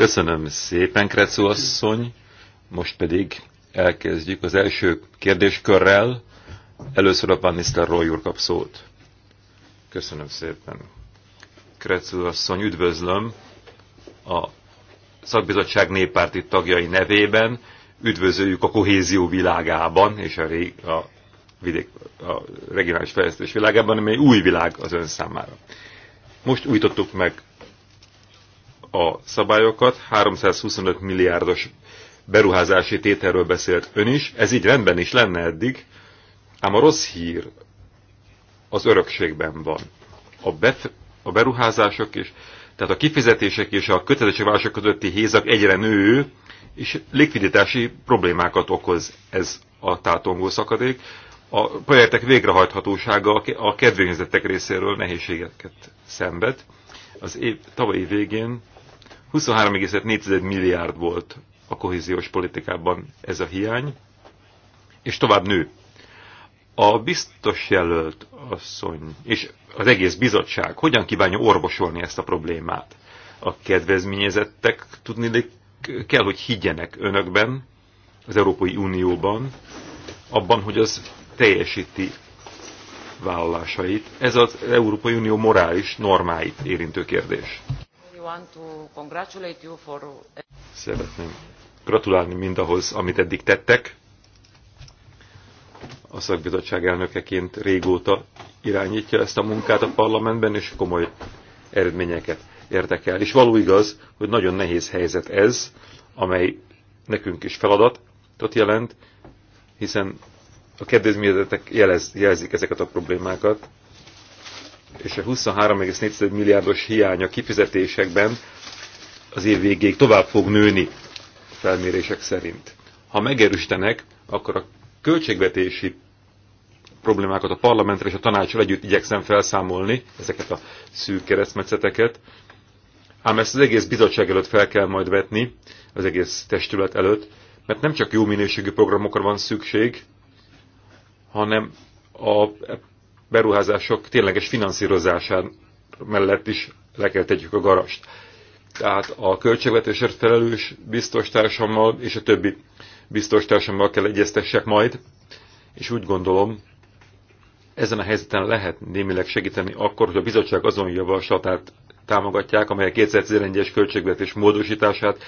Köszönöm szépen, Kreczó asszony. Most pedig elkezdjük az első kérdéskörrel. Először a Pannister Roy úr kap szót. Köszönöm szépen. Kreczó asszony, üdvözlöm a szakbizottság néppárti tagjai nevében. Üdvözöljük a kohézió világában és a, rég, a, vidék, a regionális fejlesztés világában, amely új világ az ön számára. Most újtottuk meg a szabályokat, 325 milliárdos beruházási tételről beszélt ön is, ez így rendben is lenne eddig, ám a rossz hír az örökségben van. A, bet, a beruházások és tehát a kifizetések és a kötelezettségvállalások közötti hézak egyre nő, és likviditási problémákat okoz ez a tátongó szakadék. A projektek végrehajthatósága a kedvényezettek részéről nehézségeket szenved. Az év, tavalyi végén 23,4 milliárd volt a kohéziós politikában ez a hiány, és tovább nő. A biztos jelölt asszony és az egész bizottság hogyan kívánja orvosolni ezt a problémát? A kedvezményezettek tudni kell, hogy higgyenek önökben, az Európai Unióban, abban, hogy az teljesíti vállalásait. Ez az Európai Unió morális normáit érintő kérdés. Szeretném gratulálni mindahhoz, amit eddig tettek. A szakbizottság elnökeként régóta irányítja ezt a munkát a parlamentben, és komoly eredményeket értek el. És való igaz, hogy nagyon nehéz helyzet ez, amely nekünk is feladatot jelent, hiszen a kedvezményezetek jelzik ezeket a problémákat, és a 23,4 milliárdos hiánya kifizetésekben az év végéig tovább fog nőni felmérések szerint. Ha megerüstenek, akkor a költségvetési problémákat a parlamentre és a tanácsra együtt igyekszem felszámolni, ezeket a szűk keresztmetszeteket, ám ezt az egész bizottság előtt fel kell majd vetni, az egész testület előtt, mert nem csak jó minőségű programokra van szükség, hanem a beruházások tényleges finanszírozásán mellett is le kell tegyük a garast. Tehát a költségvetésért felelős biztostársammal és a többi biztostársammal kell egyeztessek majd, és úgy gondolom, ezen a helyzeten lehet némileg segíteni akkor, hogy a bizottság azon javaslatát támogatják, amely a 2011-es költségvetés módosítását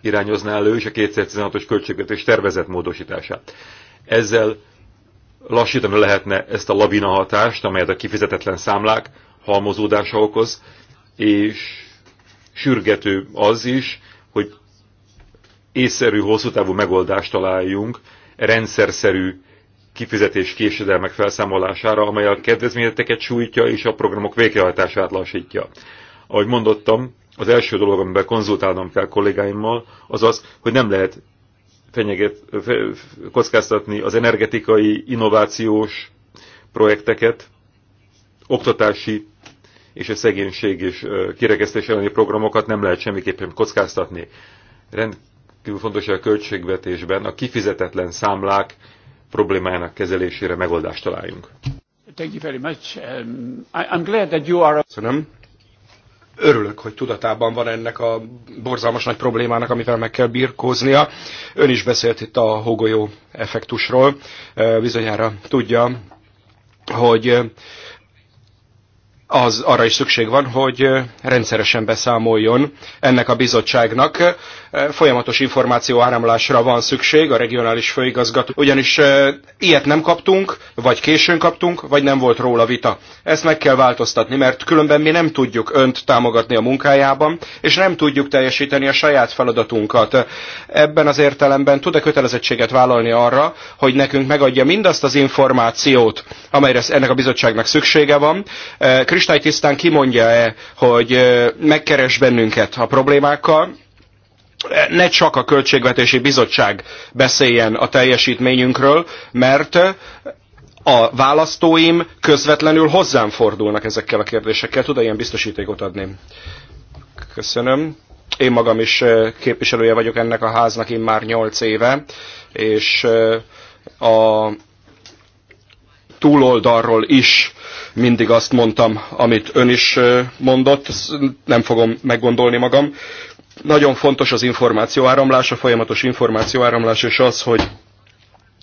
irányozná elő, és a 2016-os költségvetés tervezett módosítását. Ezzel lassítani lehetne ezt a labina hatást, amelyet a kifizetetlen számlák halmozódása okoz, és sürgető az is, hogy észszerű, hosszú távú megoldást találjunk e rendszerszerű kifizetés késedelmek felszámolására, amely a kedvezményeket sújtja és a programok végrehajtását lassítja. Ahogy mondottam, az első dolog, amiben konzultálnom kell kollégáimmal, az az, hogy nem lehet fenyeget, kockáztatni az energetikai, innovációs projekteket, oktatási és a szegénység és kirekesztés elleni programokat nem lehet semmiképpen kockáztatni. Rendkívül fontos a költségvetésben a kifizetetlen számlák problémájának kezelésére megoldást találjunk. Thank you very much. Um, I, I'm glad that you are... Köszönöm örülök, hogy tudatában van ennek a borzalmas nagy problémának, amivel meg kell birkóznia. Ön is beszélt itt a hógolyó effektusról, bizonyára tudja, hogy az arra is szükség van, hogy rendszeresen beszámoljon ennek a bizottságnak folyamatos információ áramlásra van szükség a regionális főigazgató. Ugyanis ilyet nem kaptunk, vagy későn kaptunk, vagy nem volt róla vita. Ezt meg kell változtatni, mert különben mi nem tudjuk önt támogatni a munkájában, és nem tudjuk teljesíteni a saját feladatunkat. Ebben az értelemben tud-e kötelezettséget vállalni arra, hogy nekünk megadja mindazt az információt, amelyre ennek a bizottságnak szüksége van. tisztán kimondja-e, hogy megkeres bennünket a problémákkal, ne csak a Költségvetési Bizottság beszéljen a teljesítményünkről, mert a választóim közvetlenül hozzám fordulnak ezekkel a kérdésekkel. Tud-e ilyen biztosítékot adni? Köszönöm. Én magam is eh, képviselője vagyok ennek a háznak én már 8 éve, és eh, a túloldalról is mindig azt mondtam, amit ön is eh, mondott, nem fogom meggondolni magam. Nagyon fontos az információáramlás, a folyamatos információáramlás, és az, hogy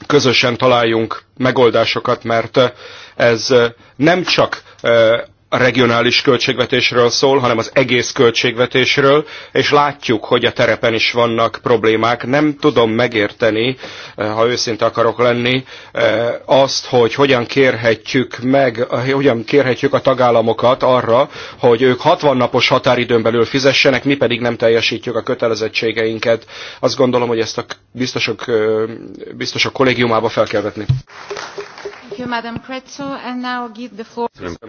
közösen találjunk megoldásokat, mert ez nem csak eh, a regionális költségvetésről szól, hanem az egész költségvetésről, és látjuk, hogy a terepen is vannak problémák. Nem tudom megérteni, eh, ha őszinte akarok lenni, eh, azt, hogy hogyan kérhetjük meg, eh, hogyan kérhetjük a tagállamokat arra, hogy ők 60 napos határidőn belül fizessenek, mi pedig nem teljesítjük a kötelezettségeinket. Azt gondolom, hogy ezt a biztosok, biztosok kollégiumába fel kell vetni. Köszönöm,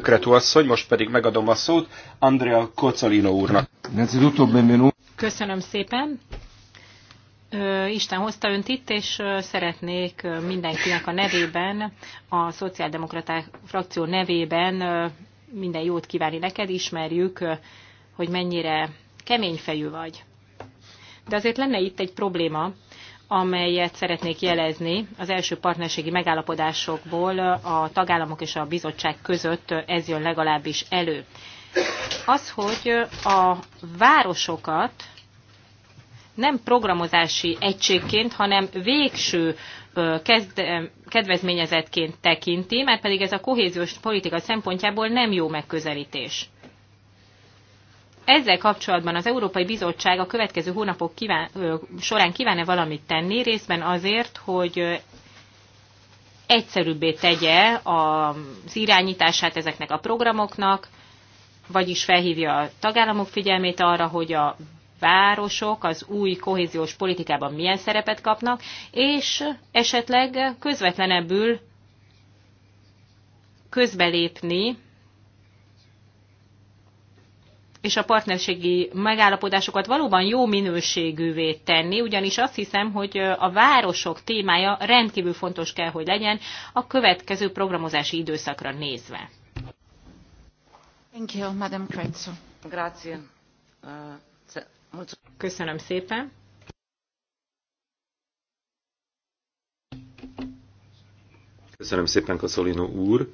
Kretó asszony, most pedig megadom a szót Andrea Kocolino úrnak. Köszönöm szépen. Isten hozta önt itt, és szeretnék mindenkinek a nevében, a Szociáldemokraták frakció nevében minden jót kívánni neked, ismerjük, hogy mennyire keményfejű vagy. De azért lenne itt egy probléma, amelyet szeretnék jelezni az első partnerségi megállapodásokból a tagállamok és a bizottság között ez jön legalábbis elő. Az, hogy a városokat nem programozási egységként, hanem végső kedvezményezetként tekinti, mert pedig ez a kohéziós politika szempontjából nem jó megközelítés. Ezzel kapcsolatban az Európai Bizottság a következő hónapok kíván, során kívánne valamit tenni, részben azért, hogy egyszerűbbé tegye az irányítását ezeknek a programoknak, vagyis felhívja a tagállamok figyelmét arra, hogy a városok az új kohéziós politikában milyen szerepet kapnak, és esetleg közvetlenebbül közbelépni és a partnerségi megállapodásokat valóban jó minőségűvé tenni, ugyanis azt hiszem, hogy a városok témája rendkívül fontos kell, hogy legyen a következő programozási időszakra nézve. Thank you, Madam Kretzo. Grazie. Köszönöm szépen. Köszönöm szépen, Kaszolino úr.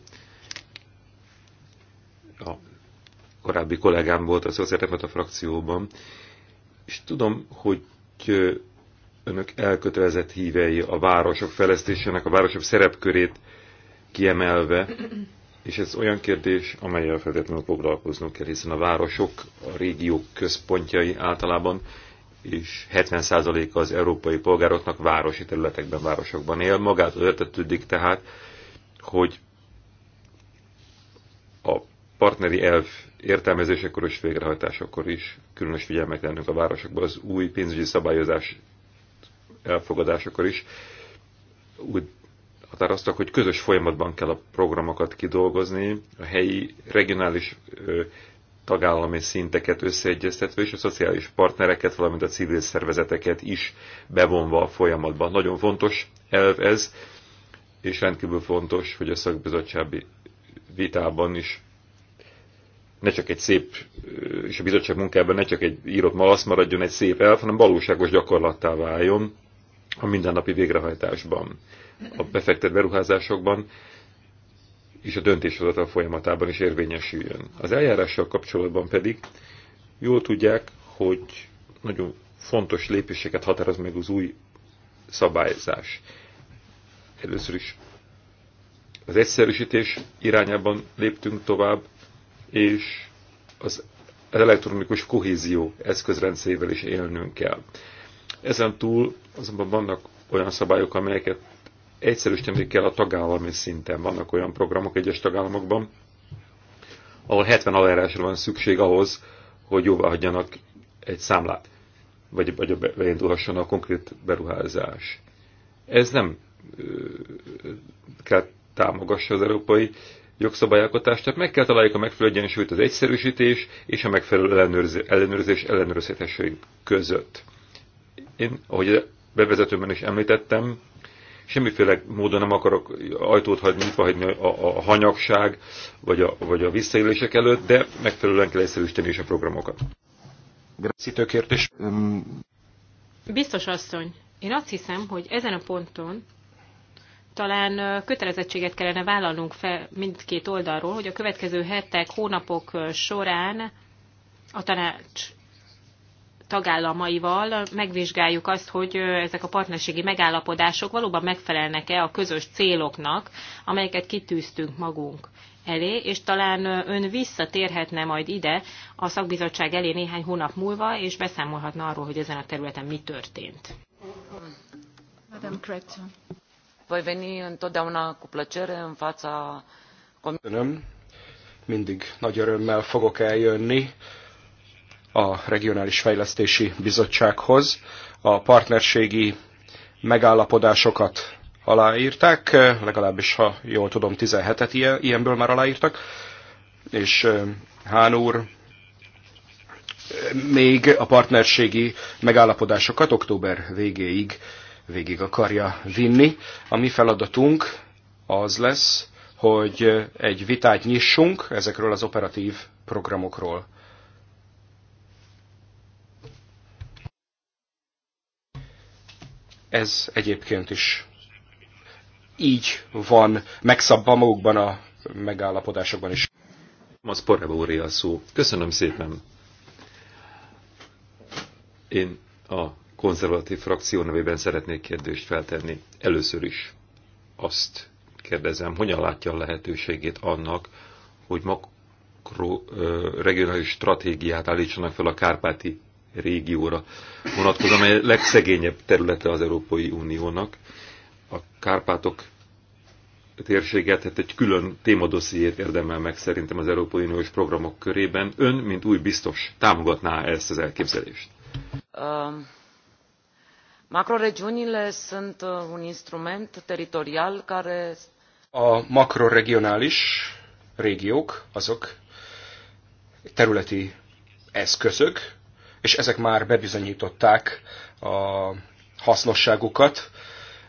A korábbi kollégám volt a frakcióban, és tudom, hogy önök elkötelezett hívei a városok fejlesztésének, a városok szerepkörét kiemelve, és ez olyan kérdés, amelyel feltétlenül foglalkoznunk kell, hiszen a városok, a régiók központjai általában, és 70%-a az európai polgároknak városi területekben, városokban él. magát értetődik tehát, hogy a partneri elv értelmezésekor és végrehajtásakor is különös figyelmet lennünk a városokban az új pénzügyi szabályozás elfogadásakor is. Úgy határoztak, hogy közös folyamatban kell a programokat kidolgozni, a helyi, regionális tagállami szinteket összeegyeztetve, és a szociális partnereket, valamint a civil szervezeteket is bevonva a folyamatban. Nagyon fontos elv ez, és rendkívül fontos, hogy a szakbizottsági vitában is ne csak egy szép, és a bizottság munkában ne csak egy írott malasz maradjon egy szép elf, hanem valóságos gyakorlattá váljon a mindennapi végrehajtásban, a befektet beruházásokban és a döntéshozatal folyamatában is érvényesüljön. Az eljárással kapcsolatban pedig jól tudják, hogy nagyon fontos lépéseket határoz meg az új szabályzás. Először is az egyszerűsítés irányában léptünk tovább, és az elektronikus kohézió eszközrendszerével is élnünk kell. Ezen túl azonban vannak olyan szabályok, amelyeket egyszerűsíteni kell a tagállami szinten. Vannak olyan programok egyes tagállamokban, ahol 70 aláírásra van szükség ahhoz, hogy jóvá hagyjanak egy számlát, vagy, vagy beindulhasson a konkrét beruházás. Ez nem ö, kell támogassa az európai jogszabályalkotást, tehát meg kell találjuk a megfelelő egyensúlyt az egyszerűsítés és a megfelelő ellenőrzés, ellenőrzés ellenőrzhetőség között. Én, ahogy bevezetőben is említettem, semmiféle módon nem akarok ajtót hagyni, nyitva hagyni a, a hanyagság vagy a, vagy a visszaélések előtt, de megfelelően kell egyszerűsíteni is a programokat. Grácítő kérdés. Biztos asszony, én azt hiszem, hogy ezen a ponton talán kötelezettséget kellene vállalnunk fel mindkét oldalról, hogy a következő hetek, hónapok során a tanács tagállamaival megvizsgáljuk azt, hogy ezek a partnerségi megállapodások valóban megfelelnek-e a közös céloknak, amelyeket kitűztünk magunk elé, és talán ön visszatérhetne majd ide a szakbizottság elé néhány hónap múlva, és beszámolhatna arról, hogy ezen a területen mi történt. Madame Creton. Voi veni întotdeauna cu plăcere în fața Köszönöm. Mindig nagy örömmel fogok eljönni a Regionális Fejlesztési Bizottsághoz. A partnerségi megállapodásokat aláírták, legalábbis ha jól tudom, 17-et ilyenből már aláírtak, és Hán úr még a partnerségi megállapodásokat október végéig végig akarja vinni. A mi feladatunk az lesz, hogy egy vitát nyissunk ezekről az operatív programokról. Ez egyébként is így van megszabva magukban a megállapodásokban is. Az Porrebóri a szó. Köszönöm szépen. Én a konzervatív frakció nevében szeretnék kérdést feltenni. Először is azt kérdezem, hogyan látja a lehetőségét annak, hogy makroregionális stratégiát állítsanak fel a kárpáti régióra vonatkozó, amely legszegényebb területe az Európai Uniónak. A Kárpátok térséget, tehát egy külön témadossziét érdemel meg szerintem az Európai Uniós programok körében. Ön, mint új biztos, támogatná ezt az elképzelést? Um sunt uh, un instrument teritorial care... A makroregionális régiók azok területi eszközök, és ezek már bebizonyították a hasznosságukat.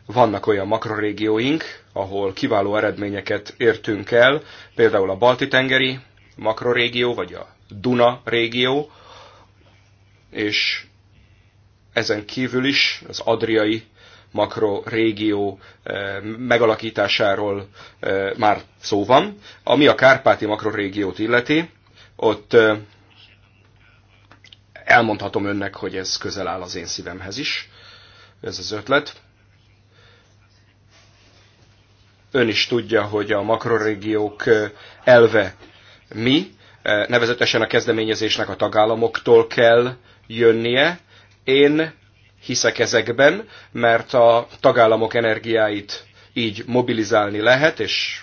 Vannak olyan makrorégióink, ahol kiváló eredményeket értünk el, például a Balti-tengeri makrorégió, vagy a Duna régió, és ezen kívül is az adriai régió eh, megalakításáról eh, már szó van. Ami a kárpáti régiót illeti, ott eh, elmondhatom önnek, hogy ez közel áll az én szívemhez is, ez az ötlet. Ön is tudja, hogy a makrorégiók elve mi, nevezetesen a kezdeményezésnek a tagállamoktól kell jönnie, én hiszek ezekben, mert a tagállamok energiáit így mobilizálni lehet, és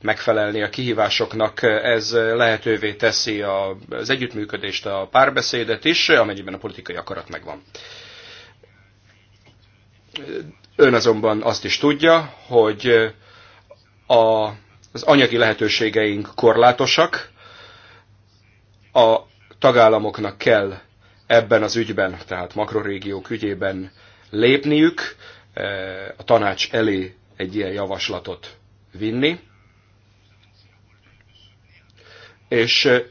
megfelelni a kihívásoknak, ez lehetővé teszi az együttműködést, a párbeszédet is, amennyiben a politikai akarat megvan. Ön azonban azt is tudja, hogy a, az anyagi lehetőségeink korlátosak, a tagállamoknak kell ebben az ügyben, tehát makrorégiók ügyében lépniük, eh, a tanács elé egy ilyen javaslatot vinni, és eh,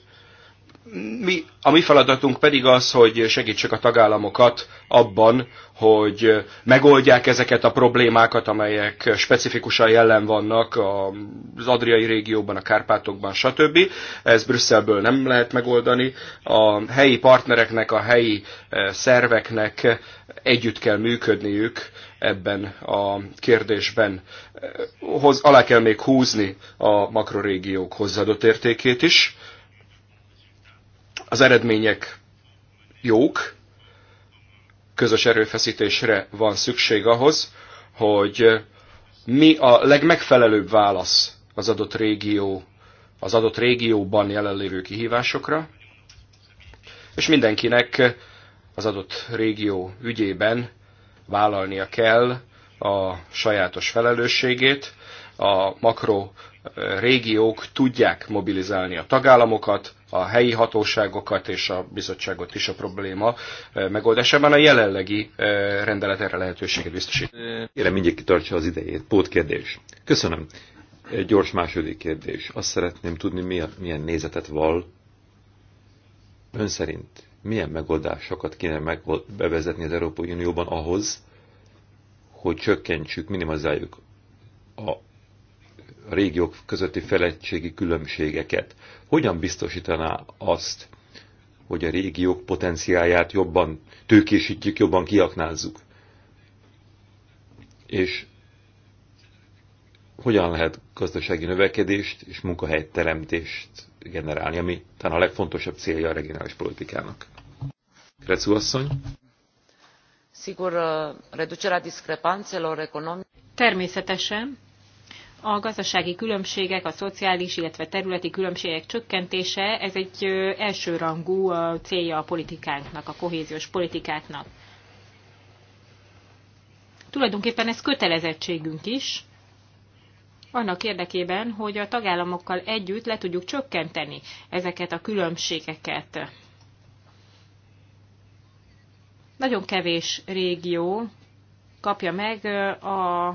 mi, a mi feladatunk pedig az, hogy segítsük a tagállamokat abban, hogy megoldják ezeket a problémákat, amelyek specifikusan jelen vannak az Adriai régióban, a Kárpátokban, stb. Ez Brüsszelből nem lehet megoldani. A helyi partnereknek, a helyi eh, szerveknek együtt kell működniük ebben a kérdésben. Hoz, alá kell még húzni a makrorégiók hozzáadott értékét is az eredmények jók, közös erőfeszítésre van szükség ahhoz, hogy mi a legmegfelelőbb válasz az adott régió, az adott régióban jelenlévő kihívásokra, és mindenkinek az adott régió ügyében vállalnia kell a sajátos felelősségét. A makro eh, régiók tudják mobilizálni a tagállamokat, a helyi hatóságokat és a bizottságot is a probléma eh, megoldásában. A jelenlegi eh, rendelet erre lehetőséget biztosít. Kérem, mindjárt kitartsa az idejét. kérdés. Köszönöm. Egy gyors második kérdés. Azt szeretném tudni, milyen, milyen nézetet val ön szerint. Milyen megoldásokat kéne meg bevezetni az Európai Unióban ahhoz, hogy csökkentsük, minimalizáljuk a a régiók közötti felettségi különbségeket. Hogyan biztosítaná azt, hogy a régiók potenciáját jobban tőkésítjük, jobban kiaknázzuk? És hogyan lehet gazdasági növekedést és munkahelyteremtést generálni, ami talán a legfontosabb célja a regionális politikának. Krecu asszony? Sigur, reducerea discrepanțelor economice. Természetesen a gazdasági különbségek, a szociális, illetve területi különbségek csökkentése, ez egy elsőrangú célja a politikánknak, a kohéziós politikáknak. Tulajdonképpen ez kötelezettségünk is, annak érdekében, hogy a tagállamokkal együtt le tudjuk csökkenteni ezeket a különbségeket. Nagyon kevés régió kapja meg a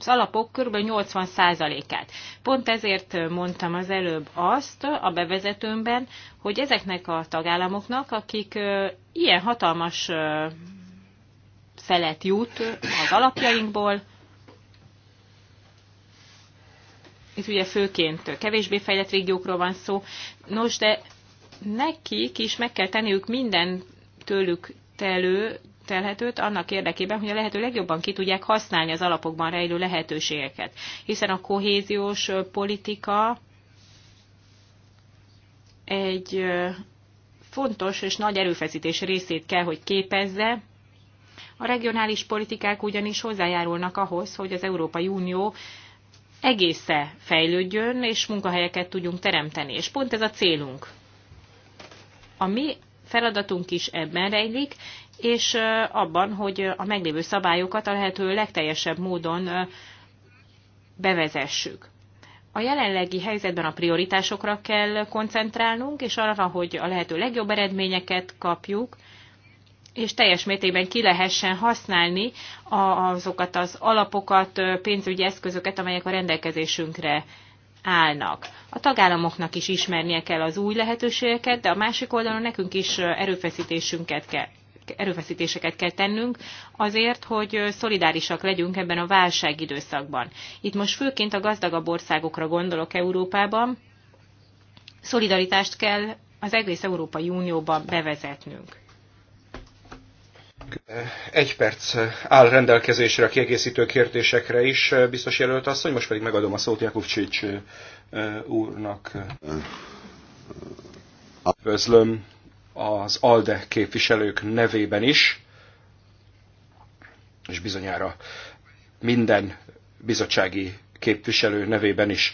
az alapok kb. 80%-át. Pont ezért mondtam az előbb azt a bevezetőmben, hogy ezeknek a tagállamoknak, akik ilyen hatalmas felet jut az alapjainkból, itt ugye főként kevésbé fejlett régiókról van szó, nos, de nekik is meg kell tenniük minden tőlük telő megtelhetőt annak érdekében, hogy a lehető legjobban ki tudják használni az alapokban rejlő lehetőségeket. Hiszen a kohéziós politika egy fontos és nagy erőfeszítés részét kell, hogy képezze. A regionális politikák ugyanis hozzájárulnak ahhoz, hogy az Európai Unió egésze fejlődjön, és munkahelyeket tudjunk teremteni. És pont ez a célunk. A mi feladatunk is ebben rejlik, és abban, hogy a meglévő szabályokat a lehető legteljesebb módon bevezessük. A jelenlegi helyzetben a prioritásokra kell koncentrálnunk, és arra, hogy a lehető legjobb eredményeket kapjuk, és teljes mértékben ki lehessen használni azokat az alapokat, pénzügyi eszközöket, amelyek a rendelkezésünkre állnak. A tagállamoknak is ismernie kell az új lehetőségeket, de a másik oldalon nekünk is erőfeszítésünket kell erőfeszítéseket kell tennünk azért, hogy szolidárisak legyünk ebben a válság időszakban. Itt most főként a gazdagabb országokra gondolok Európában. Szolidaritást kell az egész Európai Unióban bevezetnünk. Egy perc áll rendelkezésre a kiegészítő kérdésekre is, biztos jelölt asszony, most pedig megadom a szót Jakubcsics úrnak. Üdvözlöm az ALDE képviselők nevében is, és bizonyára minden bizottsági képviselő nevében is.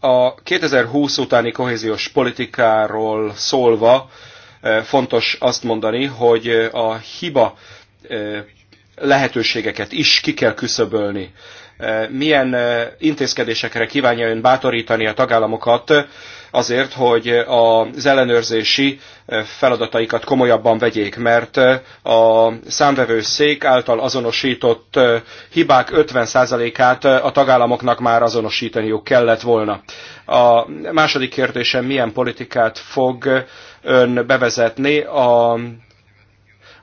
A 2020 utáni kohéziós politikáról szólva Eh, fontos azt mondani, hogy eh, a hiba eh, lehetőségeket is ki kell küszöbölni. Milyen intézkedésekre kívánja ön bátorítani a tagállamokat azért, hogy az ellenőrzési feladataikat komolyabban vegyék, mert a számvevőszék által azonosított hibák 50%-át a tagállamoknak már azonosítaniuk kellett volna. A második kérdésem, milyen politikát fog ön bevezetni a,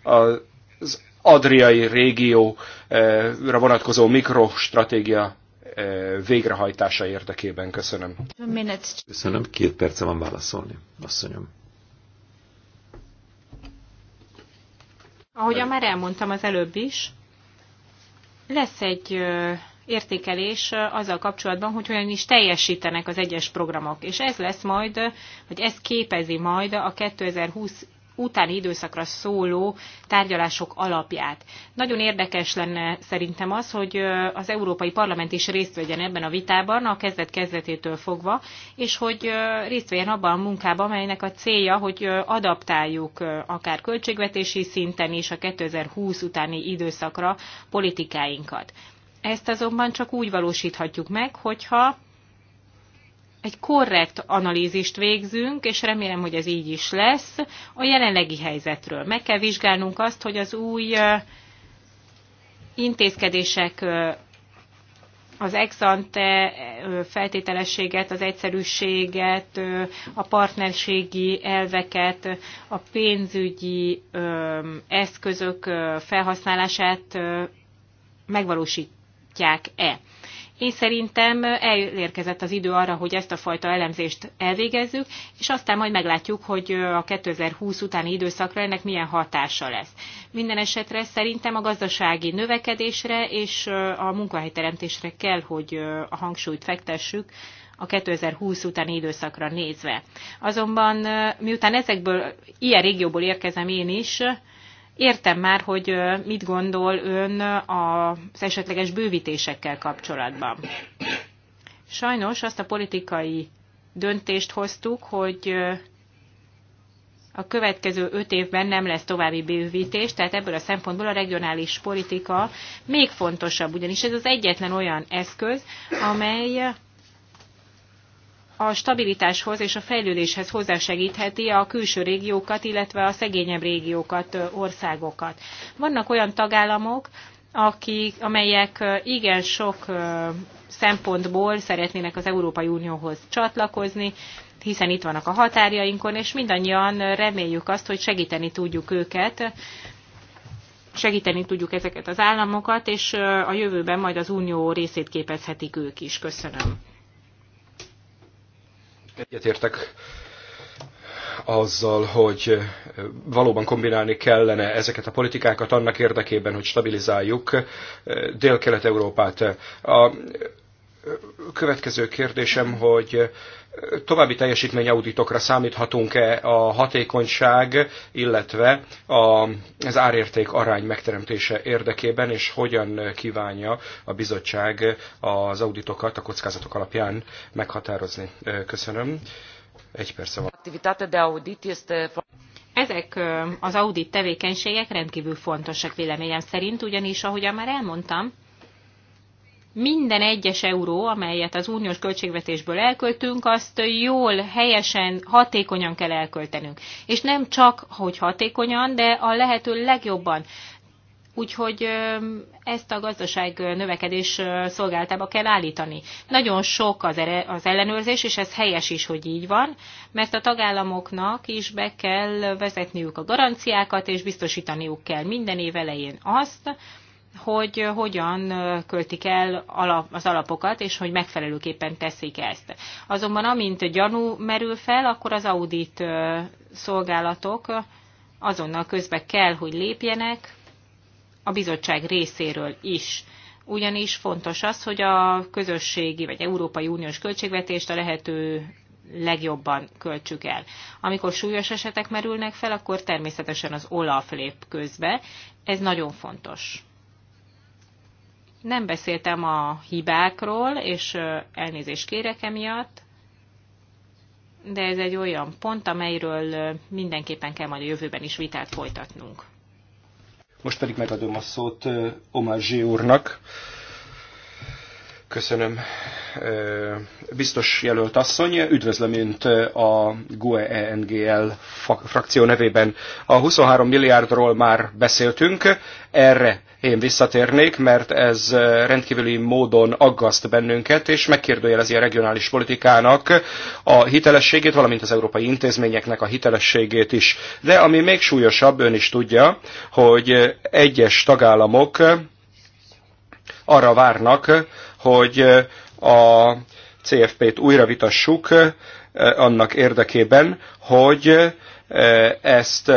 a az adriai régióra vonatkozó mikrostratégia eh, végrehajtása érdekében. Köszönöm. Köszönöm, két perce van válaszolni, asszonyom. Ahogyan már elmondtam az előbb is, lesz egy értékelés eh, azzal kapcsolatban, hogy hogyan is teljesítenek az egyes programok. És ez lesz majd, eh, vagy ez képezi majd a 2020 utáni időszakra szóló tárgyalások alapját. Nagyon érdekes lenne szerintem az, hogy eh, az Európai Parlament is részt vegyen ebben a vitában, a kezdet kezdetétől fogva, és hogy részt vegyen abban a munkában, amelynek a célja, hogy adaptáljuk akár költségvetési szinten is a 2020 utáni időszakra politikáinkat. Ezt azonban csak úgy valósíthatjuk meg, hogyha egy korrekt analízist végzünk, és remélem, hogy ez így is lesz, a jelenlegi helyzetről. Meg kell vizsgálnunk azt, hogy az új intézkedések az exante feltételességet, az egyszerűséget, a partnerségi elveket, a pénzügyi eszközök felhasználását megvalósít, támogatják-e. Én szerintem elérkezett az idő arra, hogy ezt a fajta elemzést elvégezzük, és aztán majd meglátjuk, hogy a 2020 utáni időszakra ennek milyen hatása lesz. Minden esetre szerintem a gazdasági növekedésre és a munkahelyteremtésre kell, hogy a hangsúlyt fektessük, a 2020 utáni időszakra nézve. Azonban miután ezekből, ilyen régióból érkezem én is, Értem már, hogy mit gondol ön az esetleges bővítésekkel kapcsolatban. Sajnos azt a politikai döntést hoztuk, hogy a következő öt évben nem lesz további bővítés, tehát ebből a szempontból a regionális politika még fontosabb, ugyanis ez az egyetlen olyan eszköz, amely a stabilitáshoz és a fejlődéshez hozzásegítheti a külső régiókat, illetve a szegényebb régiókat, országokat. Vannak olyan tagállamok, akik, amelyek igen sok szempontból szeretnének az Európai Unióhoz csatlakozni, hiszen itt vannak a határjainkon, és mindannyian reméljük azt, hogy segíteni tudjuk őket, segíteni tudjuk ezeket az államokat, és a jövőben majd az unió részét képezhetik ők is. Köszönöm. Egyetértek azzal, hogy eh, valóban kombinálni kellene ezeket a politikákat annak érdekében, hogy stabilizáljuk eh, Dél-Kelet-Európát. A eh, következő kérdésem, hogy további teljesítményauditokra számíthatunk-e a hatékonyság, illetve a, az árérték arány megteremtése érdekében, és hogyan kívánja a bizottság az auditokat a kockázatok alapján meghatározni. Köszönöm. Egy perce van. Ezek az audit tevékenységek rendkívül fontosak véleményem szerint, ugyanis, ahogyan már elmondtam, minden egyes euró, amelyet az uniós költségvetésből elköltünk, azt jól, helyesen, hatékonyan kell elköltenünk. És nem csak, hogy hatékonyan, de a lehető legjobban. Úgyhogy ezt a gazdaság növekedés szolgáltába kell állítani. Nagyon sok az, ellenőrzés, és ez helyes is, hogy így van, mert a tagállamoknak is be kell vezetniük a garanciákat, és biztosítaniuk kell minden év elején azt, hogy hogyan költik el az alapokat, és hogy megfelelőképpen teszik ezt. Azonban amint gyanú merül fel, akkor az audit szolgálatok azonnal közbe kell, hogy lépjenek a bizottság részéről is. Ugyanis fontos az, hogy a közösségi vagy Európai Uniós költségvetést a lehető legjobban költsük el. Amikor súlyos esetek merülnek fel, akkor természetesen az OLAF lép közbe. Ez nagyon fontos. Nem beszéltem a hibákról, és elnézést kérek emiatt, de ez egy olyan pont, amelyről mindenképpen kell majd a jövőben is vitát folytatnunk. Most pedig megadom a szót Omar Zsé úrnak, Köszönöm. Biztos jelölt asszony, üdvözlöm Önt a GUE ENGL frakció nevében. A 23 milliárdról már beszéltünk, erre én visszatérnék, mert ez rendkívüli módon aggaszt bennünket, és megkérdőjelezi a regionális politikának a hitelességét, valamint az európai intézményeknek a hitelességét is. De ami még súlyosabb, ön is tudja, hogy egyes tagállamok arra várnak, hogy a CFP-t újra vitassuk annak érdekében, hogy ezt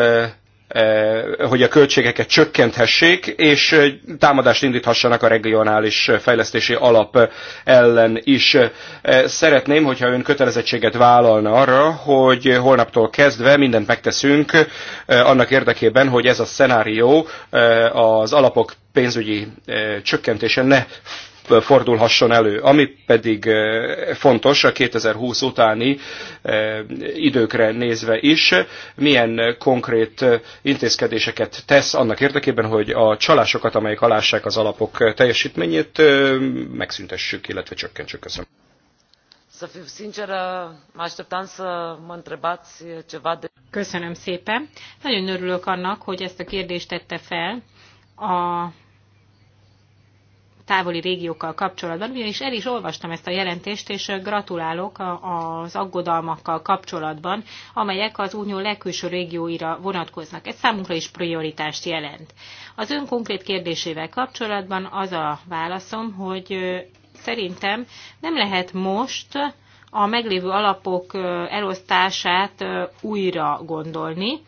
hogy a költségeket csökkenthessék, és támadást indíthassanak a regionális fejlesztési alap ellen is. Szeretném, hogyha ön kötelezettséget vállalna arra, hogy holnaptól kezdve mindent megteszünk annak érdekében, hogy ez a szenárió az alapok pénzügyi csökkentése ne fordulhasson elő. Ami pedig eh, fontos a 2020 utáni eh, időkre nézve is, milyen konkrét eh, intézkedéseket tesz annak érdekében, hogy a csalásokat, amelyek alássák az alapok teljesítményét, megszüntessük, illetve csökkentsük. Köszönöm. Să fiu sinceră, mă așteptam să mă întrebați ceva de... Köszönöm szépen. Nagyon örülök annak, hogy ezt a kérdést tette fel a távoli régiókkal kapcsolatban, ugyanis el is olvastam ezt a jelentést, és gratulálok az aggodalmakkal kapcsolatban, amelyek az unió legkülső régióira vonatkoznak. Ez számunkra is prioritást jelent. Az ön konkrét kérdésével kapcsolatban az a válaszom, hogy szerintem nem lehet most a meglévő alapok elosztását újra gondolni,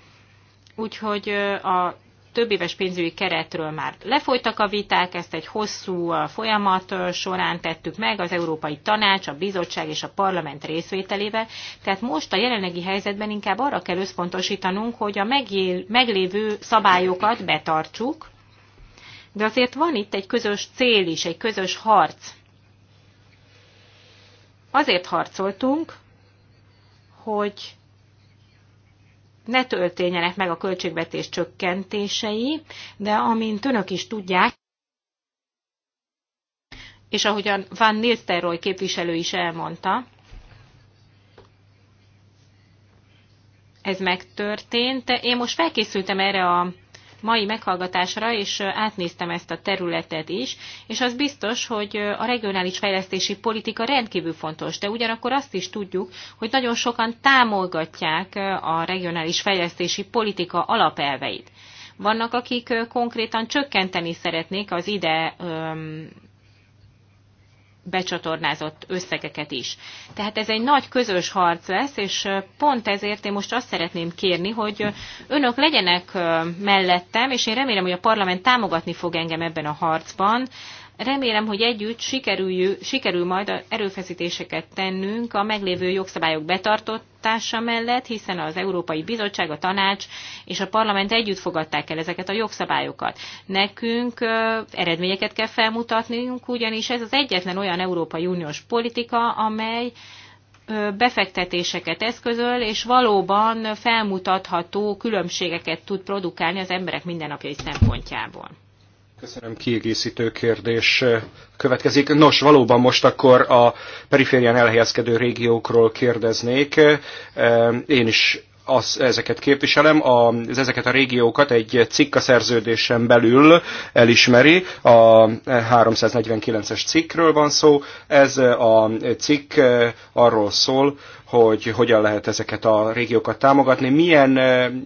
úgyhogy a több éves pénzügyi keretről már lefolytak a viták, ezt egy hosszú folyamat során tettük meg az Európai Tanács, a Bizottság és a Parlament részvételével. Tehát most a jelenlegi helyzetben inkább arra kell összpontosítanunk, hogy a megél, meglévő szabályokat betartsuk, de azért van itt egy közös cél is, egy közös harc. Azért harcoltunk, hogy ne történjenek meg a költségvetés csökkentései, de amint önök is tudják, és ahogyan Van Nistelrooy képviselő is elmondta, ez megtörtént. Én most felkészültem erre a mai meghallgatásra, és átnéztem ezt a területet is, és az biztos, hogy a regionális fejlesztési politika rendkívül fontos, de ugyanakkor azt is tudjuk, hogy nagyon sokan támolgatják a regionális fejlesztési politika alapelveit. Vannak, akik konkrétan csökkenteni szeretnék az ide becsatornázott összegeket is. Tehát ez egy nagy közös harc lesz, és pont ezért én most azt szeretném kérni, hogy önök legyenek mellettem, és én remélem, hogy a parlament támogatni fog engem ebben a harcban, Remélem, hogy együtt sikerül, sikerül majd erőfeszítéseket tennünk a meglévő jogszabályok betartatása mellett, hiszen az Európai Bizottság, a Tanács és a Parlament együtt fogadták el ezeket a jogszabályokat. Nekünk eredményeket kell felmutatnunk, ugyanis ez az egyetlen olyan Európai Uniós politika, amely befektetéseket eszközöl, és valóban felmutatható különbségeket tud produkálni az emberek mindennapjai szempontjából. Köszönöm, kiegészítő kérdés következik. Nos, valóban most akkor a periférián elhelyezkedő régiókról kérdeznék. Én is az, ezeket képviselem, az, ezeket a régiókat egy cikka szerződésen belül elismeri, a 349-es cikkről van szó, ez a cikk arról szól, hogy hogyan lehet ezeket a régiókat támogatni, milyen,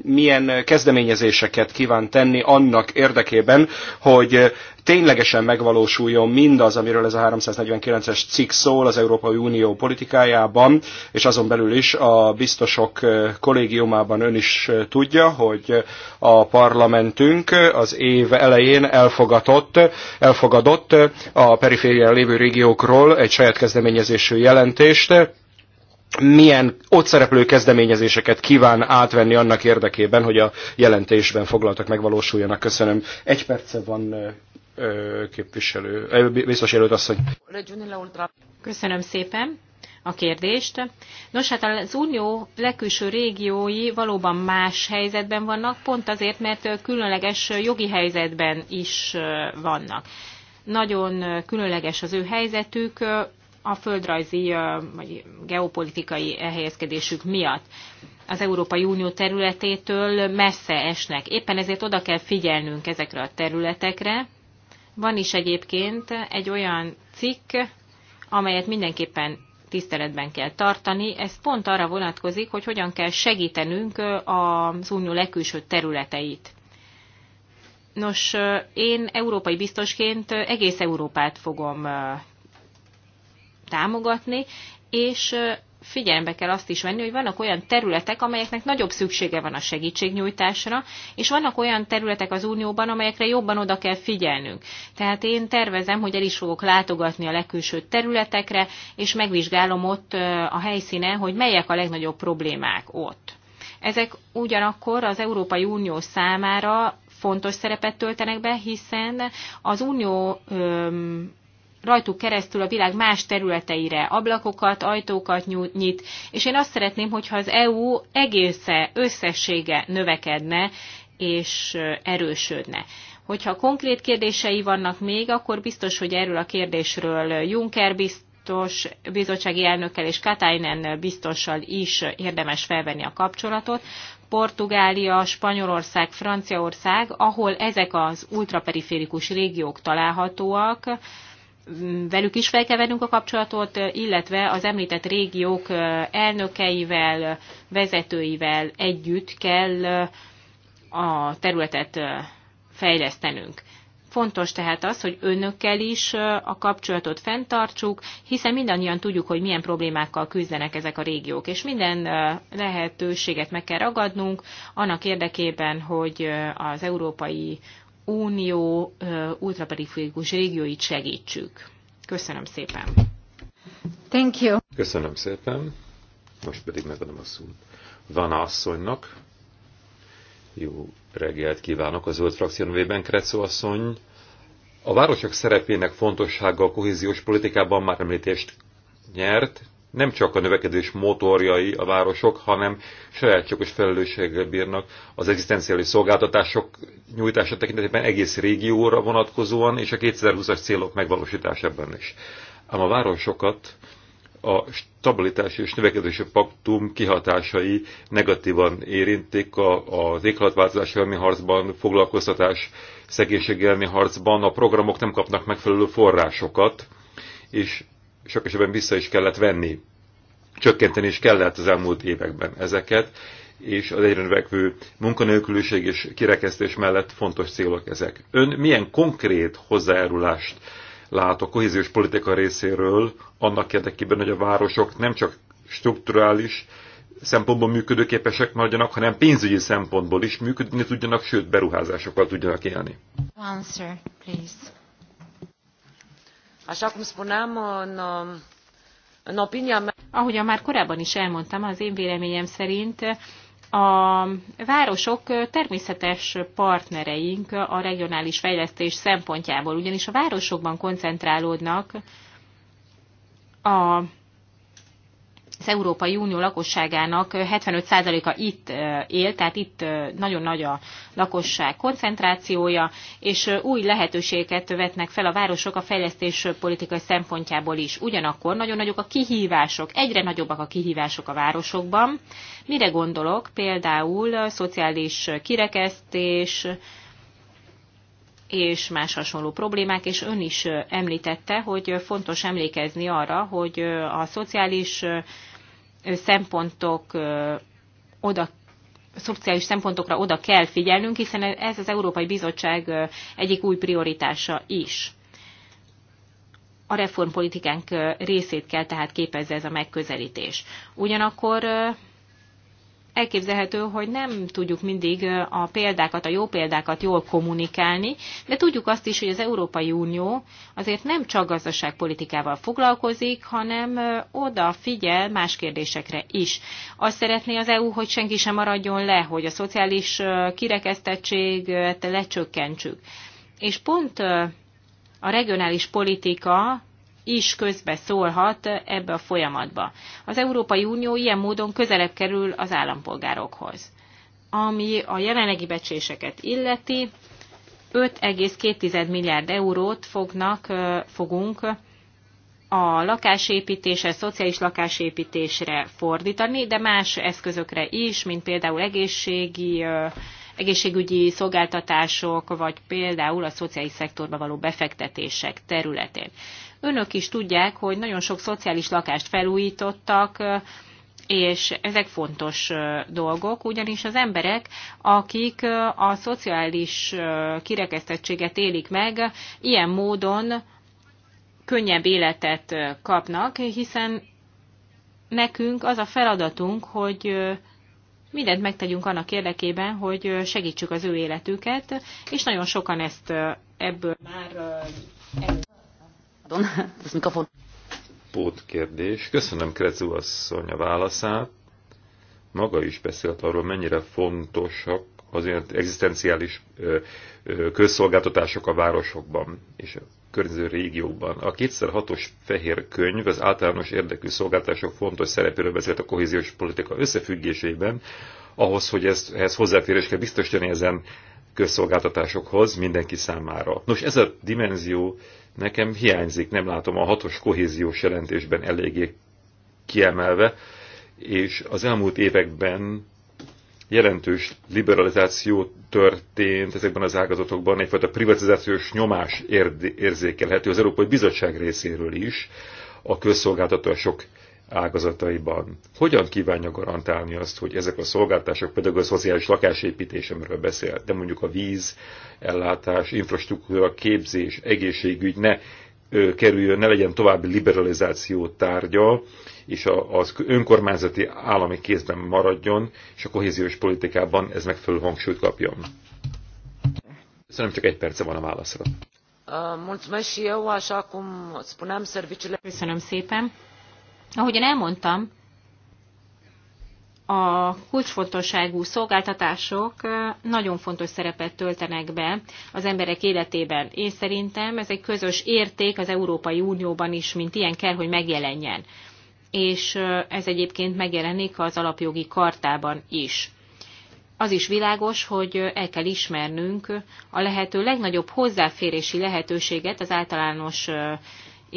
milyen kezdeményezéseket kíván tenni annak érdekében, hogy ténylegesen megvalósuljon mindaz, amiről ez a 349-es cikk szól az Európai Unió politikájában, és azon belül is a biztosok kollégiumában ön is tudja, hogy a parlamentünk az év elején elfogadott, elfogadott a periférián lévő régiókról egy saját kezdeményezésű jelentést, milyen ott szereplő kezdeményezéseket kíván átvenni annak érdekében, hogy a jelentésben foglaltak megvalósuljanak. Köszönöm. Egy perce van képviselő, biztos jelölt asszony. Köszönöm szépen a kérdést. Nos, hát az Unió legkülső régiói valóban más helyzetben vannak, pont azért, mert különleges jogi helyzetben is vannak. Nagyon különleges az ő helyzetük, a földrajzi vagy geopolitikai elhelyezkedésük miatt az Európai Unió területétől messze esnek. Éppen ezért oda kell figyelnünk ezekre a területekre. Van is egyébként egy olyan cikk, amelyet mindenképpen tiszteletben kell tartani. Ez pont arra vonatkozik, hogy hogyan kell segítenünk az unió legkülső területeit. Nos, én európai biztosként egész Európát fogom támogatni, és figyelembe kell azt is venni, hogy vannak olyan területek, amelyeknek nagyobb szüksége van a segítségnyújtásra, és vannak olyan területek az Unióban, amelyekre jobban oda kell figyelnünk. Tehát én tervezem, hogy el is fogok látogatni a legkülső területekre, és megvizsgálom ott a helyszínen, hogy melyek a legnagyobb problémák ott. Ezek ugyanakkor az Európai Unió számára fontos szerepet töltenek be, hiszen az unió öm, rajtuk keresztül a világ más területeire ablakokat, ajtókat nyit, és én azt szeretném, hogyha az EU egésze, összessége növekedne és erősödne. Hogyha konkrét kérdései vannak még, akkor biztos, hogy erről a kérdésről Juncker biztos, bizottsági elnökkel és Katainen biztossal is érdemes felvenni a kapcsolatot. Portugália, Spanyolország, Franciaország, ahol ezek az ultraperiférikus régiók találhatóak, velük is fel kell a kapcsolatot, illetve az említett régiók elnökeivel, vezetőivel együtt kell a területet fejlesztenünk. Fontos tehát az, hogy önökkel is a kapcsolatot fenntartsuk, hiszen mindannyian tudjuk, hogy milyen problémákkal küzdenek ezek a régiók, és minden lehetőséget meg kell ragadnunk annak érdekében, hogy az Európai Unió ultraperiférikus régióit segítsük. Köszönöm szépen. Thank you. Köszönöm szépen. Most pedig megadom a szót Van asszonynak. Jó reggelt kívánok az zöld frakció nevében, Krecó asszony. A városok szerepének fontossága a kohéziós politikában már említést nyert, nem csak a növekedés motorjai a városok, hanem sajátjogos felelősséggel bírnak az egzisztenciális szolgáltatások nyújtása tekintetében egész régióra vonatkozóan, és a 2020-as célok megvalósításában is. Ám a városokat a stabilitási és növekedési paktum kihatásai negatívan érintik a, az éghajlatváltozás elmi harcban, foglalkoztatás, szegénység harcban, a programok nem kapnak megfelelő forrásokat, és sok esetben vissza is kellett venni. Csökkenteni is kellett az elmúlt években ezeket, és az egyre növekvő munkanélküliség és kirekesztés mellett fontos célok ezek. Ön milyen konkrét hozzájárulást lát a kohéziós politika részéről annak érdekében, hogy a városok nem csak strukturális szempontból működőképesek maradjanak, hanem pénzügyi szempontból is működni tudjanak, sőt beruházásokkal tudjanak élni. Answer, please. Um, Ahogyan már korábban is elmondtam, az én véleményem szerint a városok természetes partnereink a regionális fejlesztés szempontjából, ugyanis a városokban koncentrálódnak a az Európai Unió lakosságának 75%-a itt él, tehát itt nagyon nagy a lakosság koncentrációja, és új lehetőségeket vetnek fel a városok a fejlesztés politikai szempontjából is. Ugyanakkor nagyon nagyok a kihívások, egyre nagyobbak a kihívások a városokban. Mire gondolok? Például szociális kirekesztés, és más hasonló problémák, és ön is említette, hogy fontos emlékezni arra, hogy a szociális szempontok oda szociális szempontokra oda kell figyelnünk, hiszen ez az Európai Bizottság egyik új prioritása is. A reformpolitikánk részét kell tehát képezze ez a megközelítés. Ugyanakkor elképzelhető, hogy nem tudjuk mindig a példákat, a jó példákat jól kommunikálni, de tudjuk azt is, hogy az Európai Unió azért nem csak gazdaságpolitikával foglalkozik, hanem odafigyel más kérdésekre is. Azt szeretné az EU, hogy senki sem maradjon le, hogy a szociális kirekesztettséget lecsökkentsük. És pont a regionális politika is közbe szólhat ebbe a folyamatba. Az Európai Unió ilyen módon közelebb kerül az állampolgárokhoz. Ami a jelenlegi becséseket illeti, 5,2 milliárd eurót fognak, fogunk a lakásépítésre, szociális lakásépítésre fordítani, de más eszközökre is, mint például egészségi, egészségügyi szolgáltatások, vagy például a szociális szektorba való befektetések területén. Önök is tudják, hogy nagyon sok szociális lakást felújítottak, és ezek fontos dolgok, ugyanis az emberek, akik a szociális kirekesztettséget élik meg, ilyen módon könnyebb életet kapnak, hiszen nekünk az a feladatunk, hogy mindent megtegyünk annak érdekében, hogy segítsük az ő életüket, és nagyon sokan ezt ebből már Pardon, ez mikrofon. Pótkérdés. Köszönöm Krecu asszony a válaszát. Maga is beszélt arról, mennyire fontosak az ilyen egzisztenciális közszolgáltatások a városokban és a környező régiókban. A 2006-os fehér könyv az általános érdekű szolgáltatások fontos szerepéről beszélt a kohéziós politika összefüggésében, ahhoz, hogy ezt, ehhez hozzáférés kell biztosítani ezen közszolgáltatásokhoz mindenki számára. Nos, ez a dimenzió nekem hiányzik, nem látom a hatos kohéziós jelentésben eléggé kiemelve, és az elmúlt években jelentős liberalizáció történt ezekben az ágazatokban, egyfajta privatizációs nyomás érzékelhető az Európai Bizottság részéről is a közszolgáltatások sok ágazataiban. Hogyan kívánja garantálni azt, hogy ezek a szolgáltások, például a szociális lakásépítés, amiről beszélt, de mondjuk a víz, ellátás, infrastruktúra, képzés, egészségügy ne kerüljön, ne legyen további liberalizáció tárgya, és az önkormányzati állami kézben maradjon, és a kohéziós politikában ez megfelelő hangsúlyt kapjon. Köszönöm, csak egy perce van a válaszra. Mulțumesc și eu, așa cum spuneam, serviciile... Köszönöm szépen. Ahogyan elmondtam, a kulcsfontosságú szolgáltatások nagyon fontos szerepet töltenek be az emberek életében. Én szerintem ez egy közös érték az Európai Unióban is, mint ilyen kell, hogy megjelenjen. És ez egyébként megjelenik az alapjogi kartában is. Az is világos, hogy el kell ismernünk a lehető legnagyobb hozzáférési lehetőséget az általános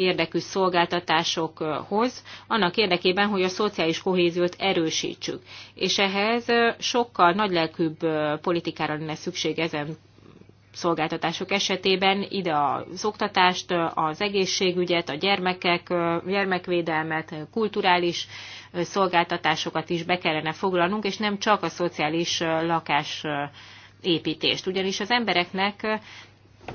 érdekű szolgáltatásokhoz, annak érdekében, hogy a szociális kohéziót erősítsük. És ehhez sokkal nagylelkűbb politikára lenne szükség ezen szolgáltatások esetében, ide az oktatást, az egészségügyet, a gyermekek, gyermekvédelmet, kulturális szolgáltatásokat is be kellene foglalnunk, és nem csak a szociális lakás építést. Ugyanis az embereknek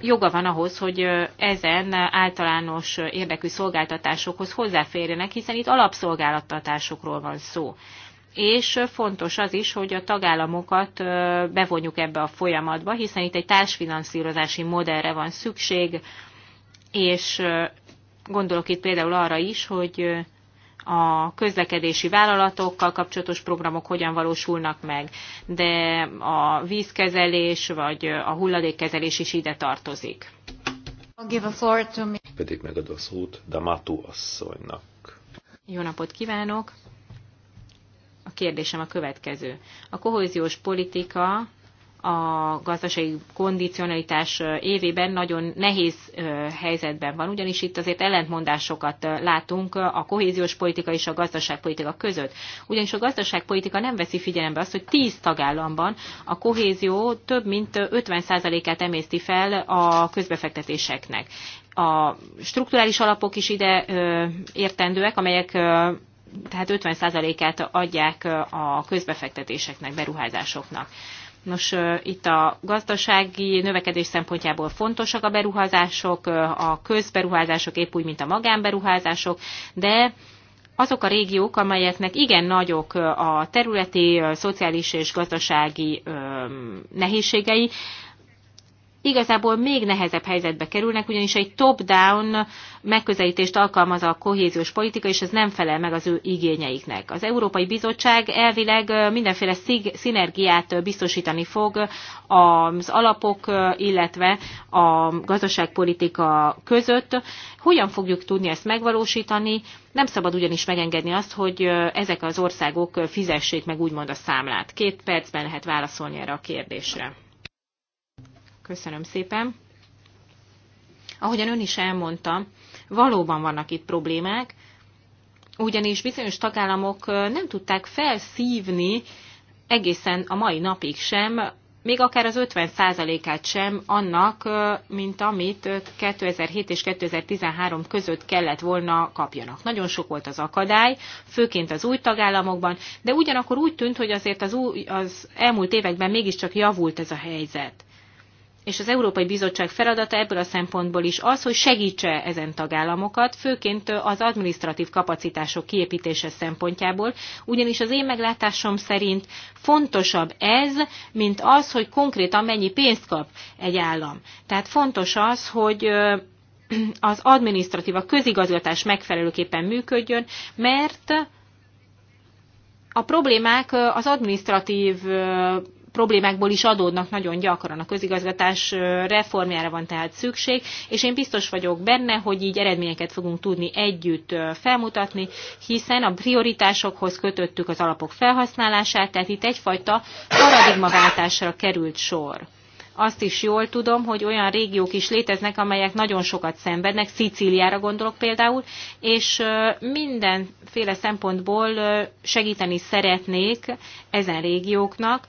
joga van ahhoz, hogy ezen általános érdekű szolgáltatásokhoz hozzáférjenek, hiszen itt alapszolgáltatásokról van szó. És fontos az is, hogy a tagállamokat bevonjuk ebbe a folyamatba, hiszen itt egy társfinanszírozási modellre van szükség, és gondolok itt például arra is, hogy a közlekedési vállalatokkal kapcsolatos programok hogyan valósulnak meg, de a vízkezelés vagy a hulladékkezelés is ide tartozik. Pedig megad a szót Damatu asszonynak. Jó napot kívánok! A kérdésem a következő. A kohéziós politika a gazdasági kondicionalitás évében nagyon nehéz helyzetben van, ugyanis itt azért ellentmondásokat látunk a kohéziós politika és a gazdaságpolitika között. Ugyanis a gazdaságpolitika nem veszi figyelembe azt, hogy 10 tagállamban a kohézió több mint 50%-át emészti fel a közbefektetéseknek. A strukturális alapok is ide értendőek, amelyek tehát 50%-át adják a közbefektetéseknek, beruházásoknak. Nos, itt a gazdasági növekedés szempontjából fontosak a beruházások, a közberuházások épp úgy, mint a magánberuházások, de azok a régiók, amelyeknek igen nagyok a területi, szociális és gazdasági nehézségei, igazából még nehezebb helyzetbe kerülnek, ugyanis egy top-down megközelítést alkalmaz a kohéziós politika, és ez nem felel meg az ő igényeiknek. Az Európai Bizottság elvileg mindenféle szig- szinergiát biztosítani fog az alapok, illetve a gazdaságpolitika között. Hogyan fogjuk tudni ezt megvalósítani? Nem szabad ugyanis megengedni azt, hogy ezek az országok fizessék meg úgymond a számlát. Két percben lehet válaszolni erre a kérdésre. Köszönöm szépen. Ahogyan ön is elmondta, valóban vannak itt problémák, ugyanis bizonyos tagállamok nem tudták felszívni egészen a mai napig sem, még akár az 50%-át sem annak, mint amit 2007 és 2013 között kellett volna kapjanak. Nagyon sok volt az akadály, főként az új tagállamokban, de ugyanakkor úgy tűnt, hogy azért az, új, az elmúlt években mégiscsak javult ez a helyzet és az Európai Bizottság feladata ebből a szempontból is az, hogy segítse ezen tagállamokat, főként az administratív kapacitások kiépítése szempontjából, ugyanis az én meglátásom szerint fontosabb ez, mint az, hogy konkrétan mennyi pénzt kap egy állam. Tehát fontos az, hogy az administratív, a közigazgatás megfelelőképpen működjön, mert a problémák az administratív problémákból is adódnak nagyon gyakran. A közigazgatás reformjára van tehát szükség, és én biztos vagyok benne, hogy így eredményeket fogunk tudni együtt felmutatni, hiszen a prioritásokhoz kötöttük az alapok felhasználását, tehát itt egyfajta paradigmaváltásra került sor. Azt is jól tudom, hogy olyan régiók is léteznek, amelyek nagyon sokat szenvednek, Szicíliára gondolok például, és mindenféle szempontból segíteni szeretnék ezen régióknak,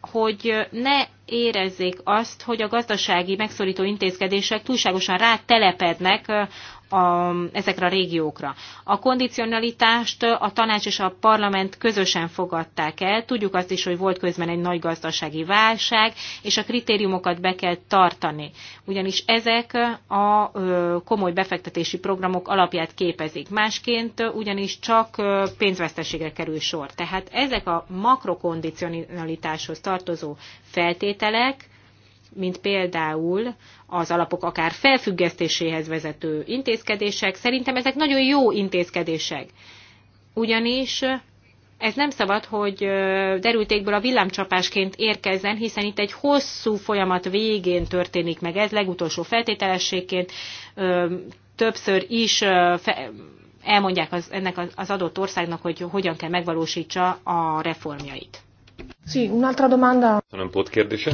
hogy ne érezzék azt, hogy a gazdasági megszorító intézkedések túlságosan rátelepednek a, ezekre a régiókra. A kondicionalitást a tanács és a parlament közösen fogadták el. Tudjuk azt is, hogy volt közben egy nagy gazdasági válság, és a kritériumokat be kell tartani. Ugyanis ezek a komoly befektetési programok alapját képezik. Másként ugyanis csak pénzveszteségre kerül sor. Tehát ezek a makrokondicionalitáshoz tartozó feltételek, mint például az alapok akár felfüggesztéséhez vezető intézkedések, szerintem ezek nagyon jó intézkedések. Ugyanis ez nem szabad, hogy derültékből a villámcsapásként érkezzen, hiszen itt egy hosszú folyamat végén történik meg ez, legutolsó feltételességként többször is elmondják az, ennek az adott országnak, hogy hogyan kell megvalósítsa a reformjait. Sí, un'altra domanda. Van pótkérdése?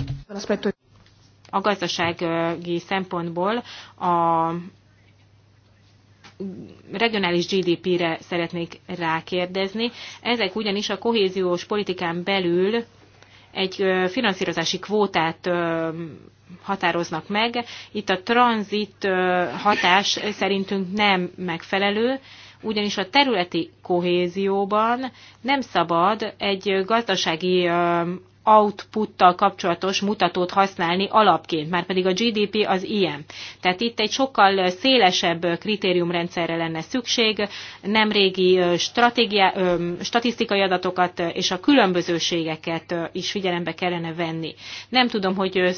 a gazdasági szempontból a regionális GDP-re szeretnék rákérdezni. Ezek ugyanis a kohéziós politikán belül egy finanszírozási kvótát határoznak meg. Itt a tranzit hatás szerintünk nem megfelelő, ugyanis a területi kohézióban nem szabad egy gazdasági outputtal kapcsolatos mutatót használni alapként, már pedig a GDP az ilyen. Tehát itt egy sokkal szélesebb kritériumrendszerre lenne szükség, nem régi statisztikai adatokat és a különbözőségeket is figyelembe kellene venni. Nem tudom, hogy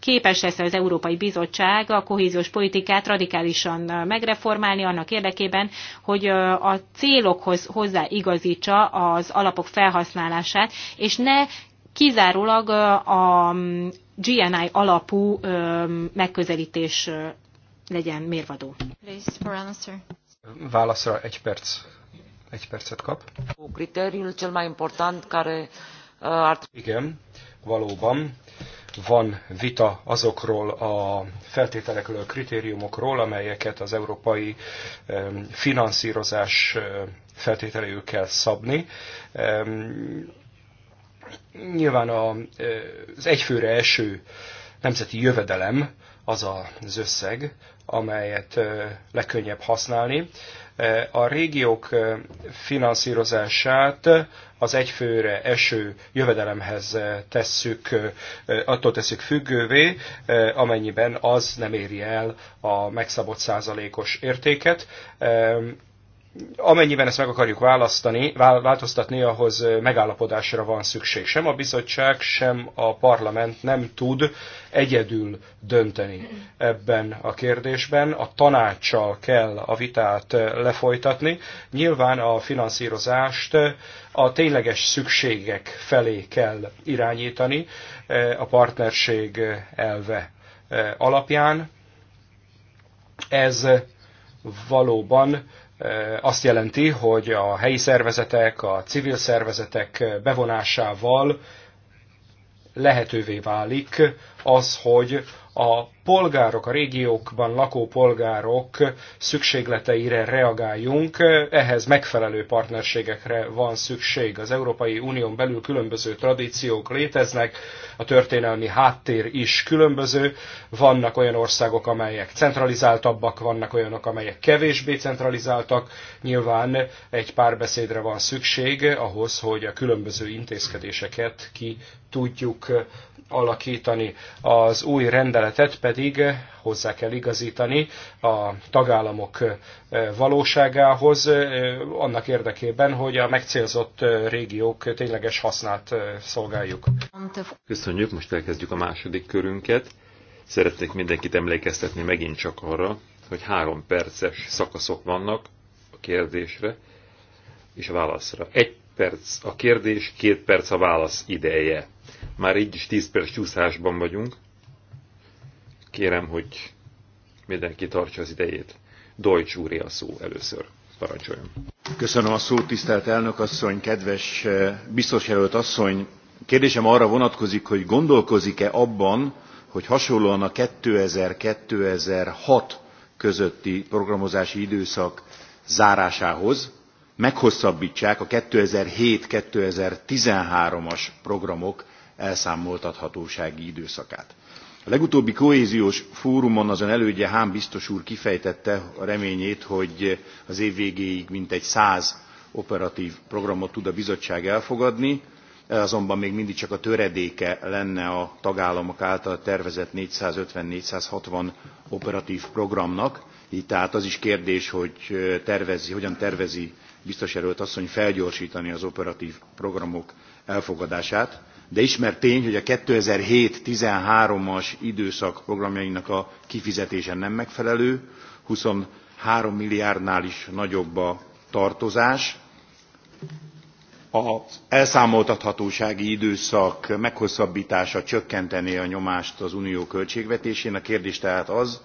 képes lesz az Európai Bizottság a kohéziós politikát radikálisan megreformálni annak érdekében, hogy a célokhoz hozzáigazítsa az alapok felhasználását, és ne kizárólag a mm, GNI alapú megközelítés legyen mérvadó. Please, for answer. Válaszra egy perc. Egy percet kap. Criteriul cel mai important care ar... Igen, valóban van vita azokról a feltételekről, a kritériumokról, amelyeket az európai finanszírozás feltételeiül kell szabni Nyilván a, az egyfőre eső nemzeti jövedelem az az összeg, amelyet legkönnyebb használni. A régiók finanszírozását az egyfőre eső jövedelemhez tesszük, attól tesszük függővé, amennyiben az nem éri el a megszabott százalékos értéket amennyiben ezt meg akarjuk választani, változtatni, ahhoz megállapodásra van szükség. Sem a bizottság, sem a parlament nem tud egyedül dönteni ebben a kérdésben. A tanácssal kell a vitát lefolytatni. Nyilván a finanszírozást a tényleges szükségek felé kell irányítani a partnerség elve alapján. Ez valóban azt jelenti, hogy a helyi szervezetek, a civil szervezetek bevonásával lehetővé válik az, hogy a polgárok, a régiókban lakó polgárok szükségleteire reagáljunk, ehhez megfelelő partnerségekre van szükség. Az Európai Unión belül különböző tradíciók léteznek, a történelmi háttér is különböző, vannak olyan országok, amelyek centralizáltabbak, vannak olyanok, amelyek kevésbé centralizáltak, nyilván egy párbeszédre van szükség ahhoz, hogy a különböző intézkedéseket ki tudjuk alakítani. Az új rendeletet pedig hozzá kell igazítani a tagállamok valóságához, annak érdekében, hogy a megcélzott régiók tényleges hasznát szolgáljuk. Köszönjük, most elkezdjük a második körünket. Szeretnék mindenkit emlékeztetni megint csak arra, hogy három perces szakaszok vannak a kérdésre és a válaszra. Egy perc a kérdés, két perc a válasz ideje. Már így is 10 perc csúszásban vagyunk. Kérem, hogy mindenki tartsa az idejét. Deutsch úré a szó először. Parancsoljon. Köszönöm a szót, tisztelt elnök asszony, kedves eh, biztos jelölt asszony. Kérdésem arra vonatkozik, hogy gondolkozik-e abban, hogy hasonlóan a 2000-2006 közötti programozási időszak zárásához meghosszabbítsák a 2007-2013-as programok elszámoltathatósági időszakát. A legutóbbi kohéziós fórumon azon elődje Hán biztos úr kifejtette a reményét, hogy az év végéig mintegy száz operatív programot tud a bizottság elfogadni, ez azonban még mindig csak a töredéke lenne a tagállamok által tervezett 450-460 operatív programnak, így tehát az is kérdés, hogy tervezi, hogyan tervezi biztos erőt asszony felgyorsítani az operatív programok elfogadását de ismert tény, hogy a 2007-13-as időszak programjainak a kifizetése nem megfelelő, 23 milliárdnál is nagyobb a tartozás. Az elszámoltathatósági időszak meghosszabbítása csökkentené a nyomást az unió költségvetésén. A kérdés tehát az,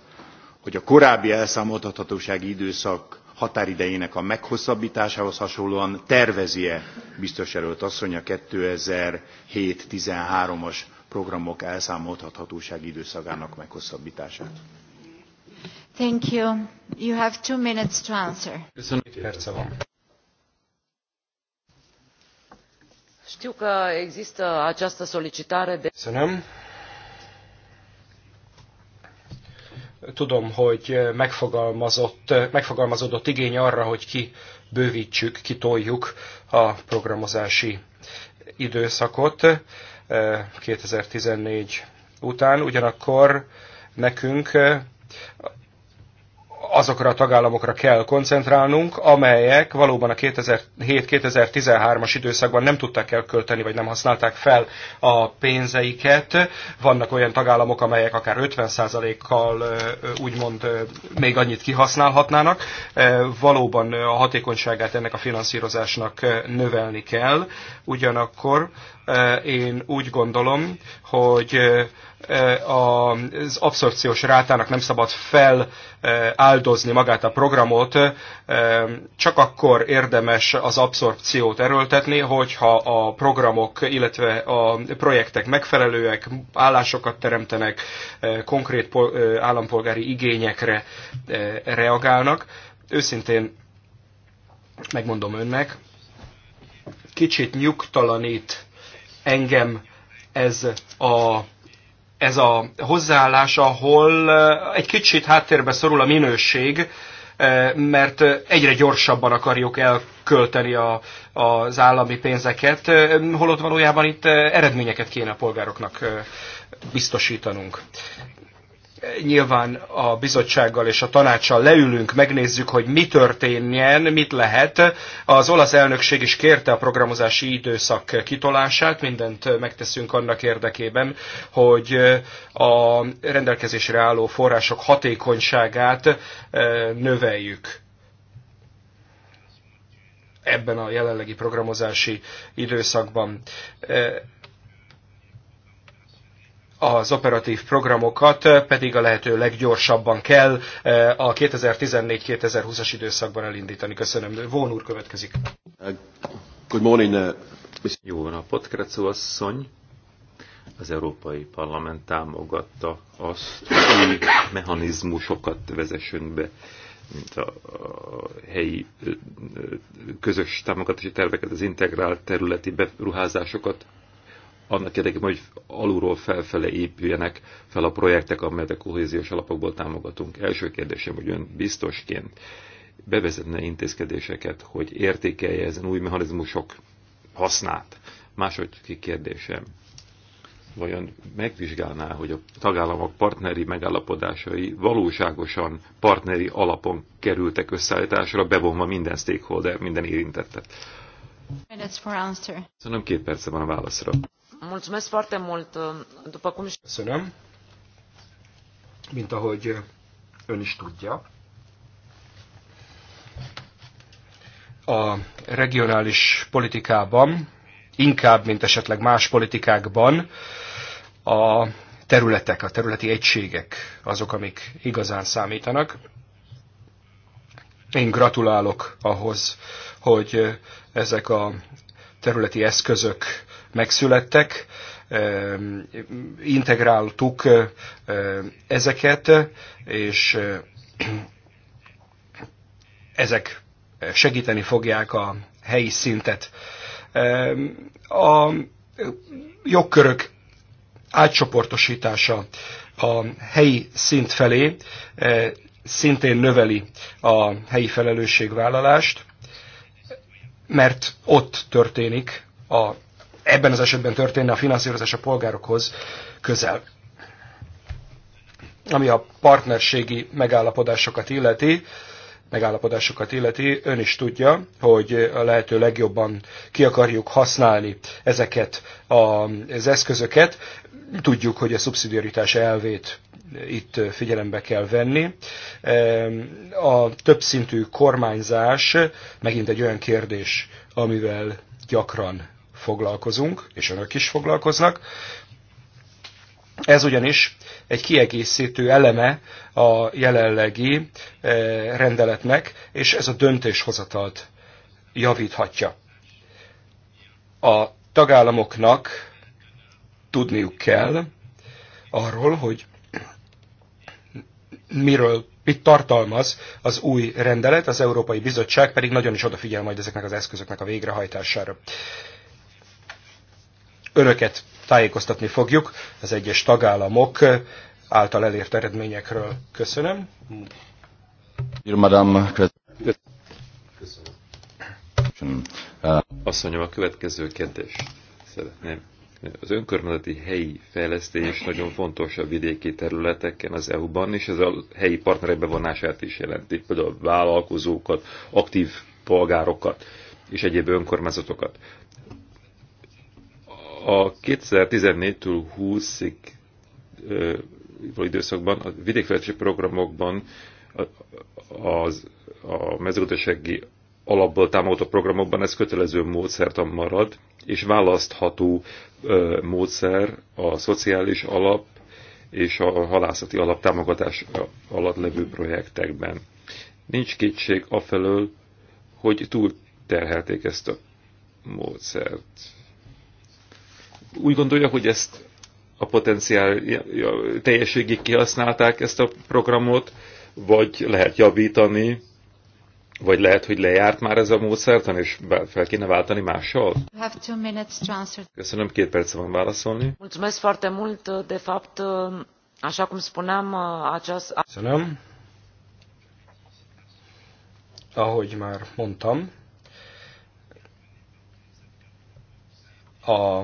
hogy a korábbi elszámoltathatósági időszak határidejének a meghosszabbtásához hasonlóan tervezi e biztos jelölt asszony a 2007 13 as programok elszámoltathatósági időszakának meghosszabbítását. Thank you. You have two minutes to answer. Köszönöm, perce van. Știu că există această solicitare de... Köszönöm. Tudom, hogy megfogalmazott, megfogalmazódott igény arra, hogy ki bővítsük, kitoljuk a programozási időszakot 2014 eh, után, ugyanakkor nekünk eh, azokra a tagállamokra kell koncentrálnunk, amelyek valóban a 2007-2013-as időszakban nem tudták elkölteni, vagy nem használták fel a pénzeiket. Vannak olyan tagállamok, amelyek akár 50%-kal úgymond még annyit kihasználhatnának. Valóban a hatékonyságát ennek a finanszírozásnak növelni kell. Ugyanakkor Eh, én úgy gondolom, hogy eh, az abszorpciós rátának nem szabad feláldozni eh, magát a programot, csak akkor érdemes az abszorpciót erőltetni, hogyha a programok, illetve a projektek megfelelőek, állásokat teremtenek, konkrét állampolgári igényekre reagálnak. Őszintén megmondom önnek, kicsit nyugtalanít engem ez a, ez a hozzáállás, ahol eh, egy kicsit háttérbe szorul a minőség, eh, mert egyre gyorsabban akarjuk elkölteni a, az állami pénzeket, eh, holott valójában itt eredményeket kéne a polgároknak biztosítanunk nyilván a bizottsággal és a tanácssal leülünk, megnézzük, hogy mi történjen, mit lehet. Az olasz elnökség is kérte a programozási időszak kitolását, mindent megteszünk annak érdekében, hogy a rendelkezésre álló források hatékonyságát eh, növeljük ebben a jelenlegi programozási időszakban. Eh, az operatív programokat, pedig a lehető leggyorsabban kell a 2014-2020-as időszakban elindítani. Köszönöm. Vón úr következik. Good morning. Uh, Jó napot, Kretszó asszony! Az Európai Parlament támogatta azt, hogy mechanizmusokat vezessünk be, mint a, a helyi közös támogatási terveket, az integrált területi beruházásokat, annak érdekében, hogy alulról felfele épüljenek fel a projektek, amelyet a kohéziós alapokból támogatunk. Első kérdésem, hogy ön biztosként bevezetne intézkedéseket, hogy értékelje ezen új mechanizmusok hasznát. Második kérdésem, vajon megvizsgálná, hogy a tagállamok partneri megállapodásai valóságosan partneri alapon kerültek összeállításra, bevonva minden stakeholder, minden érintettet? Minutes nem Szerintem két perce van a válaszra. Mulțumesc foarte mult, uh, după cum... Köszönöm. Mint ahogy uh, ön is tudja, a regionális politikában, inkább, mint esetleg más politikákban, a területek, a területi egységek azok, amik igazán számítanak. Én gratulálok ahhoz, hogy uh, ezek a területi eszközök megszülettek, ehm, integráltuk eh, eh, ezeket, és eh, ezek segíteni fogják a helyi szintet. Ehm, a jogkörök átcsoportosítása a helyi szint felé szintén növeli a helyi felelősségvállalást, mert ott történik a ebben az esetben történne a finanszírozás a polgárokhoz közel. Ami a partnerségi megállapodásokat illeti, megállapodásokat illeti, ön is tudja, hogy a lehető legjobban ki akarjuk használni ezeket az eszközöket. Tudjuk, hogy a szubszidiaritás elvét itt figyelembe kell venni. Ehm, a többszintű kormányzás megint egy olyan kérdés, amivel gyakran foglalkozunk, és önök is foglalkoznak. Ez ugyanis egy kiegészítő eleme a jelenlegi eh, rendeletnek, és ez a döntéshozatalt javíthatja. A tagállamoknak tudniuk kell arról, hogy miről mit tartalmaz az új rendelet, az Európai Bizottság pedig nagyon is odafigyel majd ezeknek az eszközöknek a végrehajtására önöket tájékoztatni fogjuk az egyes tagállamok által elért eredményekről. Köszönöm. Madame. Köszönöm. Asszonyom, a következő kérdés. Szeretném. Az önkormányzati helyi fejlesztés nagyon fontos a vidéki területeken az EU-ban, és ez a helyi partnerek bevonását is jelenti, például a vállalkozókat, aktív polgárokat és egyéb önkormányzatokat. A 2014-től 20-ig időszakban a vidékfejlesztési programokban az, a mezőgazdasági alapból támogató programokban ez kötelező módszertan marad, és választható ö, módszer a szociális alap és a halászati alap támogatás alatt levő projektekben. Nincs kétség afelől, hogy túl terhelték ezt a módszert úgy gondolja, hogy ezt a potenciál teljességig kihasználták ezt a programot, vagy lehet javítani, vagy lehet, hogy lejárt már ez a módszertan, és fel kéne váltani mással? Köszönöm, két perc van válaszolni. de fapt, Köszönöm. Ahogy már mondtam, a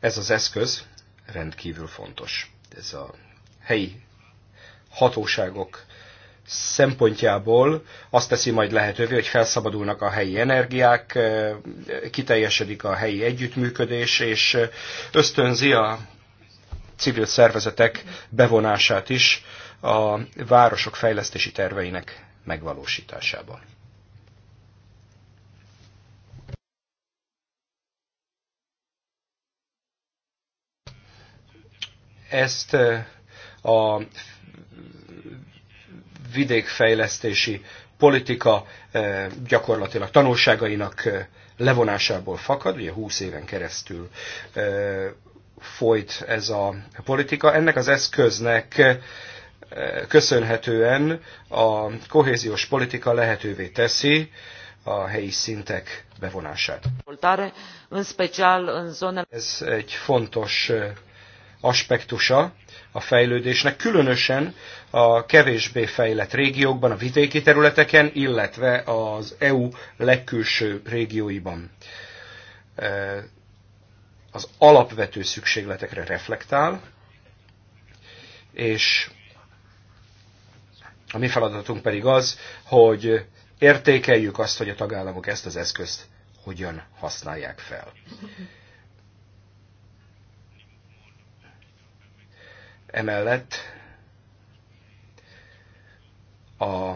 ez az eszköz rendkívül fontos. Ez a helyi hatóságok szempontjából azt teszi majd lehetővé, hogy felszabadulnak a helyi energiák, kiteljesedik a helyi együttműködés, és ösztönzi a civil szervezetek bevonását is a városok fejlesztési terveinek megvalósításába. Ezt a vidékfejlesztési politika gyakorlatilag tanulságainak levonásából fakad, ugye 20 éven keresztül folyt ez a politika. Ennek az eszköznek köszönhetően a kohéziós politika lehetővé teszi a helyi szintek bevonását. Ez egy fontos aspektusa a fejlődésnek, különösen a kevésbé fejlett régiókban, a vidéki területeken, illetve az EU legkülső régióiban. Az alapvető szükségletekre reflektál, és a mi feladatunk pedig az, hogy értékeljük azt, hogy a tagállamok ezt az eszközt hogyan használják fel. Emellett a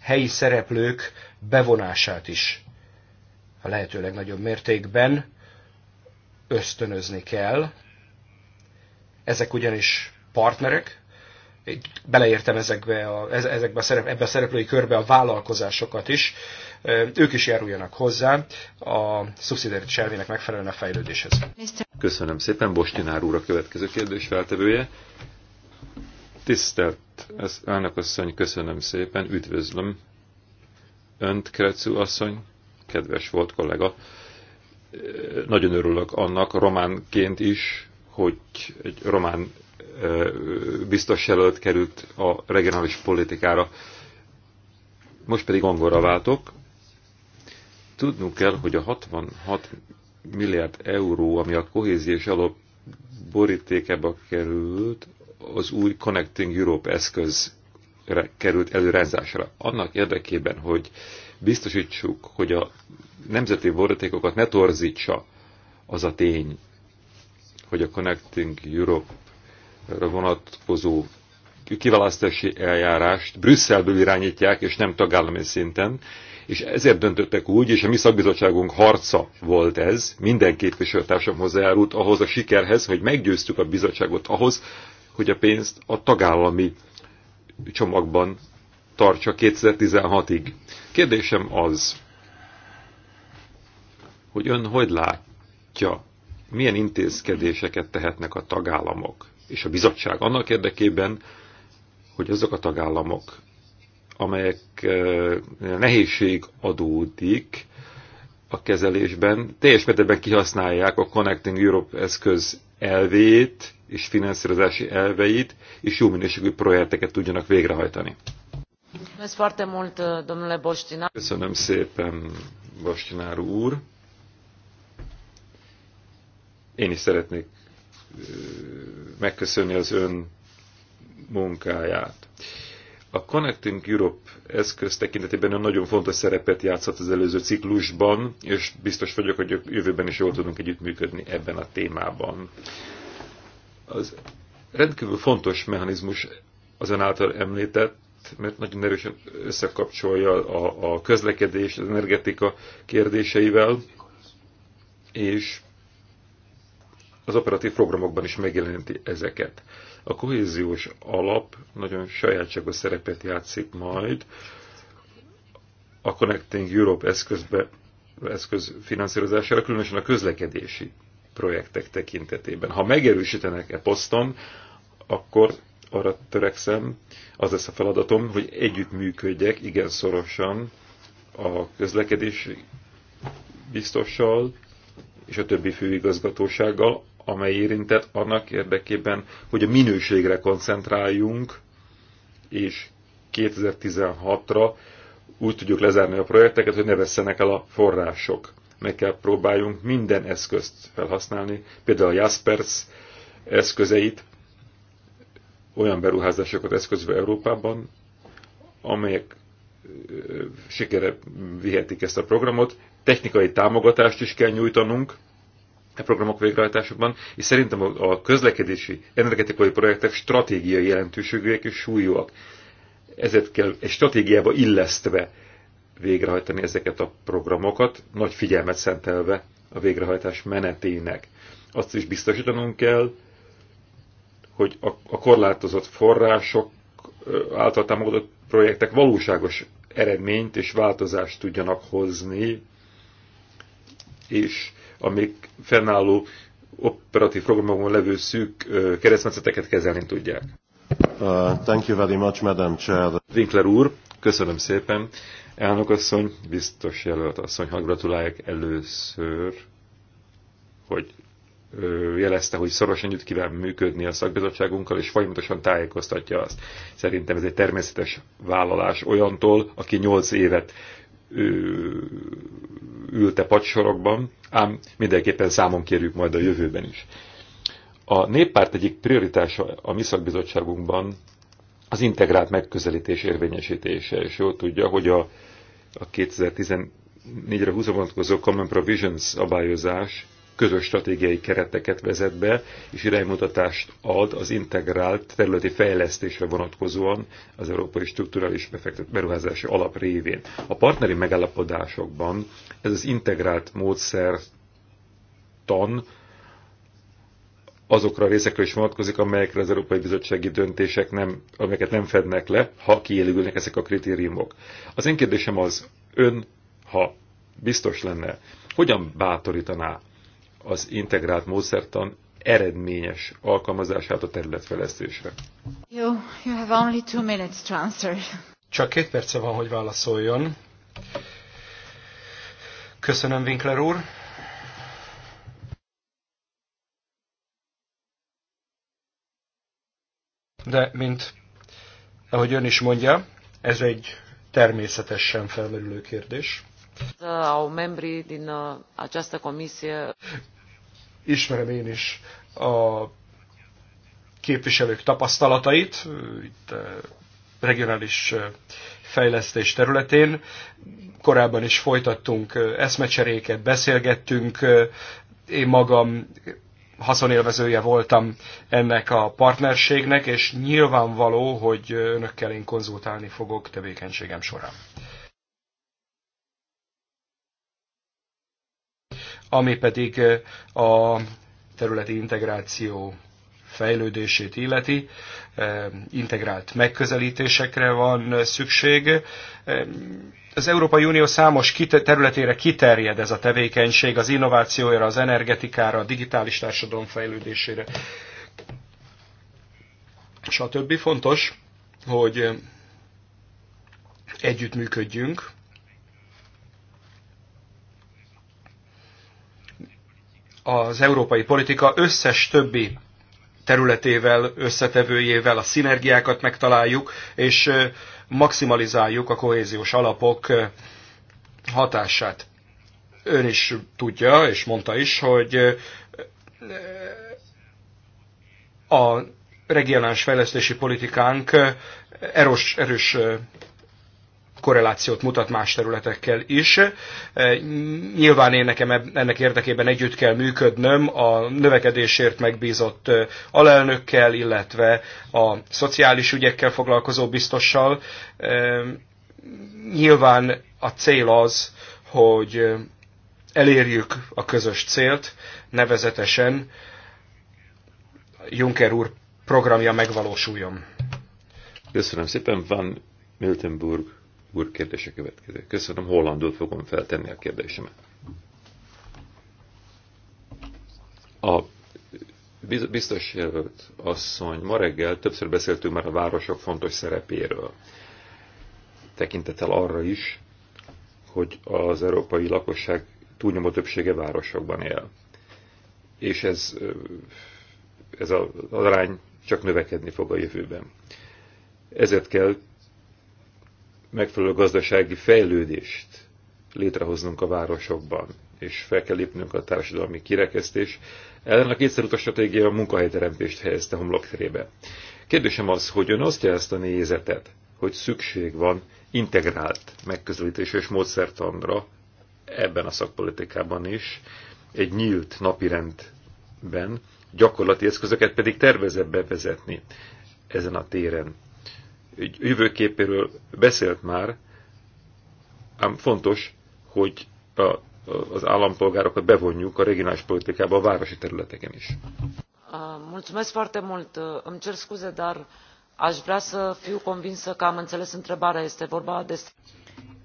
helyi szereplők bevonását is a lehető legnagyobb mértékben ösztönözni kell. Ezek ugyanis partnerek, beleértem ezekbe a, ezekbe a a szereplői körbe a vállalkozásokat is, ők is járuljanak hozzá a szubszidiaritás elvének megfelelően a fejlődéshez. Köszönöm szépen, Bostinár úr a következő kérdés feltevője. Tisztelt elnök asszony, köszönöm szépen, üdvözlöm önt, Krecu asszony, kedves volt kollega. Nagyon örülök annak románként is, hogy egy román biztos jelölt került a regionális politikára. Most pedig angolra váltok. Tudnunk kell, hogy a 66 milliárd euró, ami a kohéziós alap borítékába került, az új Connecting Europe eszköz került előrázásra. Annak érdekében, hogy biztosítsuk, hogy a nemzeti borítékokat ne torzítsa az a tény, hogy a Connecting Europe-ra vonatkozó kiválasztási eljárást Brüsszelből irányítják, és nem tagállami szinten, és ezért döntöttek úgy, és a mi szakbizottságunk harca volt ez, minden képviselőtársam hozzájárult ahhoz a sikerhez, hogy meggyőztük a bizottságot ahhoz, hogy a pénzt a tagállami csomagban tartsa 2016-ig. Kérdésem az, hogy ön hogy látja, milyen intézkedéseket tehetnek a tagállamok és a bizottság annak érdekében, hogy azok a tagállamok, amelyek nehézség adódik a kezelésben, teljes mértékben kihasználják a Connecting Europe eszköz elvét és finanszírozási elveit, és jó minőségű projekteket tudjanak végrehajtani. Köszönöm szépen, Bastinár úr. Én is szeretnék megköszönni az ön munkáját. A Connecting Europe eszköz tekintetében nagyon fontos szerepet játszott az előző ciklusban, és biztos vagyok, hogy jövőben is jól tudunk együttműködni ebben a témában. Az rendkívül fontos mechanizmus az ön által említett, mert nagyon erősen összekapcsolja a, a közlekedés, az energetika kérdéseivel, és az operatív programokban is megjelenti ezeket. A kohéziós alap nagyon sajátságos szerepet játszik majd a Connecting Europe eszközbe, eszköz finanszírozására, különösen a közlekedési projektek tekintetében. Ha megerősítenek e poszton, akkor arra törekszem, az lesz a feladatom, hogy együtt működjek igen szorosan a közlekedési biztossal és a többi főigazgatósággal amely érintett annak érdekében, hogy a minőségre koncentráljunk, és 2016-ra úgy tudjuk lezárni a projekteket, hogy ne vesszenek el a források. Meg kell próbáljunk minden eszközt felhasználni, például a Jaspers eszközeit, olyan beruházásokat eszközve Európában, amelyek sikere vihetik ezt a programot. Technikai támogatást is kell nyújtanunk, E programok végrehajtásában, és szerintem a közlekedési energetikai projektek stratégiai jelentőségűek és súlyúak. Ezért kell egy stratégiába illesztve végrehajtani ezeket a programokat, nagy figyelmet szentelve a végrehajtás menetének. Azt is biztosítanunk kell, hogy a, korlátozott források által támogatott projektek valóságos eredményt és változást tudjanak hozni, és a még fennálló operatív programokon levő szűk keresztmetszeteket kezelni tudják. Uh, thank you very much, Madam Chair. Winkler úr, köszönöm szépen. Elnök asszony, biztos jelölt asszony, ha gratulálják először, hogy jelezte, hogy szorosan együtt kíván működni a szakbizottságunkkal, és folyamatosan tájékoztatja azt. Szerintem ez egy természetes vállalás olyantól, aki 8 évet ülte pacsorokban, ám mindenképpen számon kérjük majd a jövőben is. A néppárt egyik prioritása a mi szakbizottságunkban az integrált megközelítés érvényesítése, és jó tudja, hogy a, a 2014-re 20 vonatkozó Common Provisions szabályozás közös stratégiai kereteket vezet be, és iránymutatást ad az integrált területi fejlesztésre vonatkozóan az Európai Strukturális Beruházási Alap révén. A partneri megállapodásokban ez az integrált módszertan azokra a részekre is vonatkozik, amelyekre az Európai Bizottsági döntések nem, amelyeket nem fednek le, ha kielégülnek ezek a kritériumok. Az én kérdésem az, ön, ha biztos lenne, hogyan bátorítaná az integrált módszertan eredményes alkalmazását a területfejlesztésre. You, you have only two minutes to answer. Csak két perce van, hogy válaszoljon. Köszönöm, Winkler úr. De, mint ahogy ön is mondja, ez egy természetesen felmerülő kérdés au membrii din uh, această comisie. Ismerem én is a képviselők tapasztalatait uh, itt uh, regionális fejlesztés területén. Korábban is folytattunk eszmecseréket, beszélgettünk. Én magam haszonélvezője voltam ennek a partnerségnek, és nyilvánvaló, hogy önökkel én konzultálni fogok tevékenységem során. ami pedig eh, a területi integráció fejlődését illeti, eh, integrált megközelítésekre van eh, szükség. Az Európai Unió számos területére kiterjed ez a tevékenység, az innovációra, az energetikára, a digitális társadalom fejlődésére. És a többi fontos, hogy együttműködjünk az európai politika összes többi területével, összetevőjével a szinergiákat megtaláljuk, és maximalizáljuk a kohéziós alapok hatását. Ön is tudja, és mondta is, hogy a regionális fejlesztési politikánk erős, erős korrelációt mutat más területekkel is. E, nyilván én nekem ennek érdekében együtt kell működnöm a növekedésért megbízott e, alelnökkel, illetve a szociális ügyekkel foglalkozó biztossal. E, nyilván a cél az, hogy elérjük a közös célt, nevezetesen Juncker úr programja megvalósuljon. Köszönöm szépen, Van Miltenburg úr kérdése következő. Köszönöm, hollandul fogom feltenni a kérdésemet. A biztos jelölt asszony, ma reggel többször beszéltünk már a városok fontos szerepéről. Tekintettel arra is, hogy az európai lakosság túlnyomó többsége városokban él. És ez, ez az arány csak növekedni fog a jövőben. Ezért kell megfelelő gazdasági fejlődést létrehoznunk a városokban, és fel kell lépnünk a társadalmi kirekesztés ellen. A kétszerutas stratégia a munkahelyteremtést helyezte homlokterébe. Kérdésem az, hogy ön osztja ezt a nézetet, hogy szükség van integrált megközelítés és módszertanra ebben a szakpolitikában is, egy nyílt napirendben, gyakorlati eszközöket pedig tervezett bevezetni ezen a téren jövőképéről beszélt már, ám fontos, hogy a, az állampolgárokat bevonjuk a regionális politikába a városi területeken is. Mulțumesc foarte mult. Îmi cer scuze, dar aș vrea să fiu convinsă că am înțeles întrebarea. Este vorba despre...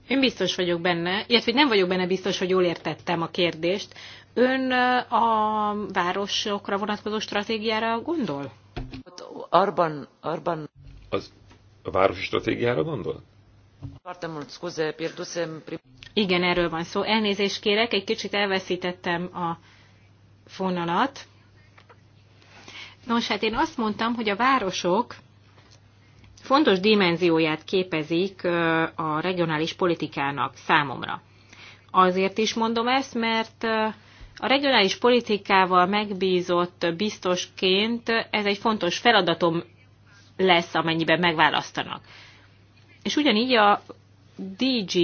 Én biztos vagyok benne, illetve nem vagyok benne biztos, hogy jól értettem a kérdést. Ön a városokra vonatkozó stratégiára gondol? Urban, urban. Az a városi stratégiára gondol? Igen, erről van szó. Elnézést kérek, egy kicsit elveszítettem a fonalat. Nos, hát én azt mondtam, hogy a városok fontos dimenzióját képezik a regionális politikának számomra. Azért is mondom ezt, mert a regionális politikával megbízott biztosként ez egy fontos feladatom lesz, amennyiben megválasztanak. És ugyanígy a DG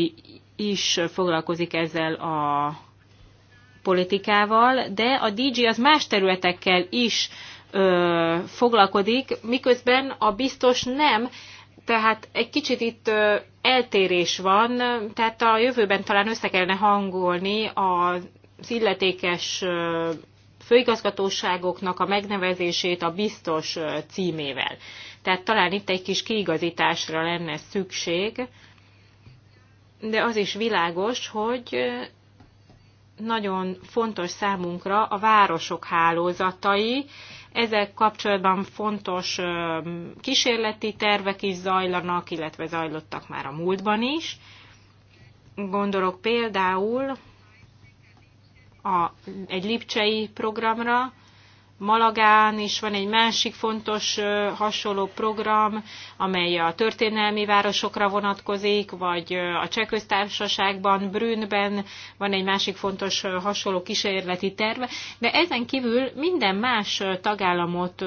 is foglalkozik ezzel a politikával, de a DG az más területekkel is ö, foglalkodik, miközben a biztos nem, tehát egy kicsit itt ö, eltérés van, tehát a jövőben talán össze kellene hangolni az illetékes ö, főigazgatóságoknak a megnevezését a biztos címével. Tehát talán itt egy kis kiigazításra lenne szükség, de az is világos, hogy nagyon fontos számunkra a városok hálózatai, ezek kapcsolatban fontos kísérleti tervek is zajlanak, illetve zajlottak már a múltban is. Gondolok például a, egy lipcsei programra, Malagán is van egy másik fontos hasonló program, amely a történelmi városokra vonatkozik, vagy a Csehköztársaságban, Brünnben van egy másik fontos hasonló kísérleti terve, de ezen kívül minden más tagállamot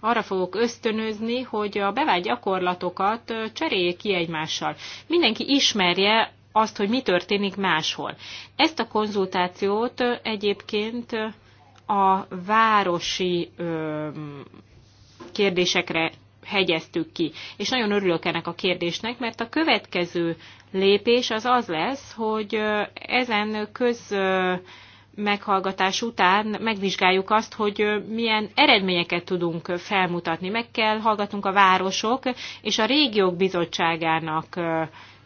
arra fogok ösztönözni, hogy a bevált gyakorlatokat cseréljék ki egymással. Mindenki ismerje azt, hogy mi történik máshol. Ezt a konzultációt egyébként a városi ö, kérdésekre hegyeztük ki. És nagyon örülök ennek a kérdésnek, mert a következő lépés az az lesz, hogy ezen köz meghallgatás után megvizsgáljuk azt, hogy milyen eredményeket tudunk felmutatni. Meg kell hallgatnunk a városok és a régiók bizottságának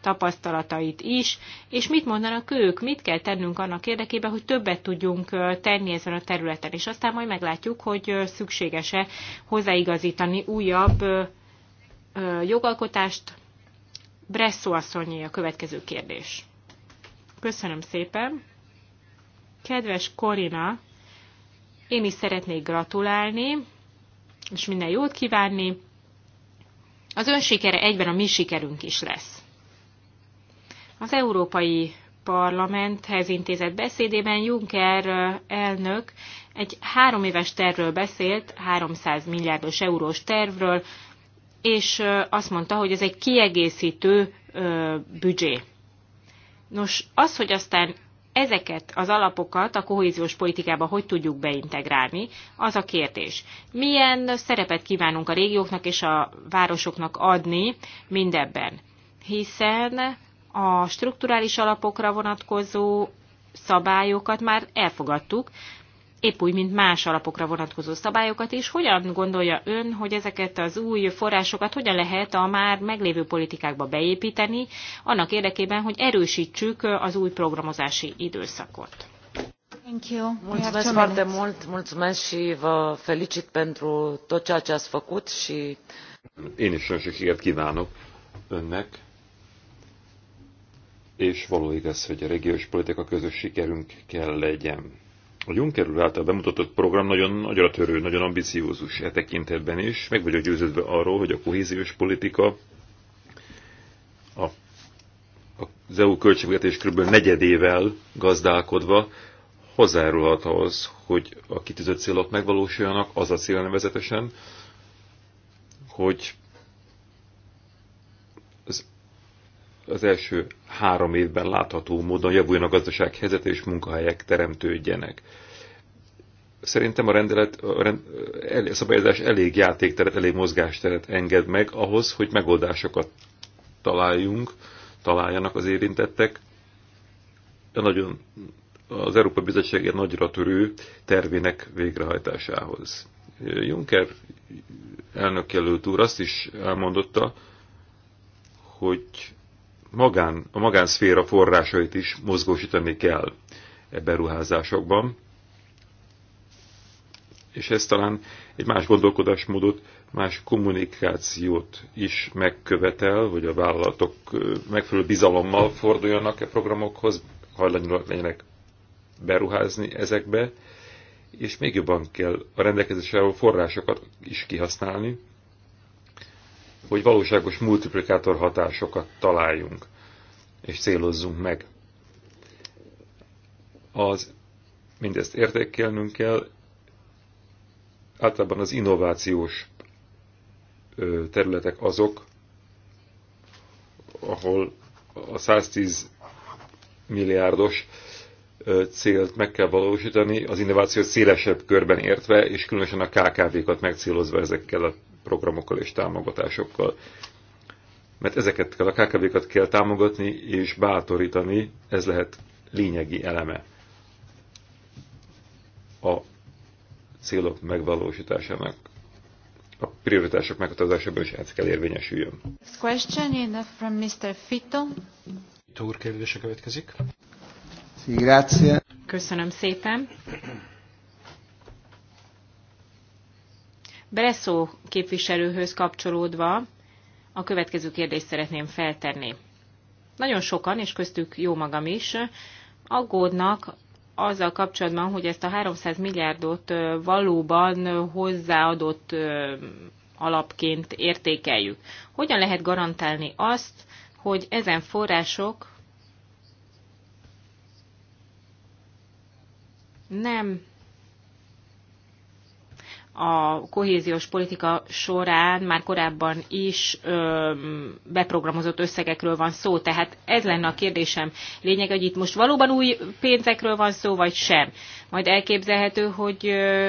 tapasztalatait is, és mit mondanak ők, mit kell tennünk annak érdekében, hogy többet tudjunk tenni ezen a területen, és aztán majd meglátjuk, hogy szükséges-e hozzáigazítani újabb jogalkotást. Bresszó asszonyé a következő kérdés. Köszönöm szépen. Kedves Korina, én is szeretnék gratulálni, és minden jót kívánni. Az ön sikere egyben a mi sikerünk is lesz. Az Európai Parlamenthez intézett beszédében Juncker elnök egy három éves tervről beszélt, 300 milliárdos eurós tervről, és azt mondta, hogy ez egy kiegészítő büdzsé. Nos, az, hogy aztán ezeket az alapokat a kohéziós politikába hogy tudjuk beintegrálni, az a kérdés. Milyen szerepet kívánunk a régióknak és a városoknak adni mindebben? Hiszen a strukturális alapokra vonatkozó szabályokat már elfogadtuk, épp úgy, mint más alapokra vonatkozó szabályokat is. Hogyan gondolja ön, hogy ezeket az új forrásokat hogyan lehet a már meglévő politikákba beépíteni, annak érdekében, hogy erősítsük az új programozási időszakot? Mulțumesc foarte mult, mulțumesc și vă felicit pentru tot ceea ce ați făcut și... Én is sok sikert kívánok önnek és való igaz, hogy a régiós politika közös sikerünk kell legyen. A Juncker úr által bemutatott program nagyon nagyra törő, nagyon ambiciózus e tekintetben is. Meg vagyok győződve arról, hogy a kohéziós politika a, az EU költségvetés kb. negyedével gazdálkodva hozzájárulhat ahhoz, hogy a kitűzött célok megvalósuljanak, az a cél nevezetesen, hogy az első három évben látható módon javuljon a gazdaság helyzete és munkahelyek teremtődjenek. Szerintem a rendelet, a, rend, a szabályozás elég játékteret, elég mozgásteret enged meg ahhoz, hogy megoldásokat találjunk, találjanak az érintettek. De nagyon az Európa Bizottság egy nagyra törő tervének végrehajtásához. Juncker jelölt úr azt is elmondotta, hogy magán, a magánszféra forrásait is mozgósítani kell e beruházásokban. És ez talán egy más gondolkodásmódot, más kommunikációt is megkövetel, hogy a vállalatok megfelelő bizalommal forduljanak e programokhoz, hajlandóak legyenek beruházni ezekbe, és még jobban kell a rendelkezésre álló forrásokat is kihasználni, hogy valóságos multiplikátor hatásokat találjunk és célozzunk meg. Az mindezt értékelnünk kell, általában az innovációs területek azok, ahol a 110 milliárdos célt meg kell valósítani, az innovációt szélesebb körben értve, és különösen a KKV-kat megcélozva ezekkel a programokkal és támogatásokkal. Mert ezeket kell, a KKV-kat kell támogatni és bátorítani, ez lehet lényegi eleme a célok megvalósításának a prioritások meghatározásában is ez kell érvényesüljön. Question in from Mr. Fito. Fito úr kérdése következik. Köszönöm szépen. Bresszó képviselőhöz kapcsolódva a következő kérdést szeretném feltenni. Nagyon sokan, és köztük jó magam is, aggódnak azzal kapcsolatban, hogy ezt a 300 milliárdot valóban hozzáadott alapként értékeljük. Hogyan lehet garantálni azt, hogy ezen források nem a kohéziós politika során már korábban is ö, beprogramozott összegekről van szó. Tehát ez lenne a kérdésem lényeg, hogy itt most valóban új pénzekről van szó, vagy sem. Majd elképzelhető, hogy ö,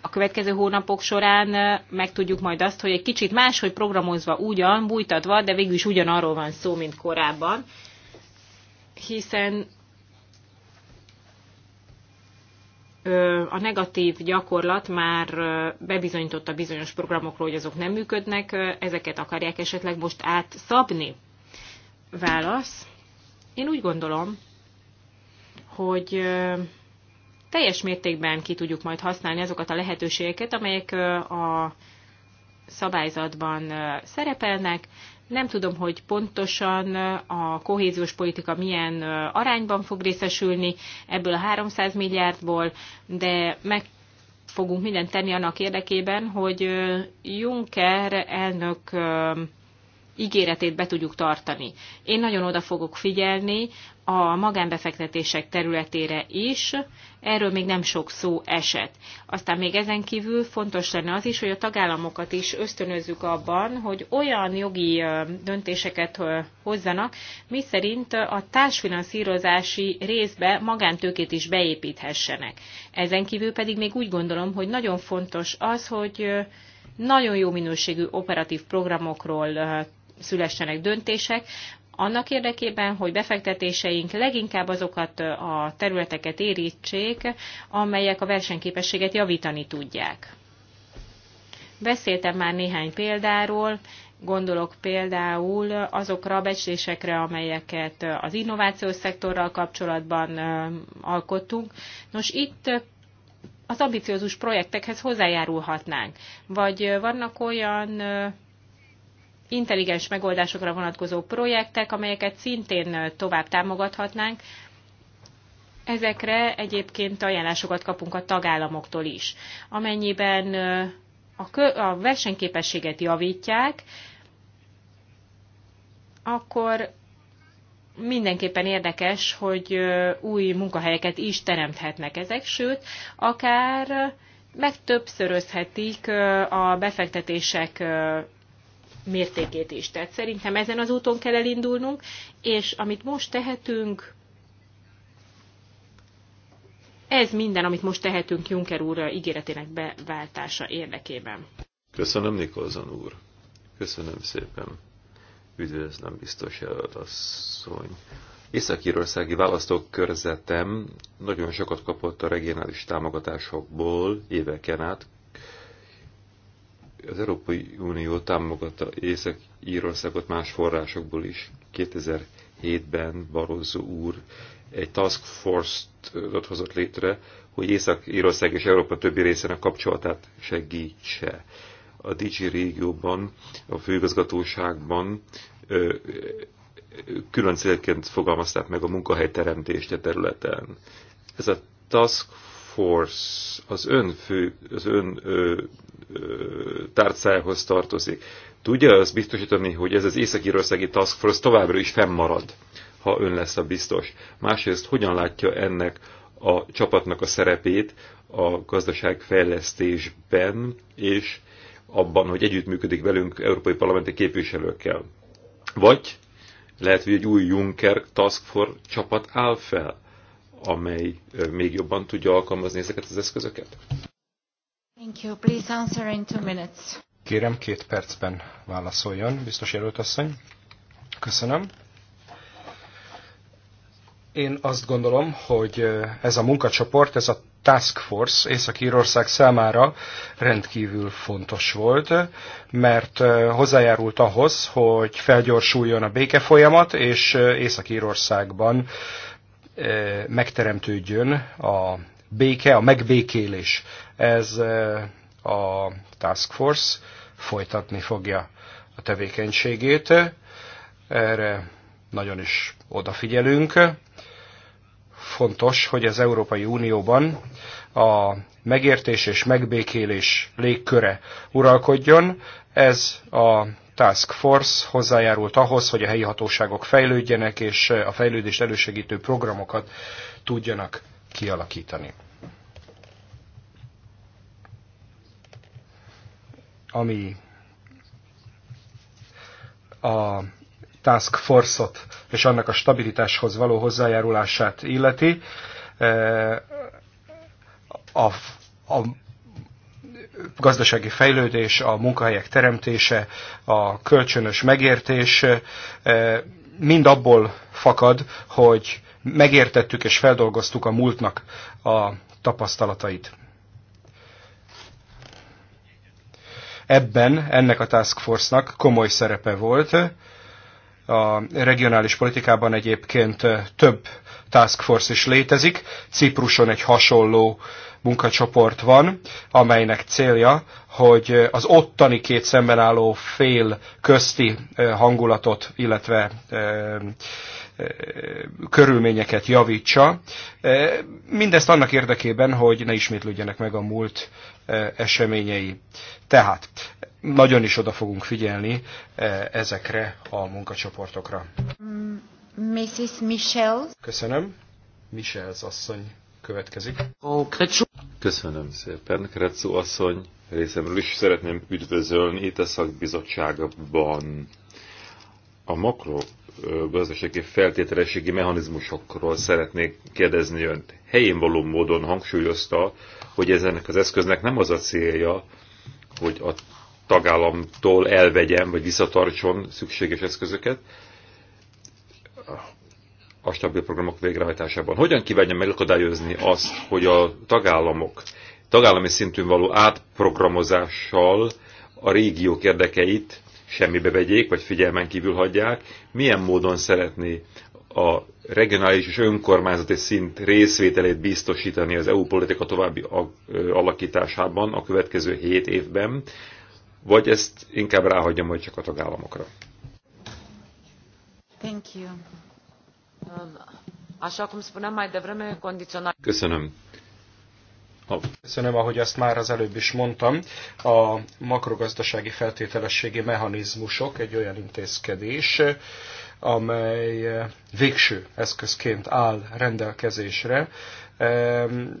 a következő hónapok során ö, megtudjuk majd azt, hogy egy kicsit máshogy programozva ugyan, bújtatva, de végül is ugyanarról van szó, mint korábban. Hiszen a negatív gyakorlat már bebizonyította bizonyos programokról, hogy azok nem működnek, ezeket akarják esetleg most átszabni? Válasz. Én úgy gondolom, hogy teljes mértékben ki tudjuk majd használni azokat a lehetőségeket, amelyek a szabályzatban szerepelnek, nem tudom, hogy pontosan a kohéziós politika milyen arányban fog részesülni ebből a 300 milliárdból, de meg fogunk mindent tenni annak érdekében, hogy Juncker elnök ígéretét be tudjuk tartani. Én nagyon oda fogok figyelni a magánbefektetések területére is, erről még nem sok szó esett. Aztán még ezen kívül fontos lenne az is, hogy a tagállamokat is ösztönözzük abban, hogy olyan jogi döntéseket hozzanak, miszerint a társfinanszírozási részbe magántőkét is beépíthessenek. Ezen kívül pedig még úgy gondolom, hogy nagyon fontos az, hogy nagyon jó minőségű operatív programokról szülessenek döntések, annak érdekében, hogy befektetéseink leginkább azokat a területeket érítsék, amelyek a versenyképességet javítani tudják. Beszéltem már néhány példáról, gondolok például azokra a becslésekre, amelyeket az innovációs szektorral kapcsolatban alkottunk. Nos, itt az ambiciózus projektekhez hozzájárulhatnánk. Vagy vannak olyan intelligens megoldásokra vonatkozó projektek, amelyeket szintén tovább támogathatnánk. Ezekre egyébként ajánlásokat kapunk a tagállamoktól is. Amennyiben a versenyképességet javítják, akkor mindenképpen érdekes, hogy új munkahelyeket is teremthetnek ezek, sőt, akár megtöbbszörözhetik a befektetések mértékét is. Tehát szerintem ezen az úton kell elindulnunk, és amit most tehetünk, ez minden, amit most tehetünk Juncker úr ígéretének beváltása érdekében. Köszönöm, Nikolzan úr. Köszönöm szépen. Üdvözlöm, biztos jelölt asszony. Észak-Írországi választókörzetem nagyon sokat kapott a regionális támogatásokból éveken át, az Európai Unió támogatta Észak-Írországot más forrásokból is. 2007-ben Barozzo úr egy task force-t hozott létre, hogy Észak-Írország és Európa többi részének kapcsolatát segítse. A DG régióban, a főigazgatóságban külön célként fogalmazták meg a munkahelyteremtést a területen. Ez a task Force az ön, fő, az ön ö, ö, tárcájához tartozik. Tudja az biztosítani, hogy ez az Észak-Írországi Task Force továbbra is fennmarad, ha ön lesz a biztos? Másrészt hogyan látja ennek a csapatnak a szerepét a gazdaságfejlesztésben, és abban, hogy együttműködik velünk európai parlamenti képviselőkkel. Vagy lehet, hogy egy új Juncker Task Force csapat áll fel, amely még jobban tudja alkalmazni ezeket az eszközöket? Thank you. Please answer in two minutes. Kérem, két percben válaszoljon, biztos jelölt asszony. Köszönöm. Én azt gondolom, hogy ez a munkacsoport, ez a Task Force Észak-Írország számára rendkívül fontos volt, mert hozzájárult ahhoz, hogy felgyorsuljon a békefolyamat, és Észak-Írországban megteremtődjön a béke, a megbékélés. Ez a Task Force folytatni fogja a tevékenységét. Erre nagyon is odafigyelünk. Fontos, hogy az Európai Unióban a megértés és megbékélés légköre uralkodjon. Ez a Task Force hozzájárult ahhoz, hogy a helyi hatóságok fejlődjenek, és eh, a fejlődést elősegítő programokat tudjanak kialakítani. Ami a Task Force-ot és annak a stabilitáshoz való hozzájárulását illeti, eh, a, a gazdasági fejlődés, a munkahelyek teremtése, a kölcsönös megértés mind abból fakad, hogy megértettük és feldolgoztuk a múltnak a tapasztalatait. Ebben ennek a task force-nak komoly szerepe volt. A regionális politikában egyébként több task force is létezik. Cipruson egy hasonló uh, munkacsoport van, amelynek célja, hogy az ottani két szemben álló fél közti hangulatot, illetve körülményeket javítsa. Mindezt annak érdekében, hogy ne ismétlődjenek meg a múlt eseményei. Tehát nagyon is oda fogunk figyelni ezekre a munkacsoportokra. Mrs. Michels. Köszönöm. Michels asszony következik. Köszönöm szépen, Kretszó asszony. Részemről is szeretném üdvözölni itt a szakbizottságban a makrogazdasági feltételességi mechanizmusokról szeretnék kérdezni önt. Helyén való módon hangsúlyozta, hogy ezenek az eszköznek nem az a célja, hogy a tagállamtól elvegyen vagy visszatartson szükséges eszközöket, a stabil programok végrehajtásában. Hogyan kívánja megakadályozni azt, hogy a tagállamok tagállami szintűn való átprogramozással a régiók érdekeit semmibe vegyék, vagy figyelmen kívül hagyják, milyen módon szeretné a regionális és önkormányzati szint részvételét biztosítani az EU politika további alakításában a következő 7 évben, vagy ezt inkább ráhagyja majd csak a tagállamokra. Thank you. Köszönöm. Köszönöm, ahogy azt már az előbb is mondtam. A makrogazdasági feltételességi mechanizmusok egy olyan intézkedés, amely végső eszközként áll rendelkezésre.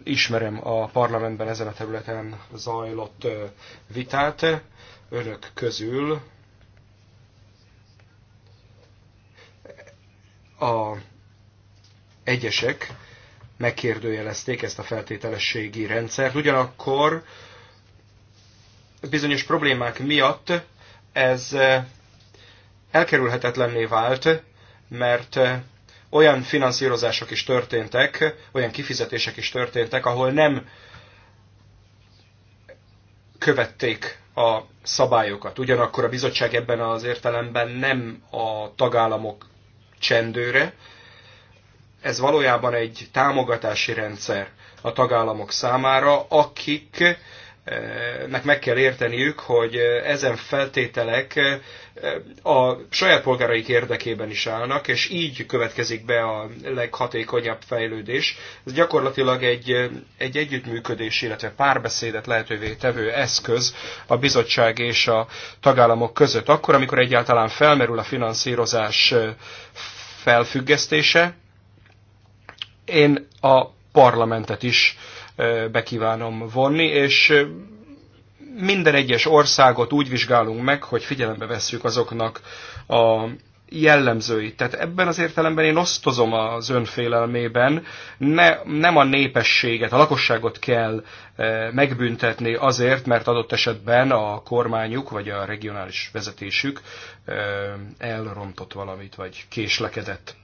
Ismerem a parlamentben ezen a területen zajlott vitát. Önök közül a egyesek megkérdőjelezték ezt a feltételességi rendszert. Ugyanakkor bizonyos problémák miatt ez eh, elkerülhetetlenné vált, mert eh, olyan finanszírozások is történtek, olyan kifizetések is történtek, ahol nem követték a szabályokat. Ugyanakkor a bizottság ebben az értelemben nem a tagállamok csendőre, ez valójában egy támogatási rendszer a tagállamok számára, akiknek meg kell érteniük, hogy ezen feltételek a saját polgáraik érdekében is állnak, és így következik be a leghatékonyabb fejlődés. Ez gyakorlatilag egy, egy együttműködés, illetve párbeszédet lehetővé tevő eszköz a bizottság és a tagállamok között. Akkor, amikor egyáltalán felmerül a finanszírozás felfüggesztése, én a parlamentet is bekívánom vonni, és minden egyes országot úgy vizsgálunk meg, hogy figyelembe vesszük azoknak a jellemzőit. Tehát ebben az értelemben én osztozom az önfélelmében, ne, nem a népességet, a lakosságot kell e, megbüntetni azért, mert adott esetben a kormányuk vagy a regionális vezetésük e, elrontott valamit, vagy késlekedett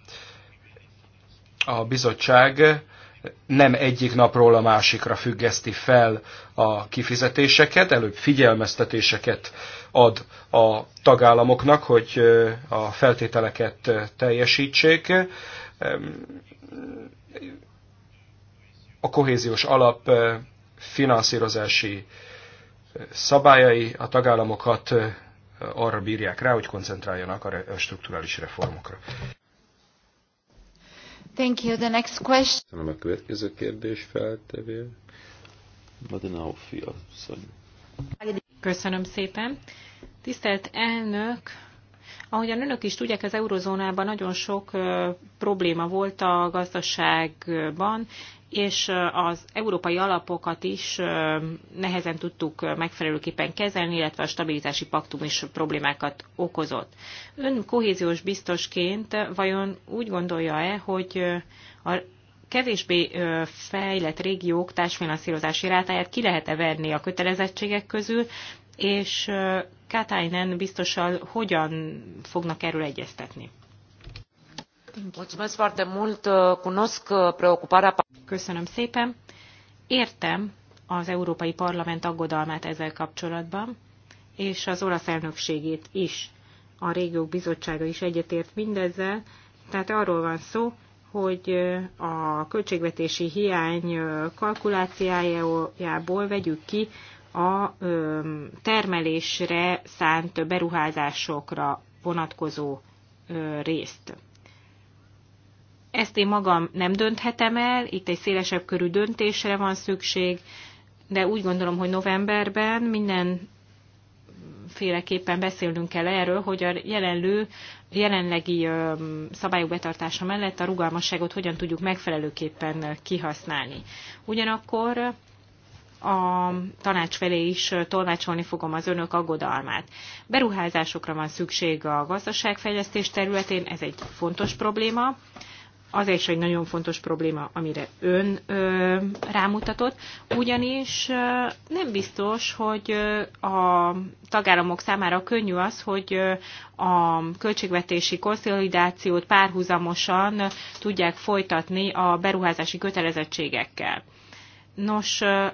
a bizottság nem egyik napról a másikra függeszti fel a kifizetéseket, előbb figyelmeztetéseket ad a tagállamoknak, hogy a feltételeket teljesítsék. A kohéziós alap finanszírozási szabályai a tagállamokat arra bírják rá, hogy koncentráljanak a strukturális reformokra. Thank you. The next question. Köszönöm a következő kérdés feltevő. Badenaufi asszony. Köszönöm szépen. Tisztelt elnök, Ahogyan önök is tudják, az eurozónában nagyon sok probléma volt a gazdaságban, és az európai alapokat is nehezen tudtuk megfelelőképpen kezelni, illetve a stabilitási paktum is problémákat okozott. Ön kohéziós biztosként vajon úgy gondolja-e, hogy a kevésbé fejlett régiók társfinanszírozási rátáját ki lehet-e verni a kötelezettségek közül, és Katainen biztosan hogyan fognak erről egyeztetni? Uh, uh, Köszönöm szépen. Értem az Európai Parlament aggodalmát ezzel kapcsolatban, és az olasz elnökségét is. A régiók bizottsága is egyetért mindezzel, tehát arról van szó, hogy uh, a költségvetési hiány kalkulációjából vegyük ki a um, termelésre szánt beruházásokra vonatkozó részt. Ezt én magam nem dönthetem el, itt egy szélesebb körű döntésre van szükség, de úgy gondolom, hogy novemberben minden féleképpen beszélnünk kell erről, hogy a jelenlő, jelenlegi szabályok betartása mellett a rugalmasságot hogyan tudjuk megfelelőképpen kihasználni. Ugyanakkor a tanács felé is tolmácsolni fogom az önök aggodalmát. Beruházásokra van szükség a gazdaságfejlesztés területén, ez egy fontos probléma az is egy nagyon fontos probléma, amire ön ö, rámutatott, ugyanis ö, nem biztos, hogy ö, a tagállamok számára könnyű az, hogy ö, a költségvetési konszolidációt párhuzamosan tudják folytatni a beruházási kötelezettségekkel. Nos, ö,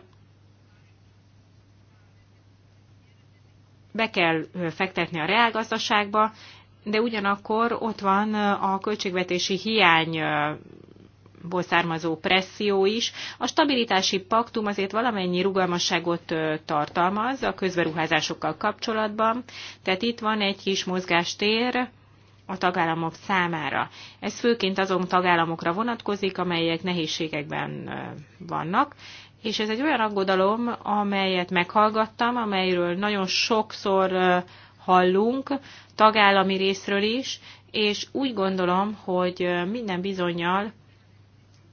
be kell fektetni a reálgazdaságba, de ugyanakkor ott van a költségvetési hiány ból származó presszió is. A stabilitási paktum azért valamennyi rugalmasságot tartalmaz a közberuházásokkal kapcsolatban, tehát itt van egy kis mozgástér a tagállamok számára. Ez főként azon tagállamokra vonatkozik, amelyek nehézségekben vannak, és ez egy olyan aggodalom, amelyet meghallgattam, amelyről nagyon sokszor hallunk, tagállami részről is, és úgy gondolom, hogy minden bizonyal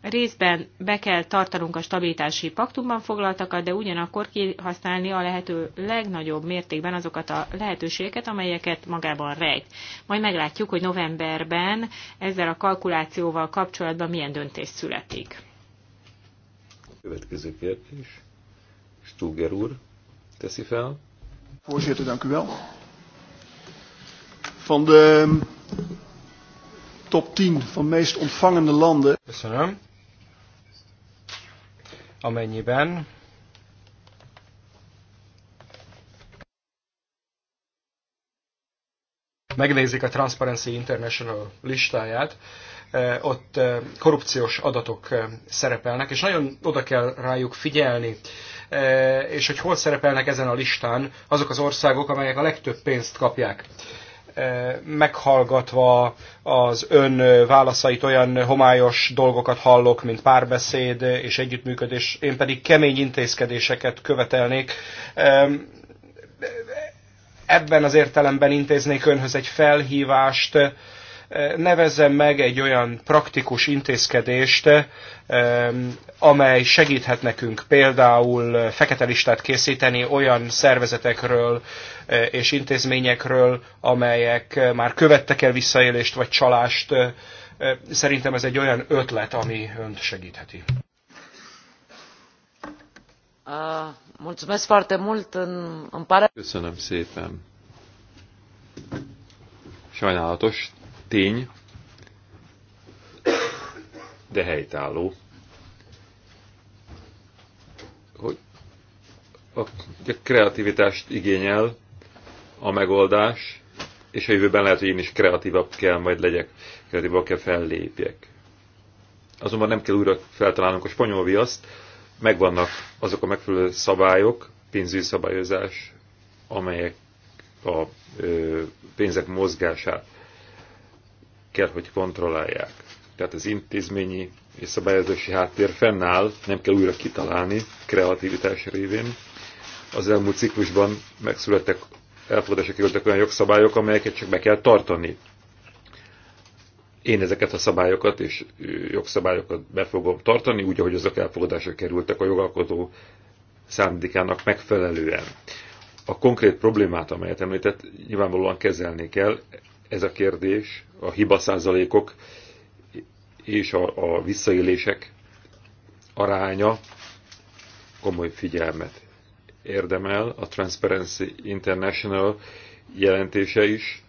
részben be kell tartanunk a stabilitási paktumban foglaltakat, de ugyanakkor kihasználni a lehető legnagyobb mértékben azokat a lehetőségeket, amelyeket magában rejt. Majd meglátjuk, hogy novemberben ezzel a kalkulációval kapcsolatban milyen döntés születik. Következő kérdés. Stuger úr teszi fel. Voorzitter, van de ehm, top 10 van meest ontvangende landen. Köszönöm. Amennyiben megnézik a Transparency International listáját, eh, ott eh, korrupciós adatok eh, szerepelnek, és nagyon oda kell rájuk figyelni. És hogy hol szerepelnek ezen a listán azok az országok, amelyek a legtöbb pénzt kapják meghallgatva az ön válaszait olyan homályos dolgokat hallok, mint párbeszéd és együttműködés, én pedig kemény intézkedéseket követelnék. Ebben az értelemben intéznék önhöz egy felhívást, nevezzen meg egy olyan praktikus intézkedést, eh, amely segíthet nekünk például fekete listát készíteni olyan szervezetekről eh, és intézményekről, amelyek eh, már követtek el visszaélést vagy csalást. Szerintem ez egy olyan ötlet, ami önt segítheti. Ah, Köszönöm szépen. Sajnálatos, tény, de helytálló, hogy a kreativitást igényel a megoldás, és a jövőben lehet, hogy én is kreatívabb kell majd legyek, kreatívabb kell fellépjek. Azonban nem kell újra feltalálnunk a spanyol viaszt, megvannak azok a megfelelő szabályok, pénzügyi szabályozás, amelyek a ö, pénzek mozgását kell, hogy kontrollálják. Tehát az intézményi és szabályozási háttér fennáll, nem kell újra kitalálni kreativitás révén. Az elmúlt ciklusban megszülettek, elfogadásra voltak olyan jogszabályok, amelyeket csak be kell tartani. Én ezeket a szabályokat és jogszabályokat be fogom tartani, úgy, ahogy azok elfogadásra kerültek a jogalkotó szándékának megfelelően. A konkrét problémát, amelyet említett, nyilvánvalóan kezelni kell, ez a kérdés, a hiba százalékok és a, a visszaélések aránya komoly figyelmet érdemel. A Transparency International jelentése is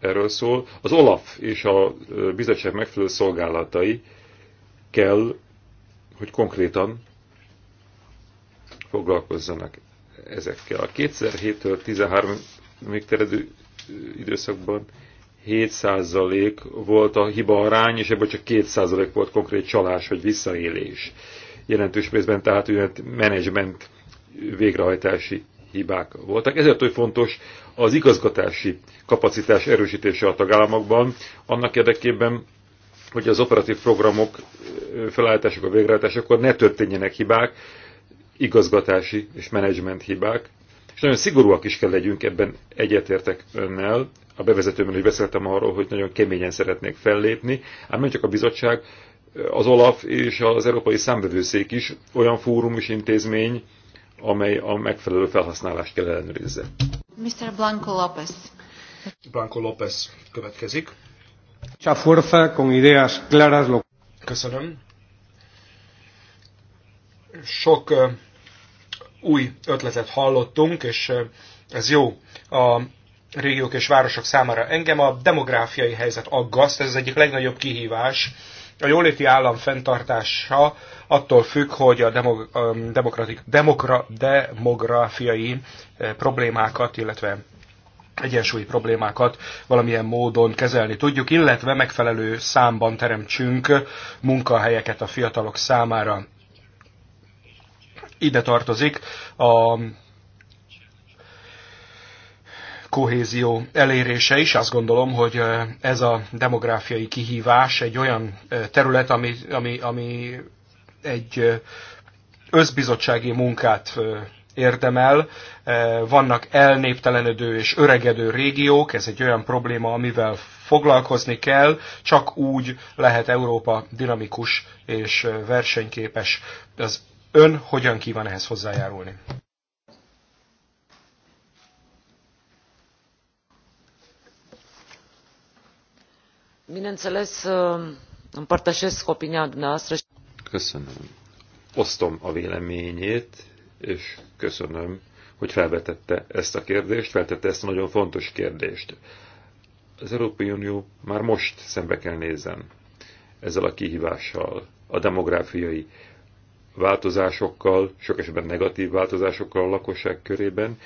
erről szól. Az OLAF és a bizottság megfelelő szolgálatai kell, hogy konkrétan foglalkozzanak ezekkel. A 2007-től 13 még terjedő időszakban 7% volt a hiba arány, és ebből csak 2% volt konkrét csalás vagy visszaélés. Jelentős részben tehát menedzsment végrehajtási hibák voltak. Ezért hogy fontos az igazgatási kapacitás erősítése a tagállamokban, annak érdekében, hogy az operatív programok a végrehajtásakor ne történjenek hibák, igazgatási és menedzsment hibák, és nagyon szigorúak is kell legyünk, ebben egyetértek önnel. A bevezetőben is beszéltem arról, hogy nagyon keményen szeretnék fellépni, ám nem csak a bizottság, az OLAF és az Európai Számbevőszék is olyan fórum és intézmény, amely a megfelelő felhasználást kell ellenőrizze. Mr. Blanco López. Blanco López következik. Mucha fuerza, con ideas claras. Köszönöm. Sok új ötletet hallottunk, és ez jó a régiók és városok számára. Engem a demográfiai helyzet aggaszt, ez az egyik legnagyobb kihívás. A jóléti állam fenntartása attól függ, hogy a demokratik, demokra, demográfiai problémákat, illetve egyensúlyi problémákat valamilyen módon kezelni tudjuk, illetve megfelelő számban teremtsünk munkahelyeket a fiatalok számára. Ide tartozik a kohézió elérése is. Azt gondolom, hogy ez a demográfiai kihívás egy olyan terület, ami, ami, ami egy összbizottsági munkát érdemel. Vannak elnéptelenedő és öregedő régiók, ez egy olyan probléma, amivel foglalkozni kell, csak úgy lehet Európa dinamikus és versenyképes. Az Ön hogyan kíván ehhez hozzájárulni? Bineînțeles, um, împărtășesc opinia dumneavoastră. Köszönöm. Osztom a véleményét, és köszönöm, hogy felvetette ezt a kérdést, feltette ezt a nagyon fontos kérdést. Az Európai Unió már most szembe kell nézzen ezzel a kihívással, a demográfiai változásokkal, sok esetben negatív változásokkal a lakosság körében.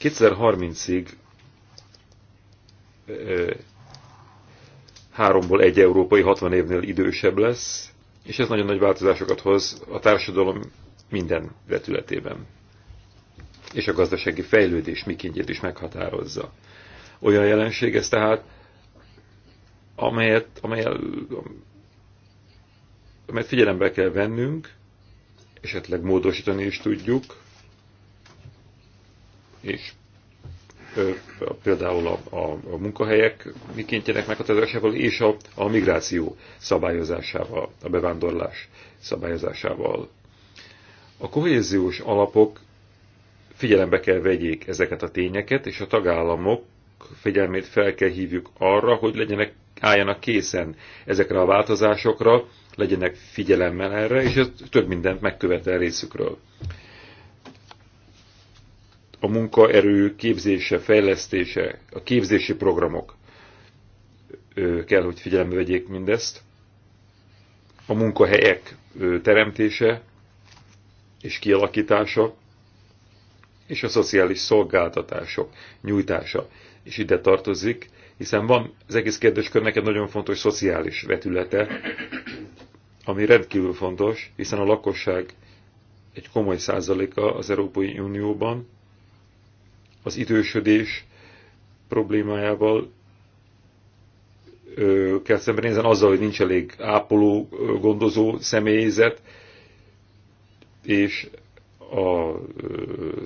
2030-ig háromból egy európai 60 évnél idősebb lesz, és ez nagyon nagy változásokat hoz a társadalom minden vetületében. És a gazdasági fejlődés mikintjét is meghatározza. Olyan jelenség ez tehát, amelyet, amelyet, amelyet figyelembe kell vennünk, esetleg módosítani is tudjuk, és például a, a, a munkahelyek mikéntjenek meghatározásával és a, a migráció szabályozásával, a bevándorlás szabályozásával. A kohéziós alapok figyelembe kell vegyék ezeket a tényeket, és a tagállamok figyelmét fel kell hívjuk arra, hogy legyenek, álljanak készen ezekre a változásokra, legyenek figyelemmel erre, és ez több mindent megkövetel részükről. A munkaerő képzése, fejlesztése, a képzési programok kell, hogy figyelembe vegyék mindezt. A munkahelyek teremtése és kialakítása, és a szociális szolgáltatások nyújtása is ide tartozik, hiszen van az egész kérdéskörnek egy nagyon fontos szociális vetülete, ami rendkívül fontos, hiszen a lakosság egy komoly százaléka az Európai Unióban az idősödés problémájával ö, kell szembenézni, azzal, hogy nincs elég ápoló, gondozó személyzet, és a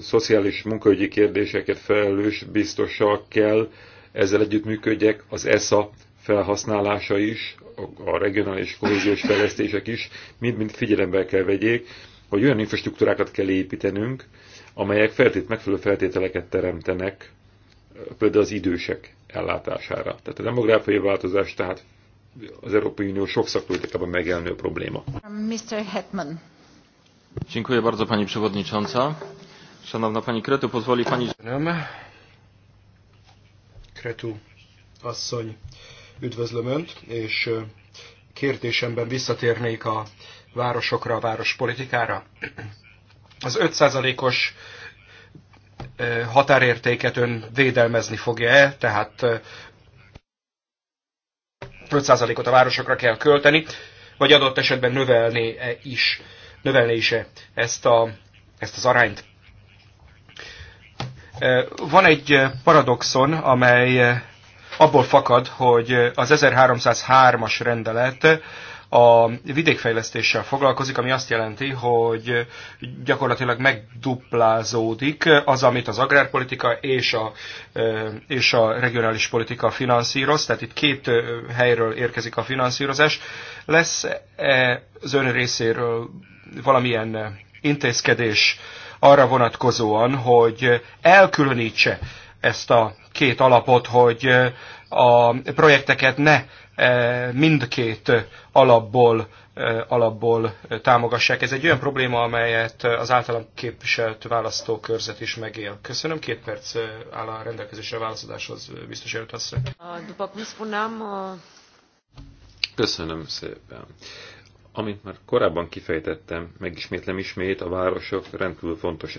szociális munkaügyi kérdéseket felelős biztossal kell ezzel együttműködjek, az ESA felhasználása is, a regionális kohéziós fejlesztések is, mind-mind figyelembe kell vegyék, hogy olyan infrastruktúrákat kell építenünk, amelyek feltét, megfelelő feltételeket teremtenek például az idősek ellátására. Tehát a demográfiai változás tehát az Európai Unió sok szakpolitikában megjelenő probléma. Mr. Hetman. Dziękuję bardzo Pani Przewodnicząca. Szanowna Pani Kretu, pozwoli Pani... Kretu asszony, üdvözlöm Önt, és e, kérdésemben visszatérnék a városokra, a várospolitikára. Az 5%-os e, határértéket Ön védelmezni fogja-e, tehát 5%-ot e, a városokra kell költeni, vagy adott esetben növelni -e is növelése ezt, a, ezt az arányt. Van egy paradoxon, amely abból fakad, hogy az 1303-as rendelet a vidékfejlesztéssel foglalkozik, ami azt jelenti, hogy gyakorlatilag megduplázódik az, amit az agrárpolitika és a, és a regionális politika finanszíroz, tehát itt két helyről érkezik a finanszírozás. Lesz -e az ön részéről valamilyen intézkedés arra vonatkozóan, hogy elkülönítse ezt a két alapot, hogy a projekteket ne e, mindkét alapból, e, alapból támogassák. Ez egy olyan probléma, amelyet az általam képviselt választókörzet is megél. Köszönöm, két perc e, áll a rendelkezésre a válaszadáshoz, biztos előtt Köszönöm szépen. Amint már korábban kifejtettem, megismétlem ismét, a városok rendkívül fontos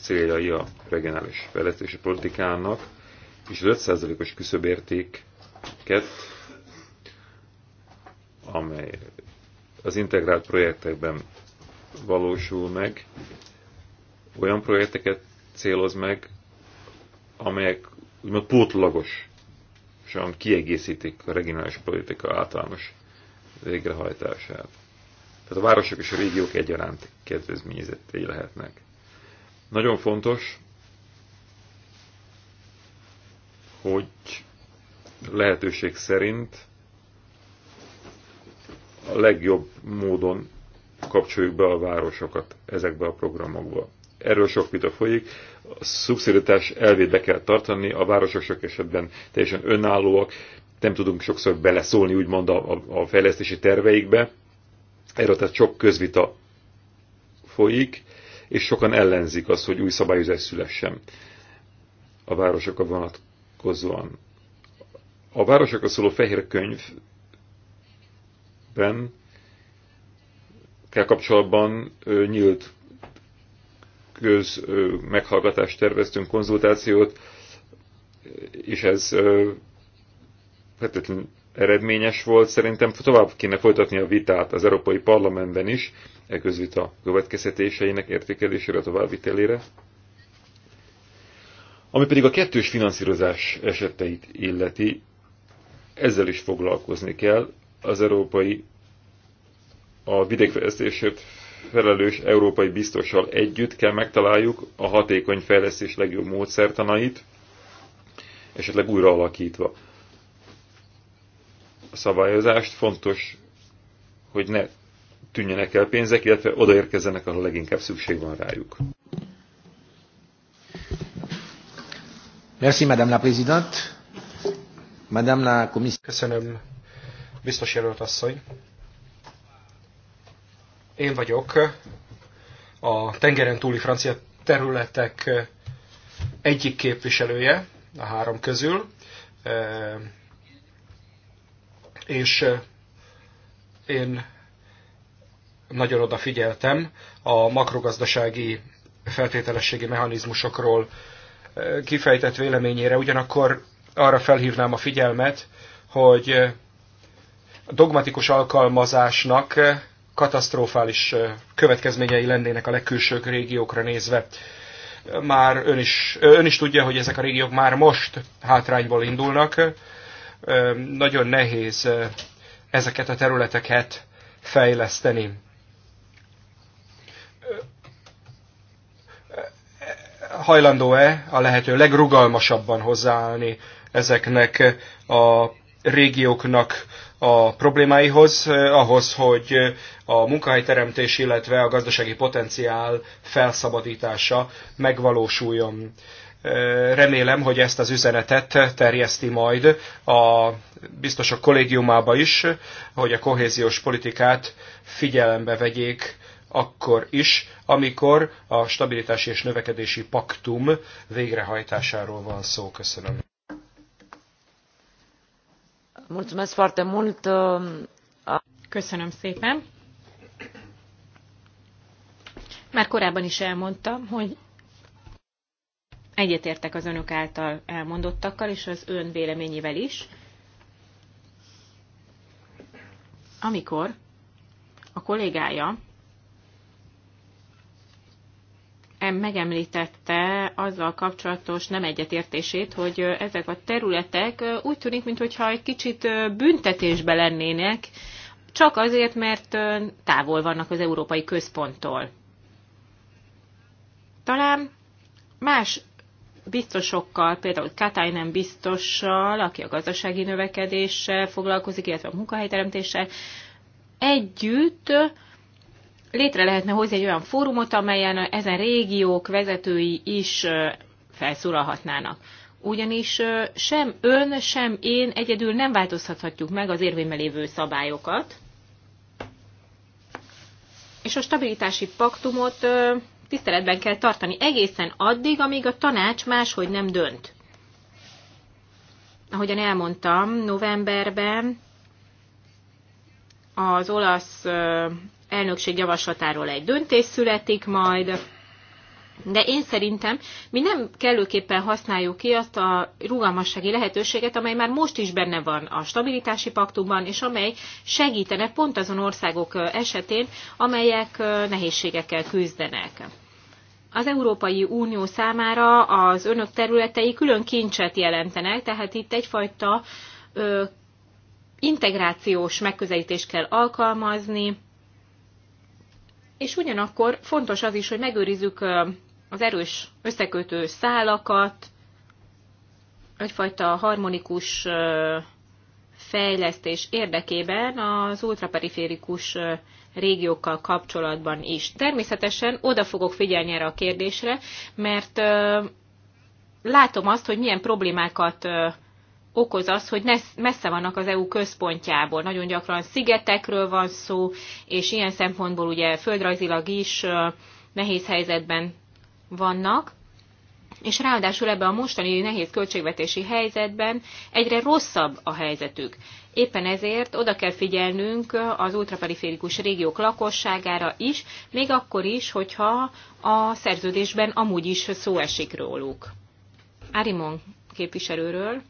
céljai a regionális fejlesztési politikának, és az 5%-os küszöbértéket, amely az integrált projektekben valósul meg, olyan projekteket céloz meg, amelyek úgymond pótlagosan kiegészítik a regionális politika általános végrehajtását. Tehát a városok és a régiók egyaránt kedvezményezetté lehetnek. Nagyon fontos, hogy lehetőség szerint a legjobb módon kapcsoljuk be a városokat ezekbe a programokba. Erről sok vita folyik. A szubszidiaritás elvét be kell tartani, a városok sok esetben teljesen önállóak, nem tudunk sokszor beleszólni, úgymond a, a fejlesztési terveikbe. Erről tehát sok közvita folyik, és sokan ellenzik azt, hogy új szabályozás szülessen a városokra vonatkozóan. A városokra szóló fehér könyvben kell kapcsolatban ö, nyílt köz ö, meghallgatást terveztünk, konzultációt, és ez ö, feltétlenül eredményes volt. Szerintem tovább kéne folytatni a vitát az Európai Parlamentben is, e közvita következtetéseinek értékelésére, továbbvitelére. Ami pedig a kettős finanszírozás eseteit illeti, ezzel is foglalkozni kell. Az Európai a vidékfejlesztésért felelős európai biztossal együtt kell megtaláljuk a hatékony fejlesztés legjobb módszertanait, esetleg újra alakítva a szabályozást, fontos, hogy ne tűnjenek el pénzek, illetve odaérkezzenek, ahol leginkább szükség van rájuk. Merci, Madame la Présidente. Madame la Commission. Köszönöm, biztos jelölt asszony. Én vagyok a tengeren túli francia területek egyik képviselője a három közül és én nagyon odafigyeltem a makrogazdasági feltételességi mechanizmusokról kifejtett véleményére, ugyanakkor arra felhívnám a figyelmet, hogy a dogmatikus alkalmazásnak katasztrofális következményei lennének a legkülsők régiókra nézve. Már ön is, ön is tudja, hogy ezek a régiók már most hátrányból indulnak, nagyon nehéz ezeket a területeket fejleszteni. Hajlandó-e a lehető legrugalmasabban hozzáállni ezeknek a régióknak a problémáihoz, ahhoz, hogy a munkahelyteremtés, illetve a gazdasági potenciál felszabadítása megvalósuljon. Remélem, hogy ezt az üzenetet terjeszti majd a biztosok kollégiumába is, hogy a kohéziós politikát figyelembe vegyék akkor is, amikor a stabilitási és növekedési paktum végrehajtásáról van szó. Köszönöm. Mulțumesc foarte mult. Um, Köszönöm szépen. Már korábban is elmondtam, hogy Egyetértek az önök által elmondottakkal, és az ön véleményével is. Amikor a kollégája megemlítette azzal kapcsolatos nem egyetértését, hogy ezek a területek úgy tűnik, mintha egy kicsit büntetésbe lennének, csak azért, mert távol vannak az európai központtól. Talán más biztosokkal, például Katainen biztossal, aki a gazdasági növekedéssel foglalkozik, illetve a munkahelyteremtéssel, együtt létre lehetne hozni egy olyan fórumot, amelyen ezen régiók vezetői is felszólalhatnának. Ugyanis sem ön, sem én egyedül nem változhatjuk meg az érvényben lévő szabályokat, és a stabilitási paktumot tiszteletben kell tartani egészen addig, amíg a tanács máshogy nem dönt. Ahogyan elmondtam, novemberben az olasz elnökség javaslatáról egy döntés születik majd, de én szerintem mi nem kellőképpen használjuk ki azt a rugalmassági lehetőséget, amely már most is benne van a stabilitási paktumban, és amely segítene pont azon országok esetén, amelyek nehézségekkel küzdenek. Az Európai Unió számára az önök területei külön kincset jelentenek, tehát itt egyfajta ö, integrációs megközelítést kell alkalmazni, és ugyanakkor fontos az is, hogy megőrizzük az erős összekötő szálakat, egyfajta harmonikus fejlesztés érdekében az ultraperiférikus régiókkal kapcsolatban is. Természetesen oda fogok figyelni erre a kérdésre, mert látom azt, hogy milyen problémákat okoz az, hogy messze vannak az EU központjából. Nagyon gyakran szigetekről van szó, és ilyen szempontból ugye földrajzilag is nehéz helyzetben vannak, és ráadásul ebben a mostani nehéz költségvetési helyzetben egyre rosszabb a helyzetük. Éppen ezért oda kell figyelnünk az ultraperiférikus régiók lakosságára is, még akkor is, hogyha a szerződésben amúgy is szó esik róluk. Arimon képviselőről.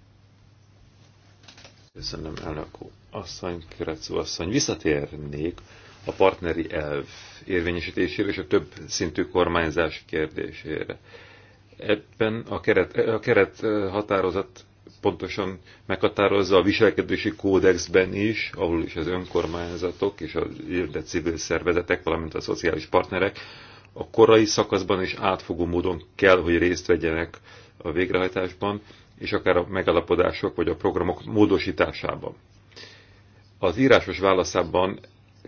Köszönöm, elnök, Asszony, Kerecu asszony, visszatérnék a partneri elv érvényesítésére és a több szintű kormányzás kérdésére. Ebben a keret, a keret határozat pontosan meghatározza a viselkedési kódexben is, ahol is az önkormányzatok és az érdett civil szervezetek, valamint a szociális partnerek a korai szakaszban is átfogó módon kell, hogy részt vegyenek a végrehajtásban, és akár a megalapodások vagy a programok módosításában. Az írásos válaszában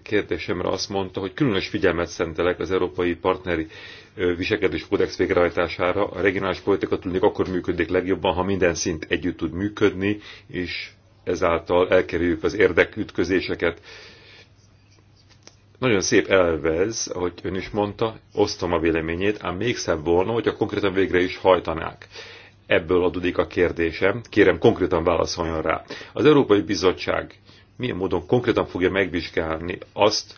kérdésemre azt mondta, hogy különös figyelmet szentelek az európai partneri viselkedés kódex végrehajtására. A regionális politika tudnék akkor működik legjobban, ha minden szint együtt tud működni, és ezáltal elkerüljük az érdekütközéseket. Nagyon szép elvez, ahogy ön is mondta, osztom a véleményét, ám még szebb volna, hogyha konkrétan végre is hajtanák. Ebből adódik a kérdésem, kérem konkrétan válaszoljon rá. Az Európai Bizottság milyen módon konkrétan fogja megvizsgálni azt,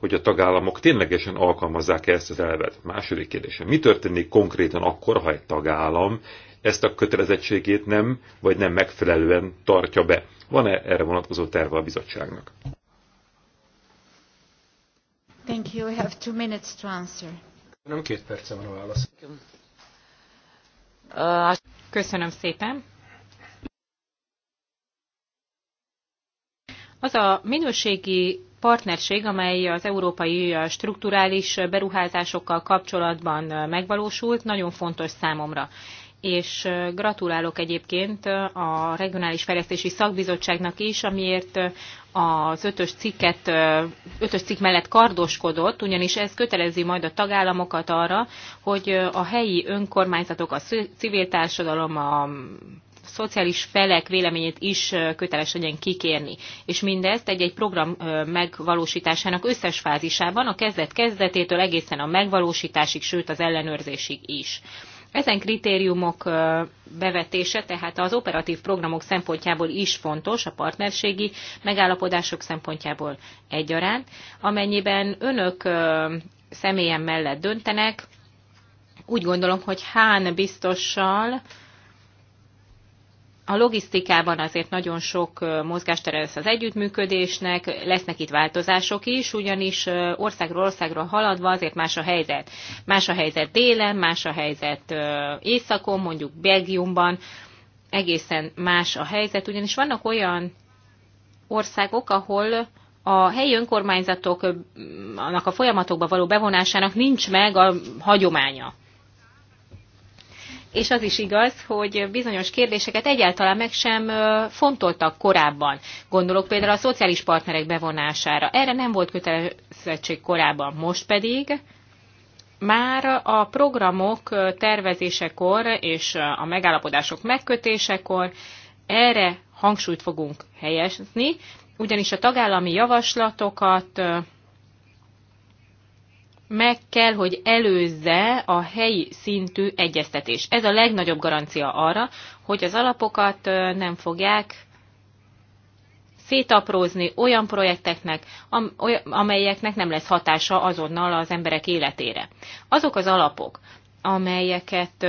hogy a tagállamok ténylegesen alkalmazzák -e ezt az elvet? Második kérdése: Mi történik konkrétan akkor, ha egy tagállam ezt a kötelezettségét nem, vagy nem megfelelően tartja be? Van-e erre vonatkozó terve a bizottságnak? Thank you. We have two minutes to answer. Nem két perce van a válasz. Köszönöm szépen. Az a minőségi partnerség, amely az európai strukturális beruházásokkal kapcsolatban megvalósult, nagyon fontos számomra. És gratulálok egyébként a Regionális Fejlesztési Szakbizottságnak is, amiért az ötös, cikket, ötös cikk mellett kardoskodott, ugyanis ez kötelezi majd a tagállamokat arra, hogy a helyi önkormányzatok, a civil társadalom, a szociális felek véleményét is köteles legyen kikérni. És mindezt egy-egy program megvalósításának összes fázisában, a kezdet-kezdetétől egészen a megvalósításig, sőt az ellenőrzésig is. Ezen kritériumok bevetése tehát az operatív programok szempontjából is fontos, a partnerségi megállapodások szempontjából egyaránt. Amennyiben önök személyen mellett döntenek, úgy gondolom, hogy Hán biztossal a logisztikában azért nagyon sok mozgástere lesz az együttműködésnek, lesznek itt változások is, ugyanis országról országra haladva azért más a helyzet. Más a helyzet délen, más a helyzet északon, mondjuk Belgiumban, egészen más a helyzet, ugyanis vannak olyan országok, ahol a helyi önkormányzatoknak a folyamatokba való bevonásának nincs meg a hagyománya és az is igaz, hogy bizonyos kérdéseket egyáltalán meg sem fontoltak korábban. Gondolok például a szociális partnerek bevonására. Erre nem volt kötelezettség korábban, most pedig már a programok tervezésekor és a megállapodások megkötésekor erre hangsúlyt fogunk helyezni, ugyanis a tagállami javaslatokat meg kell, hogy előzze a helyi szintű egyeztetés. Ez a legnagyobb garancia arra, hogy az alapokat nem fogják szétaprózni olyan projekteknek, amelyeknek nem lesz hatása azonnal az emberek életére. Azok az alapok, amelyeket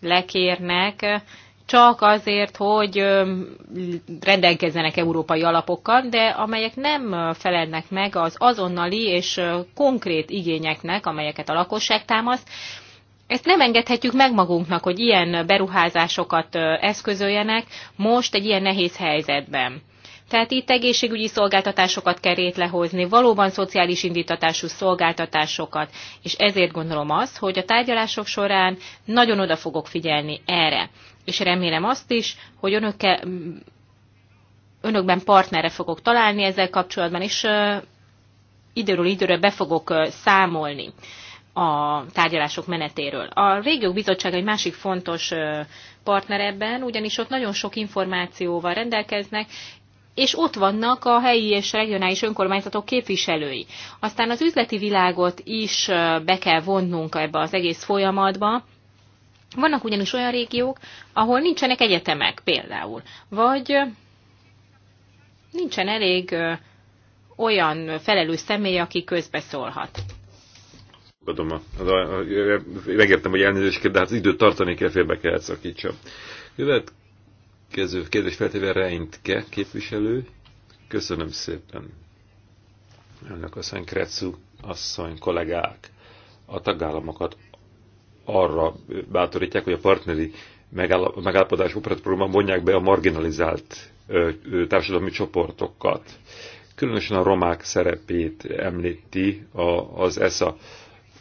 lekérnek, csak azért, hogy rendelkezzenek európai alapokkal, de amelyek nem felelnek meg az azonnali és konkrét igényeknek, amelyeket a lakosság támaszt. Ezt nem engedhetjük meg magunknak, hogy ilyen beruházásokat eszközöljenek most egy ilyen nehéz helyzetben. Tehát itt egészségügyi szolgáltatásokat kell létrehozni, valóban szociális indítatású szolgáltatásokat, és ezért gondolom azt, hogy a tárgyalások során nagyon oda fogok figyelni erre és remélem azt is, hogy önöke, önökben partnerre fogok találni ezzel kapcsolatban, és időről időre be fogok számolni a tárgyalások menetéről. A Régiók Bizottság egy másik fontos partner ebben, ugyanis ott nagyon sok információval rendelkeznek, és ott vannak a helyi és regionális önkormányzatok képviselői. Aztán az üzleti világot is be kell vonnunk ebbe az egész folyamatba, vannak ugyanis olyan régiók, ahol nincsenek egyetemek például, vagy nincsen elég olyan felelős személy, aki közbeszólhat. a, megértem, hogy elnézést kér, de hát az időt tartani kell, félbe kell szakítsa. Következő kérdés feltéve Reintke képviselő. Köszönöm szépen. Önök a Kretszú asszony kollégák a tagállamokat arra bátorítják, hogy a partneri megállapodás operatprogramban vonják be a marginalizált társadalmi csoportokat. Különösen a romák szerepét említi az ESA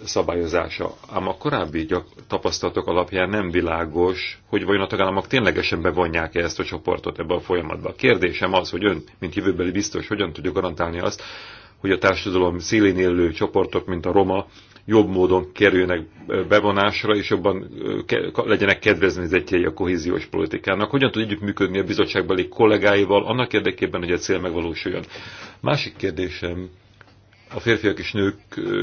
szabályozása. Ám a korábbi tapasztalatok alapján nem világos, hogy vajon a tagállamok ténylegesen bevonják-e ezt a csoportot ebbe a folyamatba. A kérdésem az, hogy ön, mint jövőbeli biztos, hogyan tudja garantálni azt, hogy a társadalom szélén élő csoportok, mint a roma, jobb módon kerüljenek bevonásra, és jobban legyenek kedvezményezettjei a kohéziós politikának. Hogyan tud együtt működni a bizottságbeli kollégáival annak érdekében, hogy a cél megvalósuljon? Másik kérdésem a férfiak és nők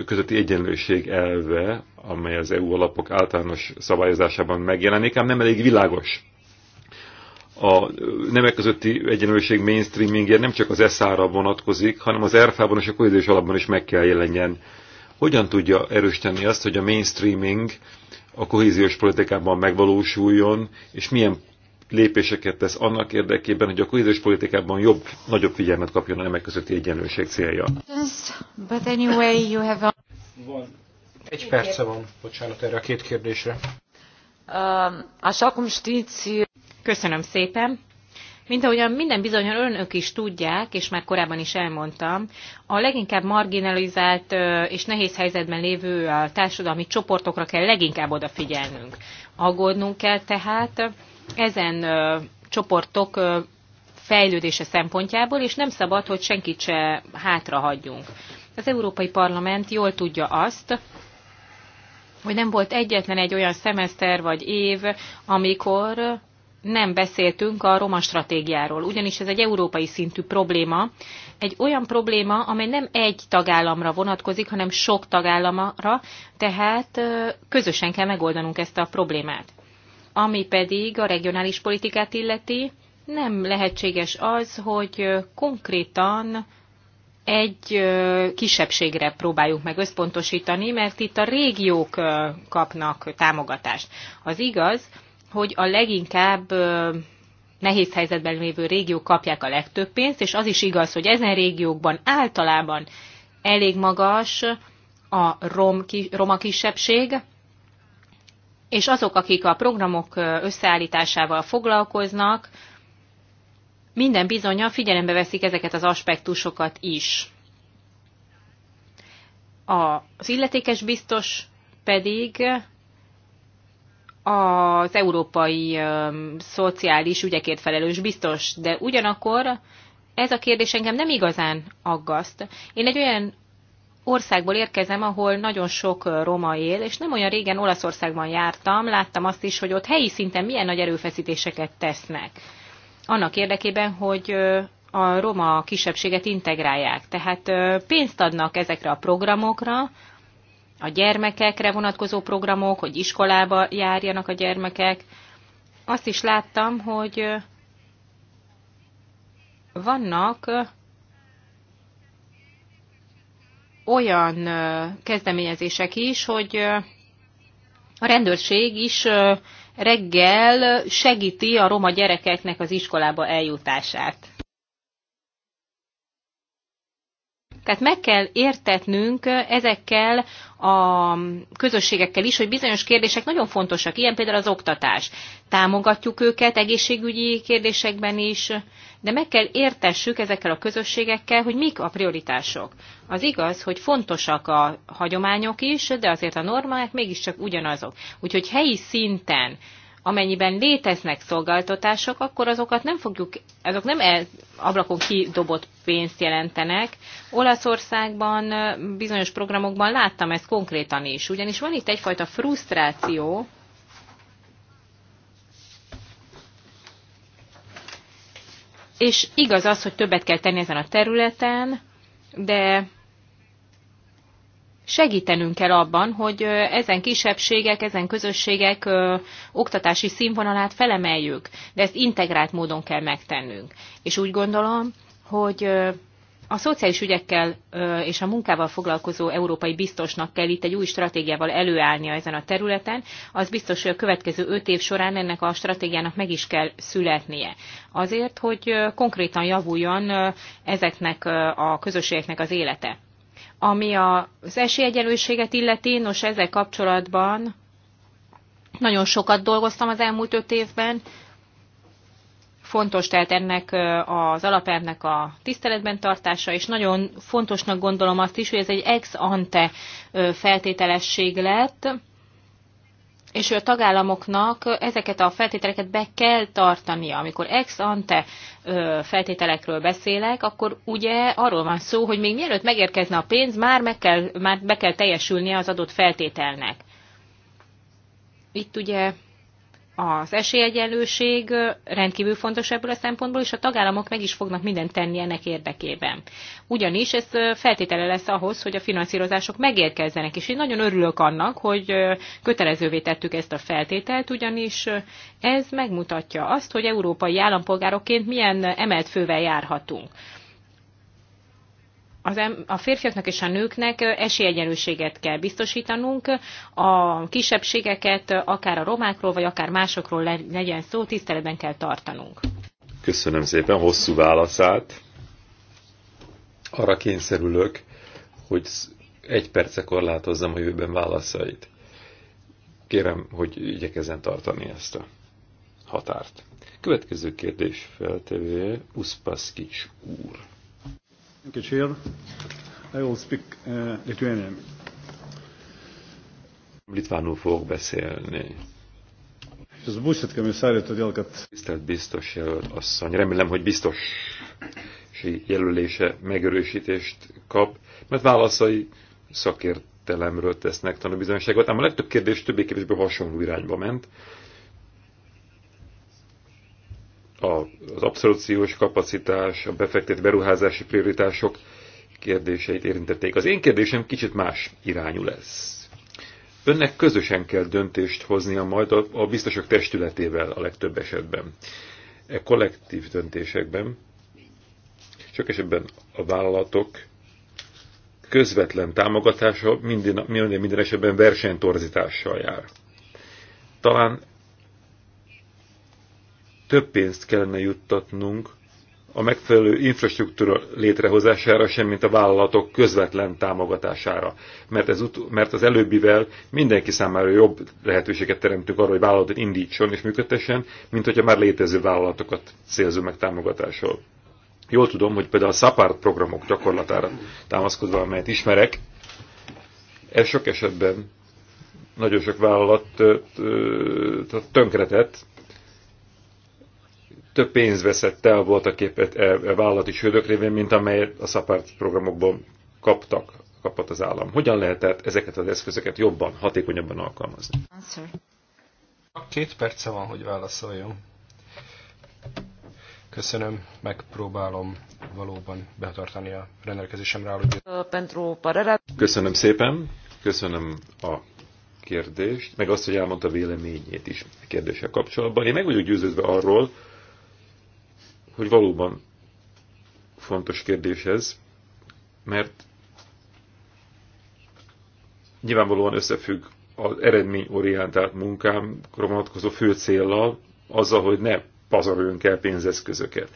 közötti egyenlőség elve, amely az EU alapok általános szabályozásában megjelenik, ám nem elég világos a nemek közötti egyenlőség mainstreamingje nem csak az SZ-ra vonatkozik, hanem az RFA-ban és a kohéziós alapban is meg kell jelenjen hogyan tudja erősíteni azt, hogy a mainstreaming a kohéziós politikában megvalósuljon, és milyen lépéseket tesz annak érdekében, hogy a kohéziós politikában jobb, nagyobb figyelmet kapjon a nemek közötti egyenlőség célja. But anyway, you have a... Van. Egy perce van, bocsánat, erre a két kérdésre. Um, așa Köszönöm szépen. Mint ahogyan minden bizonyan önök is tudják, és már korábban is elmondtam, a leginkább marginalizált és nehéz helyzetben lévő a társadalmi csoportokra kell leginkább odafigyelnünk. Aggódnunk kell tehát ezen csoportok fejlődése szempontjából, és nem szabad, hogy senkit se hátrahagyjunk. Az Európai Parlament jól tudja azt, hogy nem volt egyetlen egy olyan szemeszter vagy év, amikor nem beszéltünk a roma stratégiáról, ugyanis ez egy európai szintű probléma, egy olyan probléma, amely nem egy tagállamra vonatkozik, hanem sok tagállamra, tehát közösen kell megoldanunk ezt a problémát. Ami pedig a regionális politikát illeti, nem lehetséges az, hogy konkrétan egy kisebbségre próbáljuk meg összpontosítani, mert itt a régiók kapnak támogatást. Az igaz, hogy a leginkább nehéz helyzetben lévő régiók kapják a legtöbb pénzt, és az is igaz, hogy ezen régiókban általában elég magas a rom, roma kisebbség, és azok, akik a programok összeállításával foglalkoznak, minden bizonyal figyelembe veszik ezeket az aspektusokat is. Az illetékes biztos pedig az európai szociális ügyekért felelős biztos, de ugyanakkor ez a kérdés engem nem igazán aggaszt. Én egy olyan országból érkezem, ahol nagyon sok roma él, és nem olyan régen Olaszországban jártam, láttam azt is, hogy ott helyi szinten milyen nagy erőfeszítéseket tesznek. Annak érdekében, hogy a roma kisebbséget integrálják. Tehát pénzt adnak ezekre a programokra, a gyermekekre vonatkozó programok, hogy iskolába járjanak a gyermekek. Azt is láttam, hogy vannak olyan kezdeményezések is, hogy a rendőrség is reggel segíti a roma gyerekeknek az iskolába eljutását. Tehát meg kell értetnünk ezekkel a közösségekkel is, hogy bizonyos kérdések nagyon fontosak, ilyen például az oktatás. Támogatjuk őket egészségügyi kérdésekben is, de meg kell értessük ezekkel a közösségekkel, hogy mik a prioritások. Az igaz, hogy fontosak a hagyományok is, de azért a normák mégiscsak ugyanazok. Úgyhogy helyi szinten amennyiben léteznek szolgáltatások, akkor azokat nem fogjuk, azok nem ablakon kidobott pénzt jelentenek. Olaszországban bizonyos programokban láttam ezt konkrétan is, ugyanis van itt egyfajta frusztráció, és igaz az, hogy többet kell tenni ezen a területen, de segítenünk kell abban, hogy ezen kisebbségek, ezen közösségek oktatási színvonalát felemeljük, de ezt integrált módon kell megtennünk. És úgy gondolom, hogy a szociális ügyekkel és a munkával foglalkozó európai biztosnak kell itt egy új stratégiával előállnia ezen a területen, az biztos, hogy a következő öt év során ennek a stratégiának meg is kell születnie. Azért, hogy konkrétan javuljon ezeknek a közösségeknek az élete. Ami az esélyegyenlőséget illeti, nos ezzel kapcsolatban nagyon sokat dolgoztam az elmúlt öt évben, fontos tehát ennek az alapelvnek a tiszteletben tartása, és nagyon fontosnak gondolom azt is, hogy ez egy ex ante feltételesség lett, és a tagállamoknak ezeket a feltételeket be kell tartania. Amikor ex ante feltételekről beszélek, akkor ugye arról van szó, hogy még mielőtt megérkezne a pénz, már, meg kell, már be kell teljesülnie az adott feltételnek. Itt ugye az esélyegyenlőség rendkívül fontos ebből a szempontból, és a tagállamok meg is fognak mindent tenni ennek érdekében. Ugyanis ez feltétele lesz ahhoz, hogy a finanszírozások megérkezzenek, és én nagyon örülök annak, hogy kötelezővé tettük ezt a feltételt, ugyanis ez megmutatja azt, hogy európai állampolgárokként milyen emelt fővel járhatunk az em, a férfiaknak és a nőknek esélyegyenlőséget kell biztosítanunk, a kisebbségeket, akár a romákról, vagy akár másokról legyen szó, tiszteletben kell tartanunk. Köszönöm szépen hosszú válaszát. Arra kényszerülök, hogy egy perce korlátozzam a jövőben válaszait. Kérem, hogy igyekezzen tartani ezt a határt. Következő kérdés feltevője Uspaszkics úr. Thank you, Chair. I will speak uh, Lithuanian. Litvánul fogok beszélni. Jūs būsit komisarė, todėl kad... Tisztelt biztos jelölt asszony, remélem, hogy biztos jelölése megerősítést kap, mert válaszai szakértelemről tesznek tanúbizonyságot, ám a legtöbb kérdés többé-kevésbé hasonló irányba ment az abszolúciós kapacitás, a befektet beruházási prioritások kérdéseit érintették. Az én kérdésem kicsit más irányú lesz. Önnek közösen kell döntést hoznia majd a, a biztosok testületével a legtöbb esetben. E kollektív döntésekben sok esetben a vállalatok közvetlen támogatása minden, minden, minden esetben versenytorzítással jár. Talán több pénzt kellene juttatnunk a megfelelő infrastruktúra létrehozására, sem mint a vállalatok közvetlen támogatására. Mert, ez ut- mert az előbbivel mindenki számára jobb lehetőséget teremtünk arra, hogy vállalatot indítson és működtessen, mint hogyha már létező vállalatokat célzó meg támogatással. Jól tudom, hogy például a SAPART programok gyakorlatára támaszkodva, amelyet ismerek, ez sok esetben nagyon sok vállalat tönkretett, több pénz veszett el voltak épp e, e, e vállalati sődök révén, mint amelyet a szapárt programokból kaptak, kapott az állam. Hogyan lehet tehát ezeket az eszközöket jobban, hatékonyabban alkalmazni? Két perce van, hogy válaszoljon. Köszönöm, megpróbálom valóban betartani a rendelkezésemre álló időt. Köszönöm szépen, köszönöm a kérdést, meg azt, hogy elmondta véleményét is a kérdéssel kapcsolatban. Én meg vagyok győződve arról, hogy valóban fontos kérdés ez, mert nyilvánvalóan összefügg az eredményorientált munkámra vonatkozó fő céllal, azzal, hogy ne pazaroljunk el pénzeszközöket.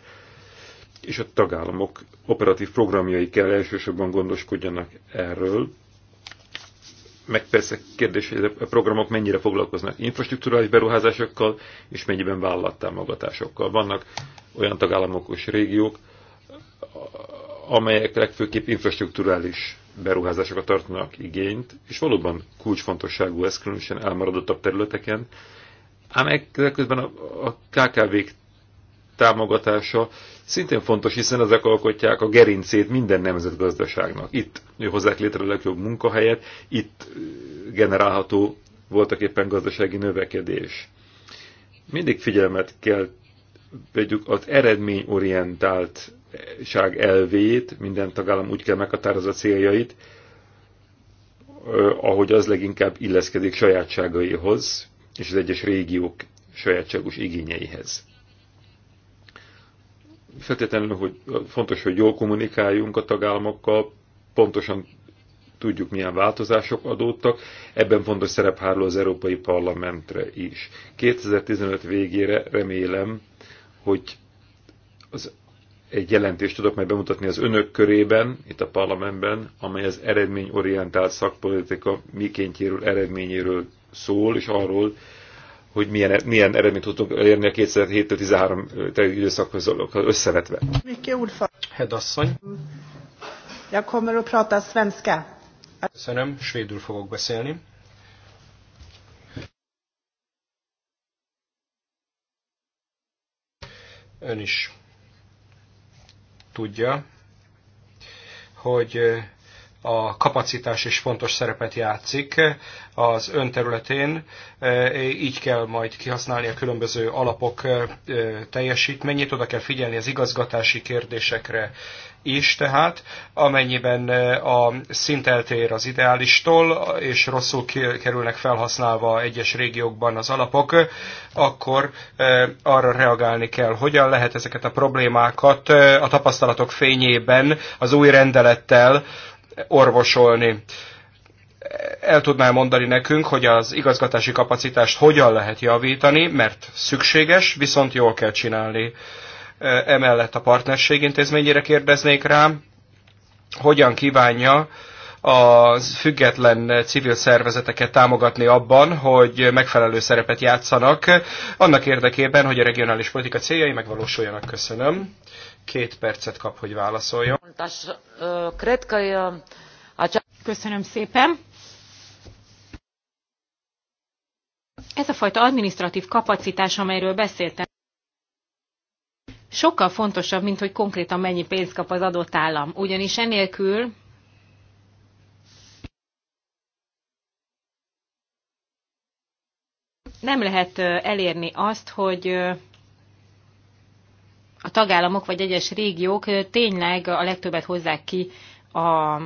És a tagállamok operatív programjai kell elsősorban gondoskodjanak erről, meg persze kérdés, hogy a programok mennyire foglalkoznak infrastruktúrális beruházásokkal, és mennyiben vállalattámogatásokkal. Vannak olyan tagállamok és régiók, amelyek legfőképp infrastruktúrális beruházásokat tartanak igényt, és valóban kulcsfontosságú ez különösen elmaradottabb területeken, ám ekközben a, a KKV-k támogatása szintén fontos, hiszen ezek alkotják a gerincét minden nemzetgazdaságnak. Itt hozzák létre a legjobb munkahelyet, itt generálható voltak éppen gazdasági növekedés. Mindig figyelmet kell vegyük az eredményorientáltság elvét, minden tagállam úgy kell meghatározza céljait, ahogy az leginkább illeszkedik sajátságaihoz és az egyes régiók sajátságos igényeihez feltétlenül hogy fontos, hogy jól kommunikáljunk a tagállamokkal, pontosan tudjuk, milyen változások adódtak, ebben fontos szerep hárul az Európai Parlamentre is. 2015 végére remélem, hogy az egy jelentést tudok majd bemutatni az önök körében, itt a parlamentben, amely az eredményorientált szakpolitika mikéntjéről, eredményéről szól, és arról, hogy milyen, milyen eredményt tudtunk elérni a 2007-13 időszakhoz összevetve. Miki úrfa. Hedasszony. Jag kommer att prata svenska. Köszönöm, svédül fogok beszélni. Ön is tudja, hogy a kapacitás is fontos szerepet játszik az ön területén. E, így kell majd kihasználni a különböző alapok e, teljesítményét, oda kell figyelni az igazgatási kérdésekre is, tehát amennyiben e, a szint eltér az ideálistól, és rosszul kerülnek felhasználva egyes régiókban az alapok, akkor arra reagálni kell, hogyan lehet ezeket a problémákat a tapasztalatok fényében az új rendelettel orvosolni. El tudná mondani nekünk, hogy az igazgatási kapacitást hogyan lehet javítani, mert szükséges, viszont jól kell csinálni. Emellett a partnerség intézményére kérdeznék rám, hogyan kívánja a független civil szervezeteket támogatni abban, hogy megfelelő szerepet játszanak, annak érdekében, hogy a regionális politika céljai megvalósuljanak. Köszönöm. Két percet kap, hogy válaszoljon. Köszönöm szépen. Ez a fajta administratív kapacitás, amelyről beszéltem, sokkal fontosabb, mint hogy konkrétan mennyi pénzt kap az adott állam. Ugyanis enélkül nem lehet elérni azt, hogy a tagállamok vagy egyes régiók tényleg a legtöbbet hozzák ki a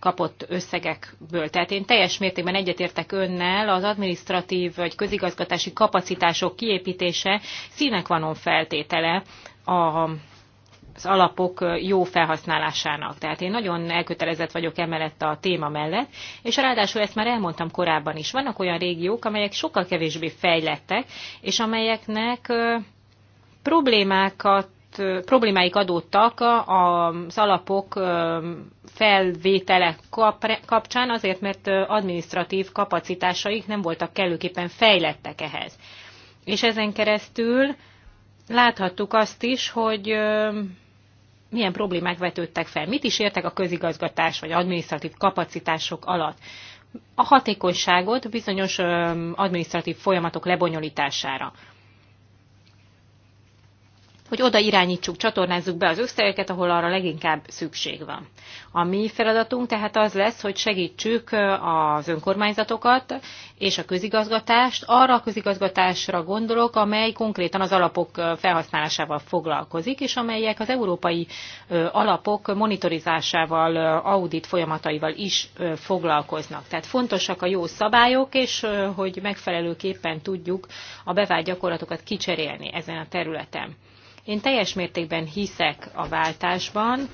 kapott összegekből. Tehát én teljes mértékben egyetértek önnel, az administratív vagy közigazgatási kapacitások kiépítése színek vanon feltétele a az alapok jó felhasználásának. Tehát én nagyon elkötelezett vagyok emellett a téma mellett, és ráadásul ezt már elmondtam korábban is. Vannak olyan régiók, amelyek sokkal kevésbé fejlettek, és amelyeknek problémákat problémáik adódtak az alapok felvétele kapcsán, azért mert administratív kapacitásaik nem voltak kellőképpen fejlettek ehhez. És ezen keresztül láthattuk azt is, hogy milyen problémák vetődtek fel. Mit is értek a közigazgatás vagy administratív kapacitások alatt? A hatékonyságot bizonyos administratív folyamatok lebonyolítására hogy oda irányítsuk, csatornázzuk be az összegeket, ahol arra leginkább szükség van. A mi feladatunk tehát az lesz, hogy segítsük az önkormányzatokat és a közigazgatást. Arra a közigazgatásra gondolok, amely konkrétan az alapok felhasználásával foglalkozik, és amelyek az európai alapok monitorizásával, audit folyamataival is foglalkoznak. Tehát fontosak a jó szabályok, és hogy megfelelőképpen tudjuk a bevált gyakorlatokat kicserélni ezen a területen. Én teljes mértékben hiszek a váltásban,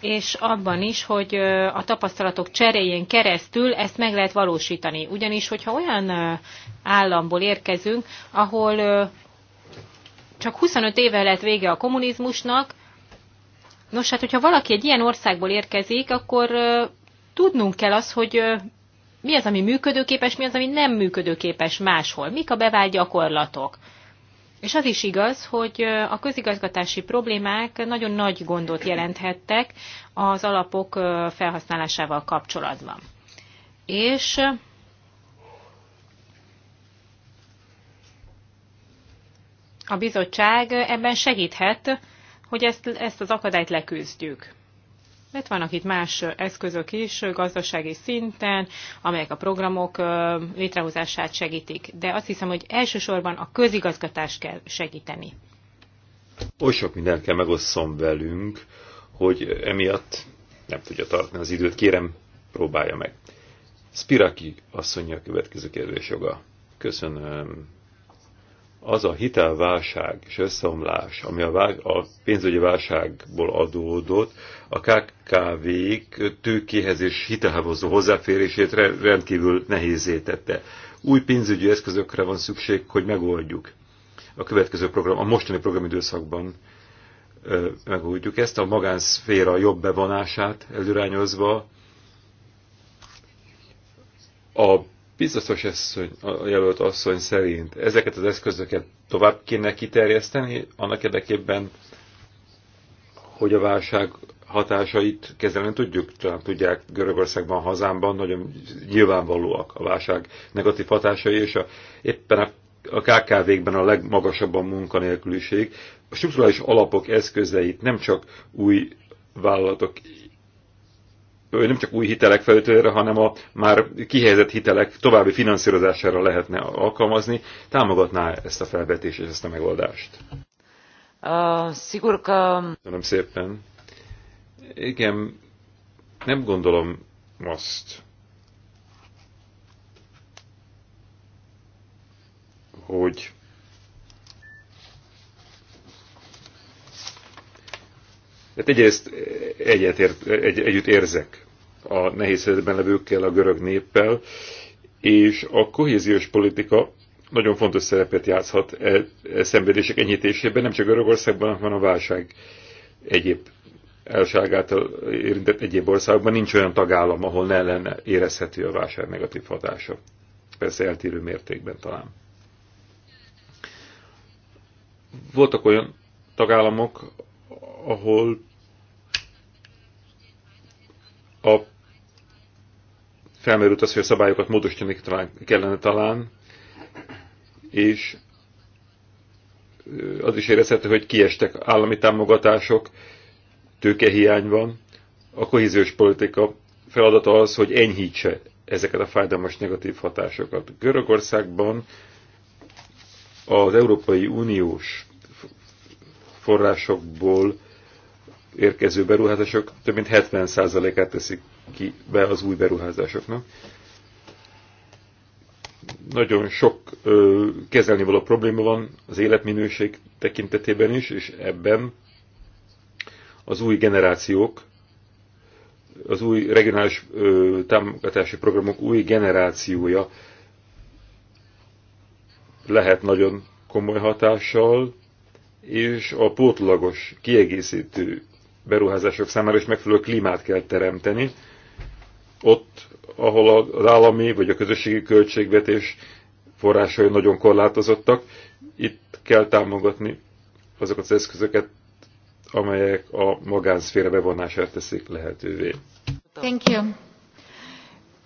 és abban is, hogy a tapasztalatok cseréjén keresztül ezt meg lehet valósítani. Ugyanis, hogyha olyan államból érkezünk, ahol csak 25 éve lett vége a kommunizmusnak, nos hát, hogyha valaki egy ilyen országból érkezik, akkor tudnunk kell az, hogy mi az, ami működőképes, mi az, ami nem működőképes máshol. Mik a bevált gyakorlatok? És az is igaz, hogy a közigazgatási problémák nagyon nagy gondot jelenthettek az alapok felhasználásával kapcsolatban. És a bizottság ebben segíthet, hogy ezt, ezt az akadályt leküzdjük. De itt vannak itt más eszközök is gazdasági szinten, amelyek a programok létrehozását segítik. De azt hiszem, hogy elsősorban a közigazgatást kell segíteni. Oly sok mindent kell megosszom velünk, hogy emiatt nem tudja tartani az időt. Kérem, próbálja meg. Spiraki asszonyja a következő kérdés joga. Köszönöm, az a hitelválság és összeomlás, ami a, vág, a pénzügyi válságból adódott, a KKV-k tőkéhez és hitelhez hozzáférését rendkívül nehézé tette. Új pénzügyi eszközökre van szükség, hogy megoldjuk. A következő program, a mostani programidőszakban megoldjuk ezt, a magánszféra jobb bevonását előrányozva, a biztos asszony, a jelölt asszony szerint ezeket az eszközöket tovább kéne kiterjeszteni, annak érdekében, hogy a válság hatásait kezelni tudjuk. Talán tudják, Görögországban, hazámban nagyon nyilvánvalóak a válság negatív hatásai, és a, éppen a, a KKV-kben a legmagasabb a munkanélküliség. A strukturális alapok eszközeit nem csak új vállalatok nem csak új hitelek felütőre, hanem a már kihelyezett hitelek további finanszírozására lehetne alkalmazni, támogatná ezt a felvetést és ezt a megoldást. Uh, szigorka... Köszönöm szépen. Igen, nem gondolom azt, hogy Hát egyrészt eh, ért, egy, együtt érzek a nehéz helyzetben levőkkel, a görög néppel, és a kohéziós politika nagyon fontos szerepet játszhat e, e szenvedések enyhítésében, nem csak Görögországban, hanem a válság egyéb elságát érintett egyéb országokban nincs olyan tagállam, ahol ne lenne érezhető a válság negatív hatása. Persze eltérő mértékben talán. Voltak olyan tagállamok, ahol a felmerült az, hogy a szabályokat módosítani kellene talán, és az is érezhető, hogy kiestek állami támogatások, tőkehiány van. A kohéziós politika feladata az, hogy enyhítse ezeket a fájdalmas negatív hatásokat. Görögországban az Európai Uniós forrásokból érkező beruházások több mint 70%-át teszik ki be az új beruházásoknak. Nagyon sok ö, kezelni való probléma van az életminőség tekintetében is, és ebben az új generációk, az új regionális ö, támogatási programok új generációja lehet nagyon komoly hatással, és a pótlagos, kiegészítő beruházások számára is megfelelő klímát kell teremteni, ott, ahol az állami vagy a közösségi költségvetés forrásai nagyon korlátozottak, itt kell támogatni azokat az eszközöket, amelyek a magánszféra bevonását teszik lehetővé. Thank you.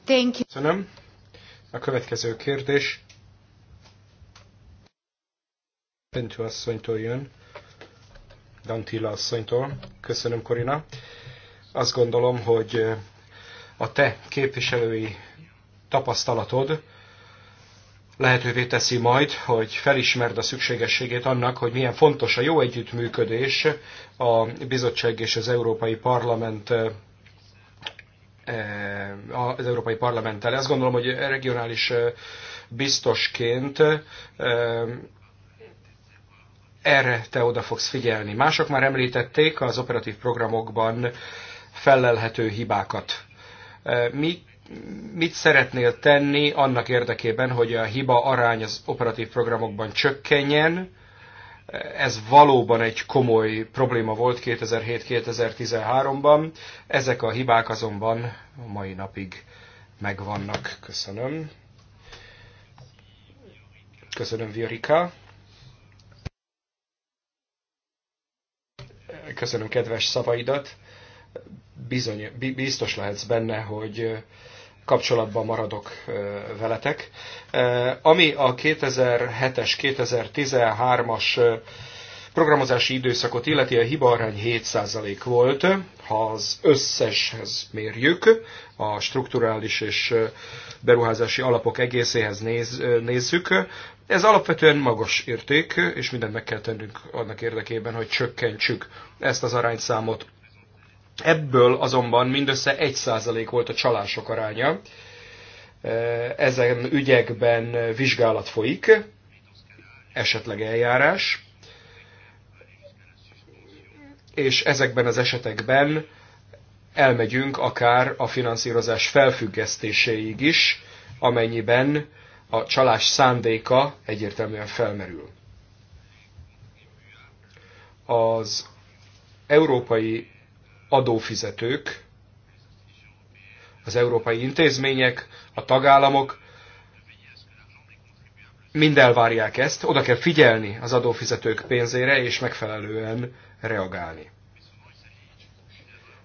Thank you. Köszönöm. A következő kérdés Pentő asszonytól jön. Dantilla asszonytól. Köszönöm, Korina. Azt gondolom, hogy eh, a te képviselői tapasztalatod lehetővé teszi majd, hogy felismerd a szükségességét annak, hogy milyen fontos a jó együttműködés a bizottság és az Európai Parlament eh, eh, az Európai Parlamenttel. Ezt gondolom, hogy regionális biztosként erre te oda fogsz figyelni. Mások már említették az operatív programokban fellelhető hibákat. E, mi mit szeretnél tenni annak érdekében, hogy a hiba arány az operatív programokban csökkenjen. E, ez valóban egy komoly probléma volt 2007-2013-ban. Ezek a hibák azonban a mai napig megvannak. Köszönöm. Köszönöm, Viorika. köszönöm kedves szavaidat. Bizony, biztos lehetsz benne, hogy kapcsolatban maradok veletek. Ami a 2007-es, 2013-as programozási időszakot illeti a hibaarány 7% volt, ha az összeshez mérjük, a strukturális és beruházási alapok egészéhez néz, nézzük. Ez alapvetően magas érték, és mindent meg kell tennünk annak érdekében, hogy csökkentsük ezt az arányszámot. Ebből azonban mindössze 1% volt a csalások aránya. Ezen ügyekben vizsgálat folyik, esetleg eljárás, és ezekben az esetekben elmegyünk akár a finanszírozás felfüggesztéséig is, amennyiben a csalás szándéka egyértelműen felmerül. Az európai adófizetők, az európai intézmények, a tagállamok mind elvárják ezt, oda kell figyelni az adófizetők pénzére, és megfelelően reagálni.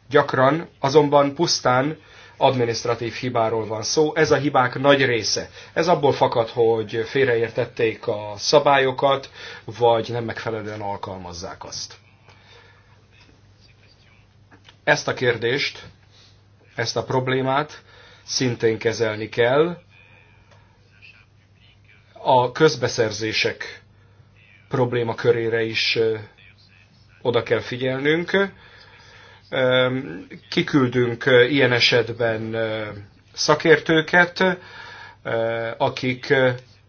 Gyakran azonban pusztán administratív hibáról van szó. Ez a hibák nagy része. Ez abból fakad, hogy félreértették a szabályokat, vagy nem megfelelően alkalmazzák azt. Ezt a kérdést, ezt a problémát szintén kezelni kell, a közbeszerzések problémakörére is oda kell figyelnünk. Kiküldünk ilyen esetben szakértőket, akik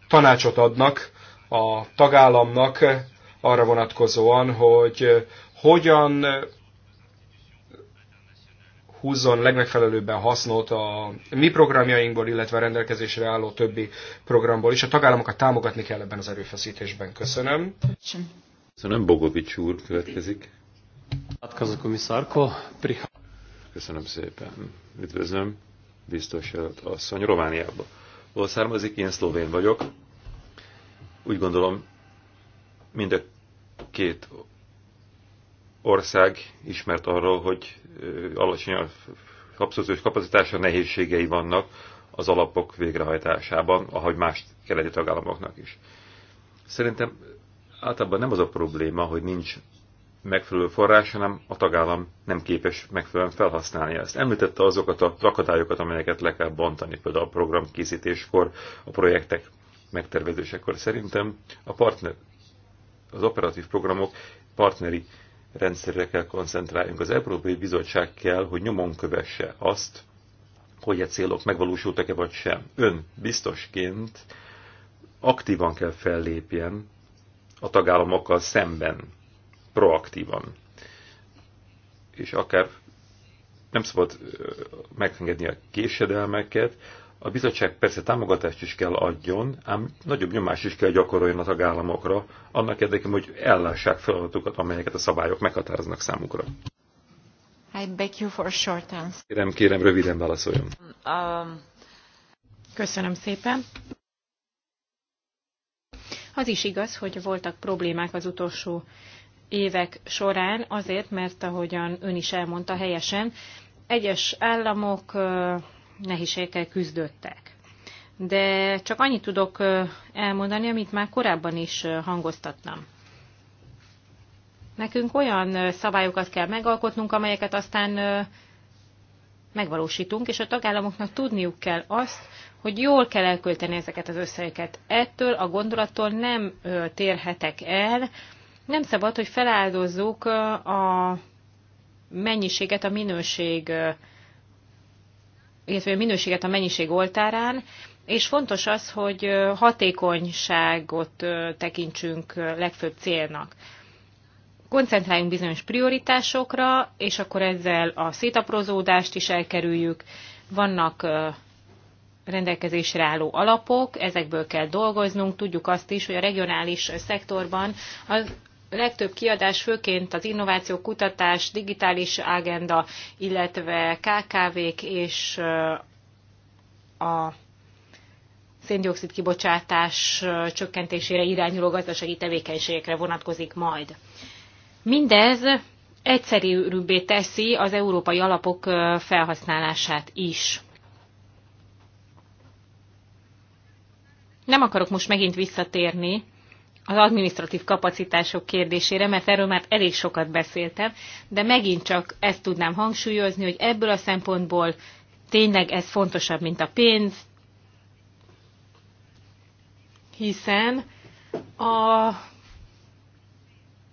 tanácsot adnak a tagállamnak arra vonatkozóan, hogy hogyan húzzon legmegfelelőbben hasznot a mi programjainkból, illetve a rendelkezésre álló többi programból is. A tagállamokat támogatni kell ebben az erőfeszítésben. Köszönöm. Köszönöm, Bogovics úr következik. Köszönöm szépen. Üdvözlöm, biztos asszony, Romániába. Hol származik, én szlovén vagyok. Úgy gondolom, mind a két ország ismert arról, hogy alacsony a abszorciós kapacitása nehézségei vannak az alapok végrehajtásában, ahogy más keleti tagállamoknak is. Szerintem általában nem az a probléma, hogy nincs megfelelő forrás, hanem a tagállam nem képes megfelelően felhasználni ezt. Említette azokat a akadályokat, amelyeket le kell bontani, például a program készítéskor, a projektek megtervezésekor. Szerintem a partner, az operatív programok partneri rendszerre kell koncentráljunk. Az Európai Bizottság kell, hogy nyomon kövesse azt, hogy a célok megvalósultak-e vagy sem. Ön biztosként aktívan kell fellépjen a tagállamokkal szemben, proaktívan. És akár nem szabad megengedni a késedelmeket, a bizottság persze támogatást is kell adjon, ám nagyobb nyomást is kell gyakoroljon a tagállamokra, annak érdekében, hogy ellássák feladatukat, amelyeket a szabályok meghatároznak számukra. I beg you for a short answer. Kérem, kérem, röviden válaszoljon. Um, köszönöm szépen. Az is igaz, hogy voltak problémák az utolsó évek során, azért, mert ahogyan ön is elmondta helyesen, egyes államok nehézségekkel küzdöttek. De csak annyit tudok elmondani, amit már korábban is hangoztattam. Nekünk olyan szabályokat kell megalkotnunk, amelyeket aztán megvalósítunk, és a tagállamoknak tudniuk kell azt, hogy jól kell elkölteni ezeket az összegeket. Ettől a gondolattól nem térhetek el, nem szabad, hogy feláldozzuk a mennyiséget a minőség illetve a minőséget a mennyiség oltárán, és fontos az, hogy hatékonyságot tekintsünk legfőbb célnak. Koncentráljunk bizonyos prioritásokra, és akkor ezzel a szétaprozódást is elkerüljük. Vannak rendelkezésre álló alapok, ezekből kell dolgoznunk. Tudjuk azt is, hogy a regionális szektorban az legtöbb kiadás főként az innováció, kutatás, digitális ágenda, illetve KKV-k és a széndiokszid kibocsátás csökkentésére irányuló gazdasági tevékenységekre vonatkozik majd. Mindez egyszerűbbé teszi az európai alapok felhasználását is. Nem akarok most megint visszatérni az administratív kapacitások kérdésére, mert erről már elég sokat beszéltem, de megint csak ezt tudnám hangsúlyozni, hogy ebből a szempontból tényleg ez fontosabb, mint a pénz, hiszen a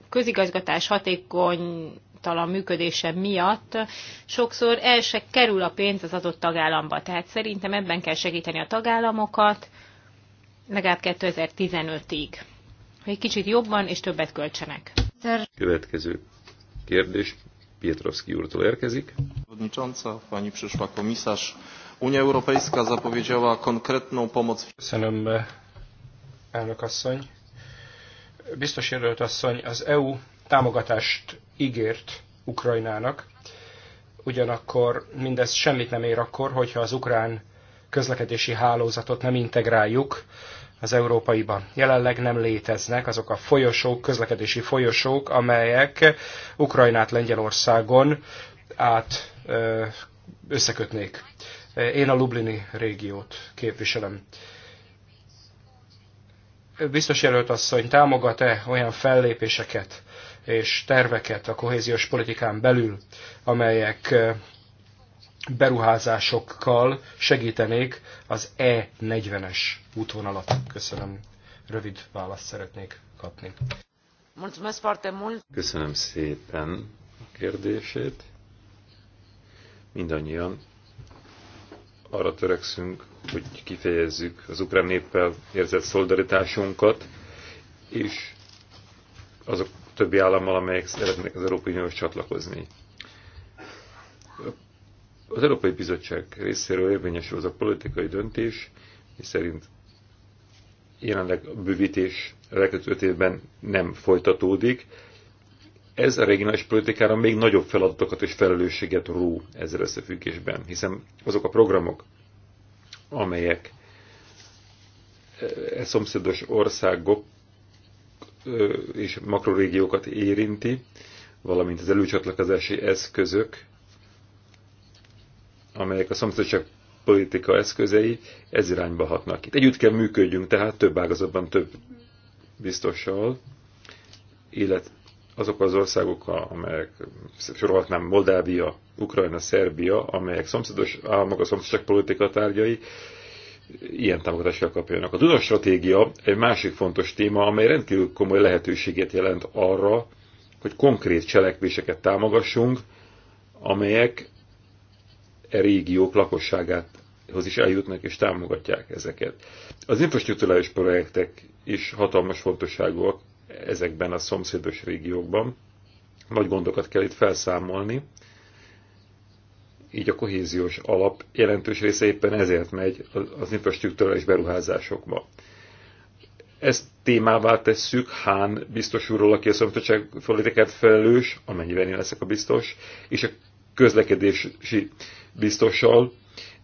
közigazgatás hatékony hatékonytalan működése miatt sokszor el se kerül a pénz az adott tagállamba. Tehát szerintem ebben kell segíteni a tagállamokat, legalább 2015-ig hogy egy kicsit jobban és többet költsenek. Következő kérdés Pietrowski úrtól érkezik. Unia Europejska zapowiedziała konkretną pomoc. Köszönöm, elnök asszony. Biztos jelölt asszony, az EU támogatást ígért Ukrajnának, ugyanakkor mindez semmit nem ér akkor, hogyha az ukrán közlekedési hálózatot nem integráljuk az európaiban. Jelenleg nem léteznek azok a folyosók, közlekedési folyosók, amelyek Ukrajnát Lengyelországon át összekötnék. Én a Lublini régiót képviselem. Biztos jelölt asszony, támogat-e olyan fellépéseket és terveket a kohéziós politikán belül, amelyek beruházásokkal segítenék az E40-es útvonalat. Köszönöm. Rövid választ szeretnék kapni. Köszönöm szépen a kérdését. Mindannyian arra törekszünk, hogy kifejezzük az ukrán néppel érzett szolidaritásunkat, és azok többi állammal, amelyek szeretnek az Európai Uniós csatlakozni. Az Európai Bizottság részéről érvényesül az a politikai döntés, miszerint szerint jelenleg a bővítés a öt évben nem folytatódik. Ez a regionális politikára még nagyobb feladatokat és felelősséget ró ezzel összefüggésben, hiszen azok a programok, amelyek eh, e szomszédos országok eh, és makrorégiókat érinti, valamint az előcsatlakozási eszközök amelyek a szomszédság politika eszközei ez irányba hatnak. Itt együtt kell működjünk, tehát több ágazatban több biztossal, illetve azok az országok, amelyek sorolhatnám Moldávia, Ukrajna, Szerbia, amelyek szomszédos államok a szomszédság politika tárgyai, ilyen támogatással kapjanak. A Duna stratégia egy másik fontos téma, amely rendkívül komoly lehetőséget jelent arra, hogy konkrét cselekvéseket támogassunk, amelyek e régiók lakosságát hoz is eljutnak és támogatják ezeket. Az infrastruktúrális projektek is hatalmas fontosságúak ezekben a szomszédos régiókban. Nagy gondokat kell itt felszámolni, így a kohéziós alap jelentős része éppen ezért megy az infrastruktúrális beruházásokba. Ezt témává tesszük Hán biztos úrról, aki a szomszédos politikát felelős, amennyiben én leszek a biztos, és a közlekedési biztossal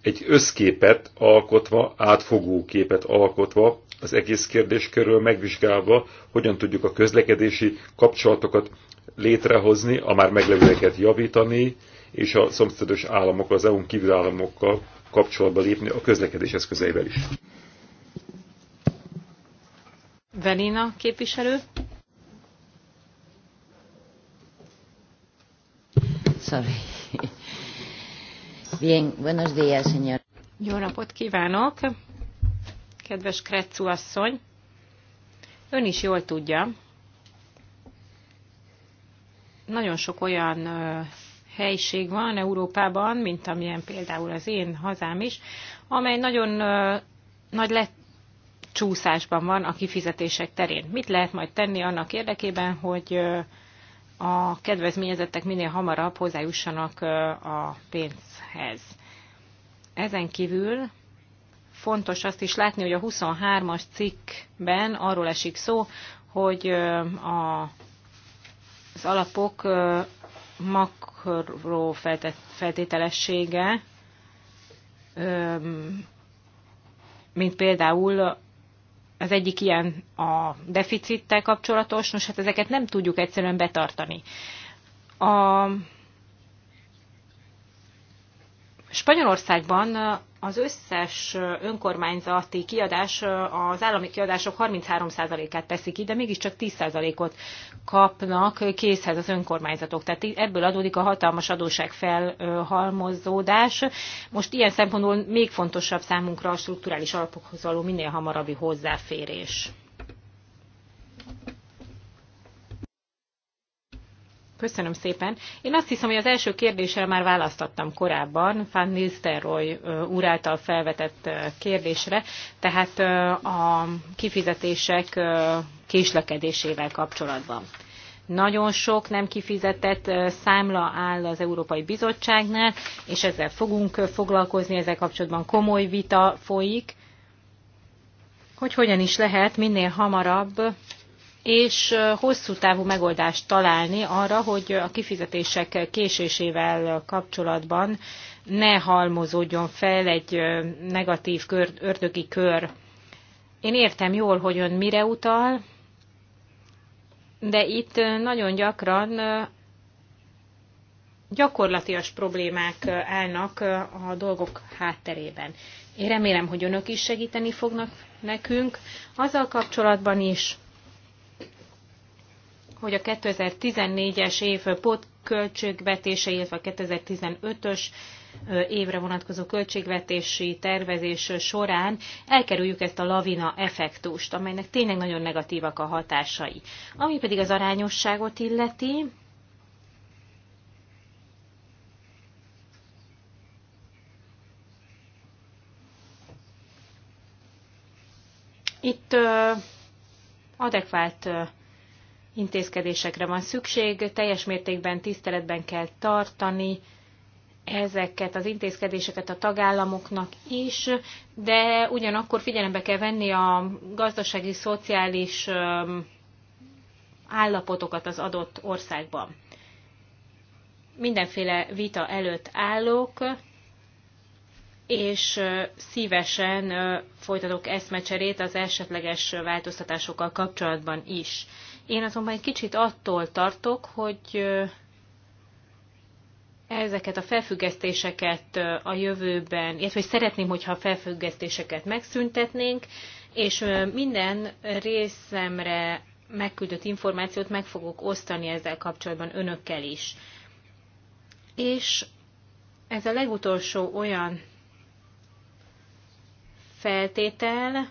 egy összképet alkotva, átfogó képet alkotva, az egész körül megvizsgálva, hogyan tudjuk a közlekedési kapcsolatokat létrehozni, a már meglevőeket javítani, és a szomszédos államokkal, az EU-n kívül államokkal kapcsolatba lépni a közlekedés eszközeivel is. Velina képviselő. Sorry. Bien, buenos días, señor. Jó napot kívánok, kedves Kretszú asszony. Ön is jól tudja, nagyon sok olyan helység van Európában, mint amilyen például az én hazám is, amely nagyon nagy lett csúszásban van a kifizetések terén. Mit lehet majd tenni annak érdekében, hogy a kedvezményezettek minél hamarabb hozzájussanak a pénz hez. Ezen kívül fontos azt is látni, hogy a 23-as cikkben arról esik szó, hogy a, az alapok makró feltételessége, mint például az egyik ilyen a deficittel kapcsolatos, nos hát ezeket nem tudjuk egyszerűen betartani. A Spanyolországban az összes önkormányzati kiadás az állami kiadások 33%-át teszik ki, de mégiscsak 10%-ot kapnak készhez az önkormányzatok. Tehát ebből adódik a hatalmas adóság felhalmozódás. Most ilyen szempontból még fontosabb számunkra a strukturális alapokhoz való minél hamarabbi hozzáférés. Köszönöm szépen. Én azt hiszem, hogy az első kérdésre már választattam korábban, Van Nistelrooy úr által felvetett kérdésre, tehát a kifizetések késlekedésével kapcsolatban. Nagyon sok nem kifizetett számla áll az Európai Bizottságnál, és ezzel fogunk foglalkozni, ezzel kapcsolatban komoly vita folyik, hogy hogyan is lehet minél hamarabb és hosszú távú megoldást találni arra, hogy a kifizetések késésével kapcsolatban ne halmozódjon fel egy negatív kör, ördögi kör. Én értem jól, hogy ön mire utal, de itt nagyon gyakran gyakorlatias problémák állnak a dolgok hátterében. Én remélem, hogy önök is segíteni fognak nekünk, azzal kapcsolatban is, hogy a 2014-es év pótköltségvetése, illetve a 2015-ös évre vonatkozó költségvetési tervezés során elkerüljük ezt a lavina effektust, amelynek tényleg nagyon negatívak a hatásai. Ami pedig az arányosságot illeti, Itt ö, adekvált ö, intézkedésekre van szükség, teljes mértékben tiszteletben kell tartani ezeket az intézkedéseket a tagállamoknak is, de ugyanakkor figyelembe kell venni a gazdasági, szociális állapotokat az adott országban. Mindenféle vita előtt állok, és szívesen folytatok eszmecserét az esetleges változtatásokkal kapcsolatban is. Én azonban egy kicsit attól tartok, hogy ezeket a felfüggesztéseket a jövőben, illetve hogy szeretném, hogyha a felfüggesztéseket megszüntetnénk, és minden részemre megküldött információt meg fogok osztani ezzel kapcsolatban önökkel is. És ez a legutolsó olyan feltétel,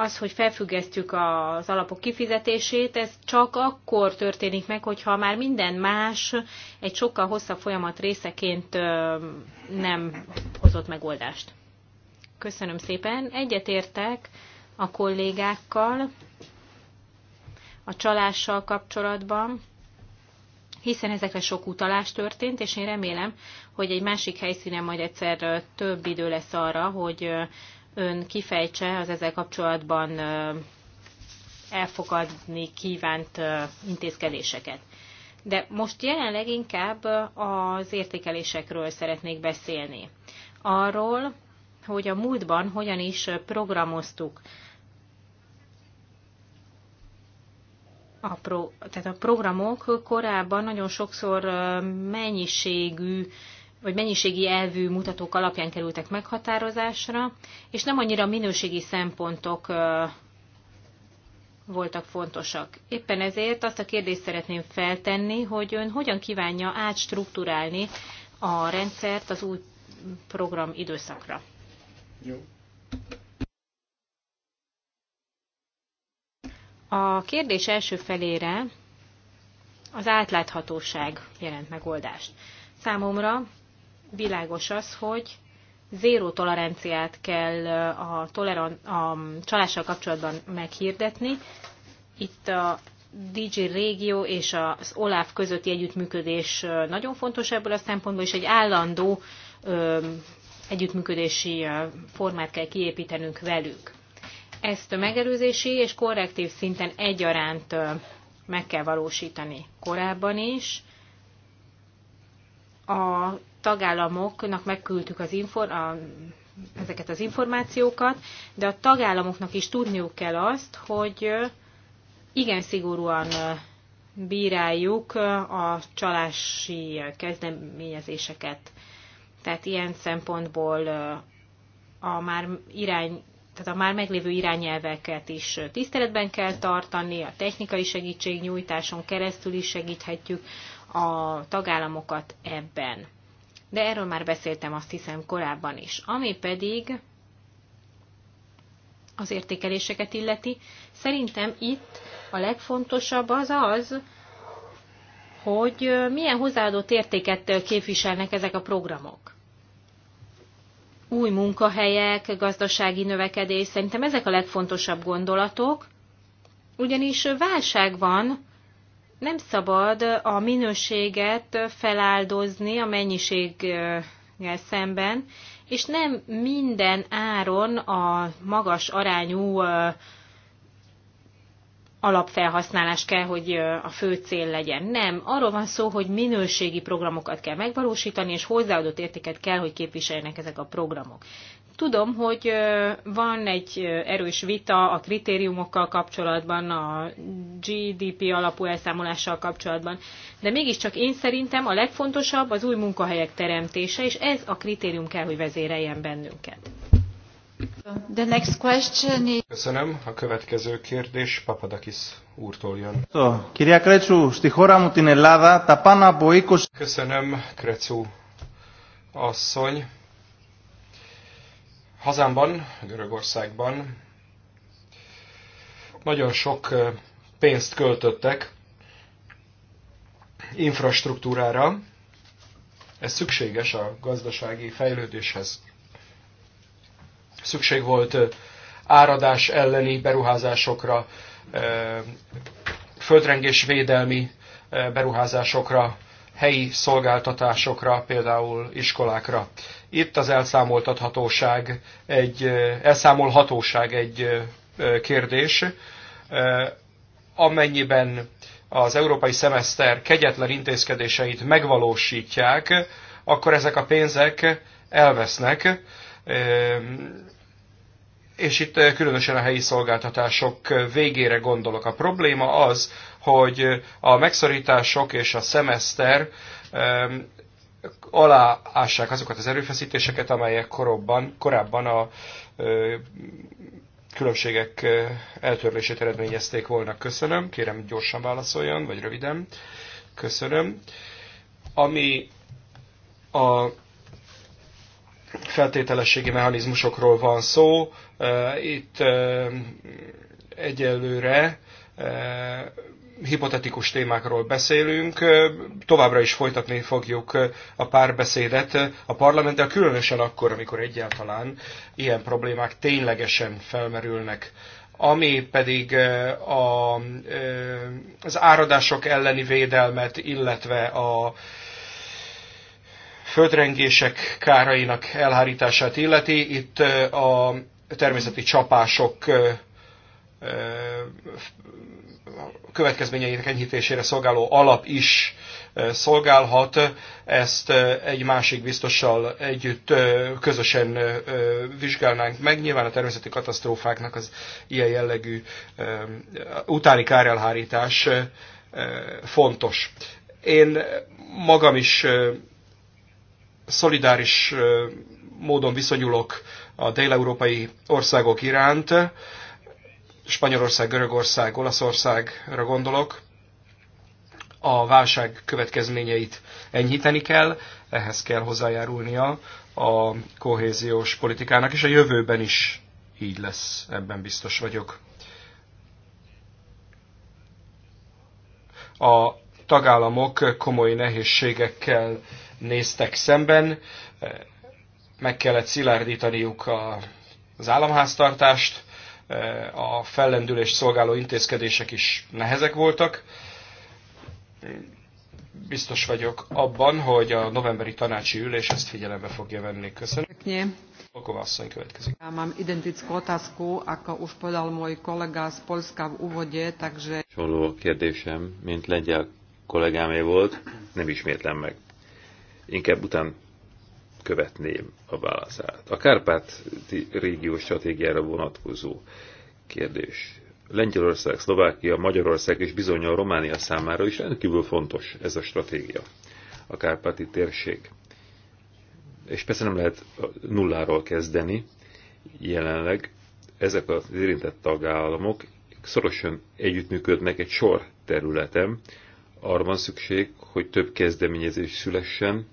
az, hogy felfüggesztjük az alapok kifizetését, ez csak akkor történik meg, hogyha már minden más egy sokkal hosszabb folyamat részeként nem hozott megoldást. Köszönöm szépen. Egyetértek a kollégákkal a csalással kapcsolatban, hiszen ezekre sok utalás történt, és én remélem, hogy egy másik helyszínen majd egyszer több idő lesz arra, hogy ön kifejtse az ezzel kapcsolatban elfogadni kívánt intézkedéseket. De most jelenleg inkább az értékelésekről szeretnék beszélni. Arról, hogy a múltban hogyan is programoztuk a, pro, tehát a programok korábban nagyon sokszor mennyiségű vagy mennyiségi elvű mutatók alapján kerültek meghatározásra, és nem annyira minőségi szempontok voltak fontosak. Éppen ezért azt a kérdést szeretném feltenni, hogy ön hogyan kívánja átstruktúrálni a rendszert az új program időszakra. Jó. A kérdés első felére az átláthatóság jelent megoldást. Számomra világos az, hogy zéró toleranciát kell a, toleran- a csalással kapcsolatban meghirdetni. Itt a DJ régió és az OLAF közötti együttműködés nagyon fontos ebből a szempontból, és egy állandó együttműködési formát kell kiépítenünk velük. Ezt a megelőzési és korrektív szinten egyaránt meg kell valósítani korábban is. A tagállamoknak megküldtük az a, ezeket az információkat, de a tagállamoknak is tudniuk kell azt, hogy igen szigorúan bíráljuk a csalási kezdeményezéseket. Tehát ilyen szempontból a már irány, tehát a már meglévő irányelveket is tiszteletben kell tartani, a technikai segítségnyújtáson keresztül is segíthetjük a tagállamokat ebben de erről már beszéltem azt hiszem korábban is. Ami pedig az értékeléseket illeti, szerintem itt a legfontosabb az az, hogy milyen hozzáadott értéket képviselnek ezek a programok. Új munkahelyek, gazdasági növekedés, szerintem ezek a legfontosabb gondolatok, ugyanis válság van, nem szabad a minőséget feláldozni a mennyiséggel szemben, és nem minden áron a magas arányú alapfelhasználás kell, hogy a fő cél legyen. Nem, arról van szó, hogy minőségi programokat kell megvalósítani, és hozzáadott értéket kell, hogy képviseljenek ezek a programok. Tudom, hogy van egy erős vita a kritériumokkal kapcsolatban, a GDP alapú elszámolással kapcsolatban, de mégiscsak én szerintem a legfontosabb az új munkahelyek teremtése, és ez a kritérium kell, hogy vezéreljen bennünket. The next question is... Köszönöm. A következő kérdés Papadakis úrtól jön. Köszönöm, Krecu asszony. Hazámban, Görögországban nagyon sok pénzt költöttek infrastruktúrára. Ez szükséges a gazdasági fejlődéshez. Szükség volt áradás elleni beruházásokra, földrengés védelmi beruházásokra, helyi szolgáltatásokra, például iskolákra. Itt az elszámoltathatóság egy, elszámolhatóság egy kérdés, amennyiben az európai szemeszter kegyetlen intézkedéseit megvalósítják, akkor ezek a pénzek elvesznek, és itt különösen a helyi szolgáltatások végére gondolok. A probléma az, hogy a megszorítások és a szemeszter aláássák azokat az erőfeszítéseket, amelyek korobban, korábban a ö, különbségek eltörlését eredményezték volna. Köszönöm. Kérem, gyorsan válaszoljon, vagy röviden. Köszönöm. Ami a feltételességi mechanizmusokról van szó, itt egyelőre hipotetikus témákról beszélünk, továbbra is folytatni fogjuk a párbeszédet a parlamenttel, különösen akkor, amikor egyáltalán ilyen problémák ténylegesen felmerülnek ami pedig a, az áradások elleni védelmet, illetve a földrengések kárainak elhárítását illeti. Itt a természeti csapások következményeinek enyhítésére szolgáló alap is szolgálhat. Ezt egy másik biztossal együtt közösen vizsgálnánk meg. Nyilván a természeti katasztrófáknak az ilyen jellegű utáni kárelhárítás fontos. Én magam is szolidáris módon viszonyulok a dél-európai országok iránt. Spanyolország, Görögország, Olaszországra gondolok, a válság következményeit enyhíteni kell, ehhez kell hozzájárulnia a kohéziós politikának, és a jövőben is így lesz, ebben biztos vagyok. A tagállamok komoly nehézségekkel néztek szemben, meg kellett szilárdítaniuk az államháztartást, a fellendülést szolgáló intézkedések is nehezek voltak. Biztos vagyok abban, hogy a novemberi tanácsi ülés ezt figyelembe fogja venni. Köszönöm. Pekne. Okova asszony következik. Ja mám identickú otázku, ako už podal môj kolega z Polska v úvode, takže... Hasonló kérdésem, mint lengyel kollégámé volt, nem ismétlem meg. Inkább után követném a válaszát. A Kárpát régió stratégiára vonatkozó kérdés. Lengyelország, Szlovákia, Magyarország és bizony a Románia számára is rendkívül fontos ez a stratégia, a kárpáti térség. És persze nem lehet nulláról kezdeni, jelenleg ezek az érintett tagállamok szorosan együttműködnek egy sor területen, arra van szükség, hogy több kezdeményezés szülessen,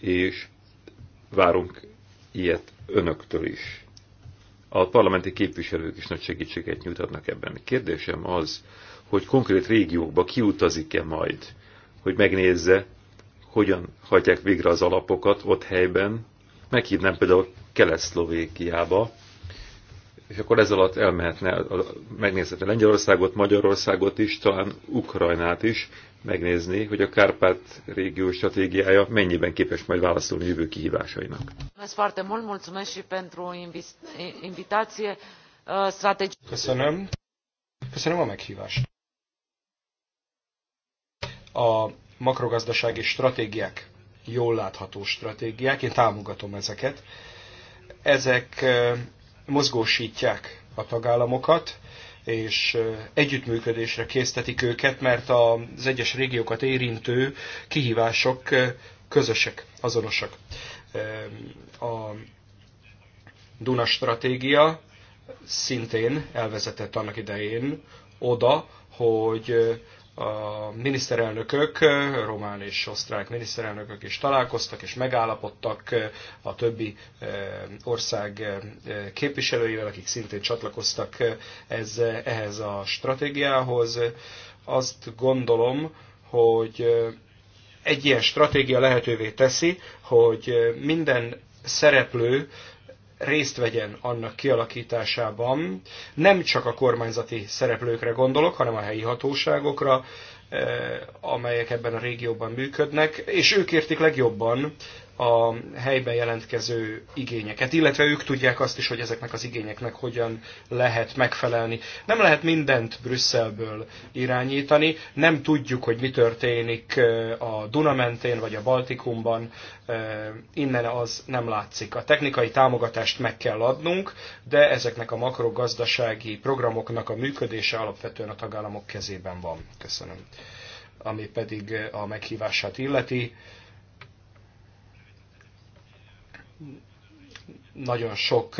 és várunk ilyet önöktől is. A parlamenti képviselők is nagy segítséget nyújtatnak ebben. Kérdésem az, hogy konkrét régiókba kiutazik-e majd, hogy megnézze, hogyan hagyják végre az alapokat ott helyben. Meghívnám például Kelet-Szlovékiába, és akkor ez alatt elmehetne, megnézhetne Lengyelországot, Magyarországot is, talán Ukrajnát is, megnézni, hogy a Kárpát régió stratégiája mennyiben képes majd válaszolni jövő kihívásainak. Uh, Köszönöm. Köszönöm a meghívást. A makrogazdasági stratégiák jól látható stratégiák, én támogatom ezeket. Ezek uh, mozgósítják a tagállamokat, és együttműködésre késztetik őket, mert az egyes régiókat érintő kihívások közösek, azonosak. A Duna stratégia szintén elvezetett annak idején oda, hogy a miniszterelnökök, román és osztrák miniszterelnökök is találkoztak és megállapodtak eh, a többi eh, ország eh, képviselőivel, akik szintén csatlakoztak ez, ehhez a stratégiához. Azt gondolom, hogy egy ilyen stratégia lehetővé teszi, hogy minden szereplő részt vegyen annak kialakításában. Nem csak a kormányzati szereplőkre gondolok, hanem a helyi hatóságokra, eh, amelyek ebben a régióban működnek, és ők értik legjobban a helyben jelentkező igényeket, illetve ők tudják azt is, hogy ezeknek az igényeknek hogyan lehet megfelelni. Nem lehet mindent Brüsszelből irányítani, nem tudjuk, hogy mi történik a Duna mentén vagy a Baltikumban, innen az nem látszik. A technikai támogatást meg kell adnunk, de ezeknek a makrogazdasági programoknak a működése alapvetően a tagállamok kezében van. Köszönöm. Ami pedig a meghívását illeti, nagyon sok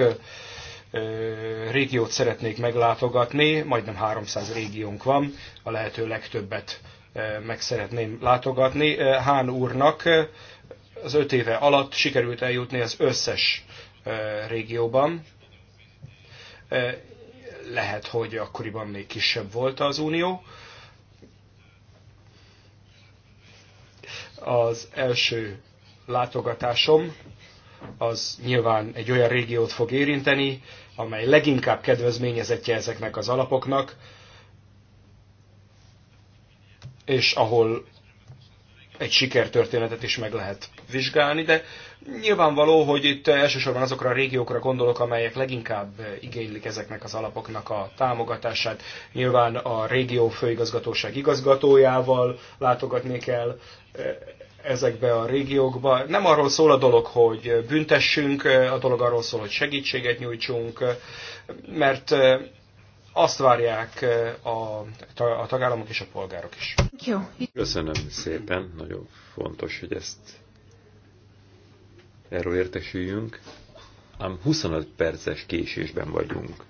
régiót szeretnék meglátogatni, majdnem 300 régiónk van, a lehető legtöbbet meg szeretném látogatni. Hán úrnak az öt éve alatt sikerült eljutni az összes régióban. Lehet, hogy akkoriban még kisebb volt az unió. Az első látogatásom az nyilván egy olyan régiót fog érinteni, amely leginkább kedvezményezettje ezeknek az alapoknak, és ahol egy sikertörténetet is meg lehet vizsgálni, de nyilvánvaló, hogy itt elsősorban azokra a régiókra gondolok, amelyek leginkább igénylik ezeknek az alapoknak a támogatását. Nyilván a régió főigazgatóság igazgatójával látogatni kell ezekbe a régiókba. Nem arról szól a dolog, hogy büntessünk, a dolog arról szól, hogy segítséget nyújtsunk, mert azt várják a, a tagállamok és a polgárok is. Jó. Köszönöm szépen, nagyon fontos, hogy ezt erről értesüljünk. Ám 25 perces késésben vagyunk.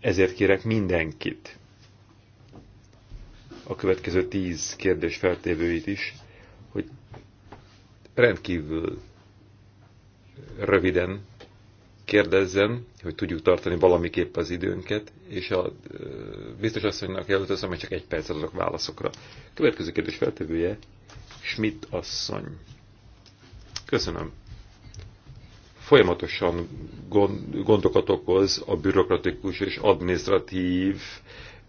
Ezért kérek mindenkit, a következő 10 kérdés feltévőit is, hogy rendkívül röviden kérdezzem, hogy tudjuk tartani valamiképp az időnket, és a biztosasszonynak asszonynak jelöltözöm, hogy csak egy percet adok válaszokra. Következő kérdés feltevője, Schmidt asszony. Köszönöm. Folyamatosan gond, gondokat okoz a bürokratikus és administratív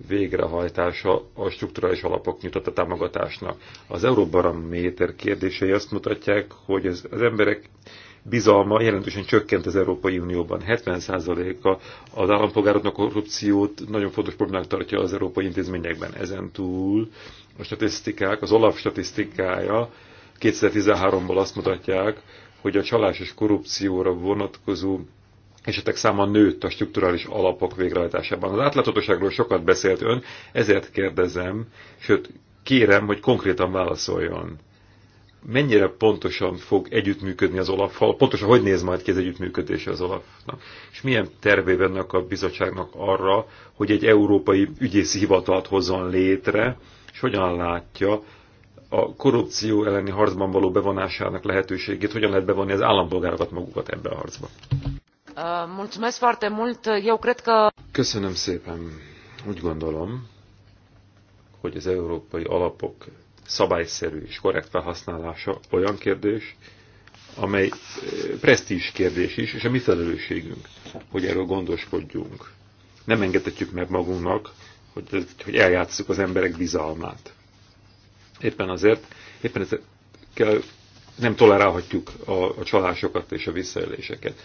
végrehajtása a strukturális alapok nyújtotta támogatásnak. Az Euróbarométer kérdései azt mutatják, hogy az, az emberek bizalma jelentősen csökkent az Európai Unióban. 70%-a az állampolgároknak korrupciót nagyon fontos problémák tartja az európai intézményekben. Ezen túl a statisztikák, az OLAF statisztikája 2013-ból azt mutatják, hogy a csalás és korrupcióra vonatkozó esetek száma nőtt a strukturális alapok végrehajtásában. Az átláthatóságról sokat beszélt ön, ezért kérdezem, sőt kérem, hogy konkrétan válaszoljon. Mennyire pontosan fog együttműködni az olaf pontosan hogy néz majd ki az együttműködése az olaf És milyen tervé vennek a bizottságnak arra, hogy egy európai ügyészi hivatalt hozzon létre, és hogyan látja a korrupció elleni harcban való bevonásának lehetőségét, hogyan lehet bevonni az állampolgárokat magukat ebbe a harcba? Uh, mulțumesc foarte mult. Eu cred că... Köszönöm szépen. Úgy gondolom, hogy az európai alapok szabályszerű és korrekt felhasználása olyan kérdés, amely eh, presztízs kérdés is, és a mi felelősségünk, hogy erről gondoskodjunk. Nem engedhetjük meg magunknak, hogy, hogy eljátsszuk az emberek bizalmát. Éppen azért, éppen ezért kell, nem tolerálhatjuk a, a csalásokat és a visszaéléseket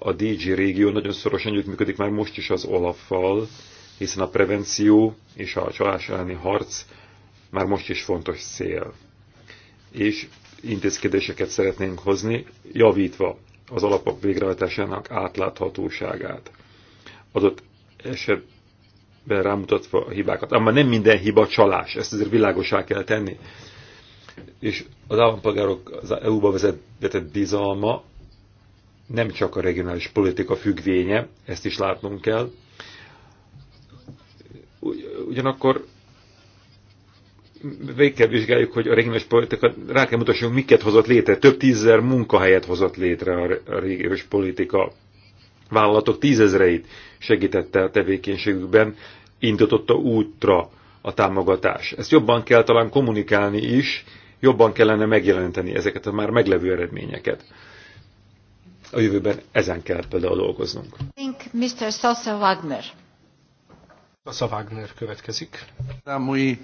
a DG régió nagyon szorosan működik már most is az Olaffal, hiszen a prevenció és a csalás elleni harc már most is fontos cél. És intézkedéseket szeretnénk hozni, javítva az alapok végrehajtásának átláthatóságát. Adott esetben rámutatva a hibákat. Ám nem minden hiba csalás, ezt azért világosá kell tenni. És az állampolgárok az EU-ba vezetett bizalma nem csak a regionális politika függvénye, ezt is látnunk kell. Ugyanakkor végig kell vizsgáljuk, hogy a regionális politika, rá kell mutassunk, miket hozott létre. Több tízezer munkahelyet hozott létre a régiós politika. Vállalatok tízezreit segítette a tevékenységükben, indította útra a támogatás. Ezt jobban kell talán kommunikálni is, jobban kellene megjelenteni ezeket a már meglevő eredményeket a jövőben ezen kell például dolgoznunk. Think Mr. Sosa Wagner. Sosa Wagner következik. Muy,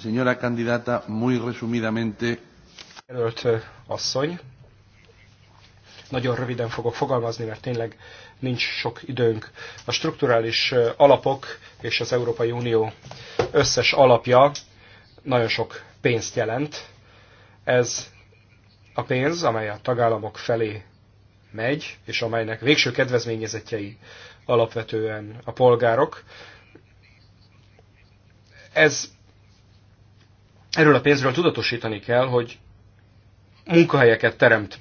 señora candidata, muy resumidamente. Jelölt eh, asszony. Nagyon röviden fogok fogalmazni, mert tényleg nincs sok időnk. A strukturális eh, alapok és az Európai Unió összes alapja nagyon sok pénzt jelent. Ez a pénz, amely a tagállamok felé megy, és amelynek végső kedvezményezetjei alapvetően a polgárok. Ez erről a pénzről tudatosítani kell, hogy munkahelyeket teremt.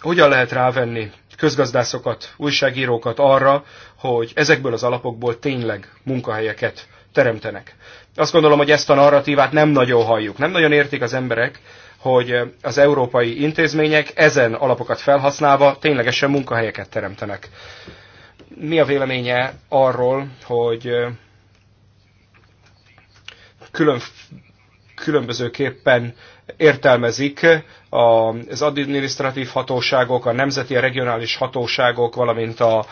Hogyan lehet rávenni közgazdászokat, újságírókat arra, hogy ezekből az alapokból tényleg munkahelyeket teremtenek. Azt gondolom, hogy ezt a narratívát nem nagyon halljuk. Nem nagyon értik az emberek, hogy eh, az európai intézmények ezen alapokat felhasználva ténylegesen munkahelyeket teremtenek. Mi a véleménye arról, hogy eh, külön, különbözőképpen értelmezik eh, az adminisztratív hatóságok, a nemzeti, a regionális hatóságok, valamint a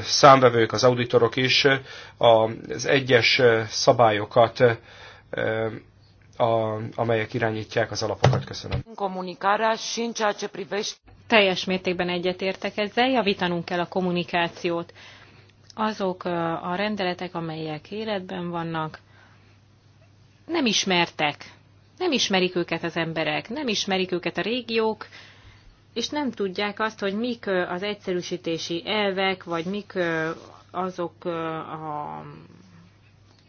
számvevők, az auditorok is az egyes szabályokat a, amelyek irányítják az alapokat. Köszönöm. Kommunikálás sincs, Teljes mértékben egyetértek ezzel, javítanunk kell a kommunikációt. Azok a rendeletek, amelyek életben vannak, nem ismertek. Nem ismerik őket az emberek, nem ismerik őket a régiók, és nem tudják azt, hogy mik az egyszerűsítési elvek, vagy mik azok a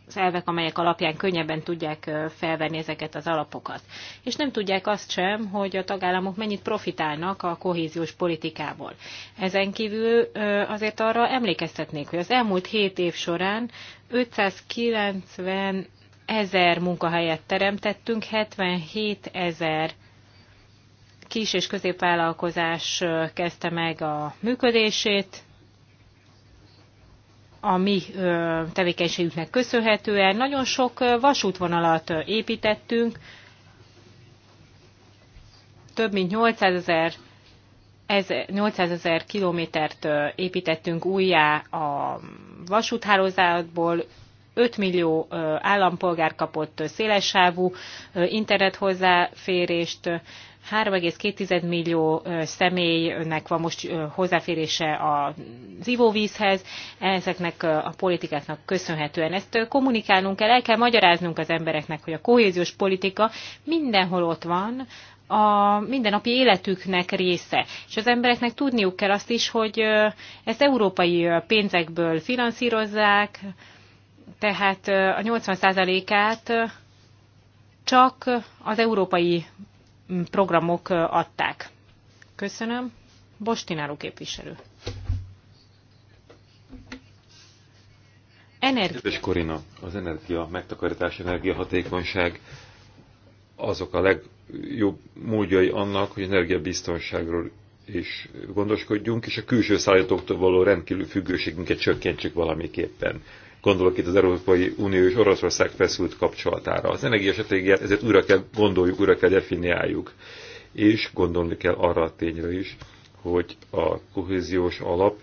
az elvek, amelyek alapján könnyebben tudják felvenni ezeket az alapokat. És nem tudják azt sem, hogy a tagállamok mennyit profitálnak a kohéziós politikából. Ezen kívül azért arra emlékeztetnék, hogy az elmúlt 7 év során 590 ezer munkahelyet teremtettünk, 77 ezer kis és középvállalkozás kezdte meg a működését, a mi tevékenységünknek köszönhetően nagyon sok vasútvonalat építettünk, több mint 800 ezer 800 ezer kilométert építettünk újjá a vasúthálózatból, 5 millió állampolgár kapott szélessávú internet hozzáférést, 3,2 millió személynek van most hozzáférése az ivóvízhez, ezeknek a politikáknak köszönhetően. Ezt kommunikálnunk kell, el kell magyaráznunk az embereknek, hogy a kohéziós politika mindenhol ott van, a mindennapi életüknek része. És az embereknek tudniuk kell azt is, hogy ezt európai pénzekből finanszírozzák, tehát a 80%-át csak az európai programok adták. Köszönöm. Bostináró képviselő. Energia. Kedves Korina, az energia, megtakarítás, energiahatékonyság azok a legjobb módjai annak, hogy energiabiztonságról is gondoskodjunk, és a külső szállítóktól való rendkívül függőségünket csökkentsük valamiképpen. Gondolok itt az Európai Unió és Oroszország feszült kapcsolatára. Az energiastratégiát ezért újra kell gondoljuk, újra kell definiáljuk. És gondolni kell arra a tényre is, hogy a kohéziós alap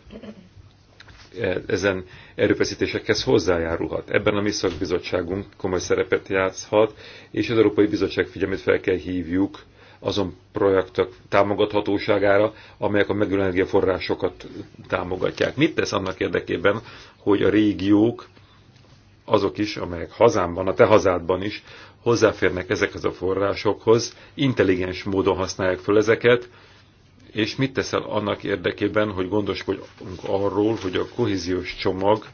e, ezen erőfeszítésekhez hozzájárulhat. Ebben a mi szakbizottságunk komoly szerepet játszhat, és az Európai Bizottság figyelmét fel kell hívjuk azon projektek támogathatóságára, amelyek a megújuló energiaforrásokat támogatják. Mit tesz annak érdekében, hogy a régiók azok is, amelyek hazámban, a te hazádban is hozzáférnek ezekhez a forrásokhoz, intelligens módon használják föl ezeket, és mit teszel annak érdekében, hogy gondoskodjunk arról, hogy a kohéziós csomag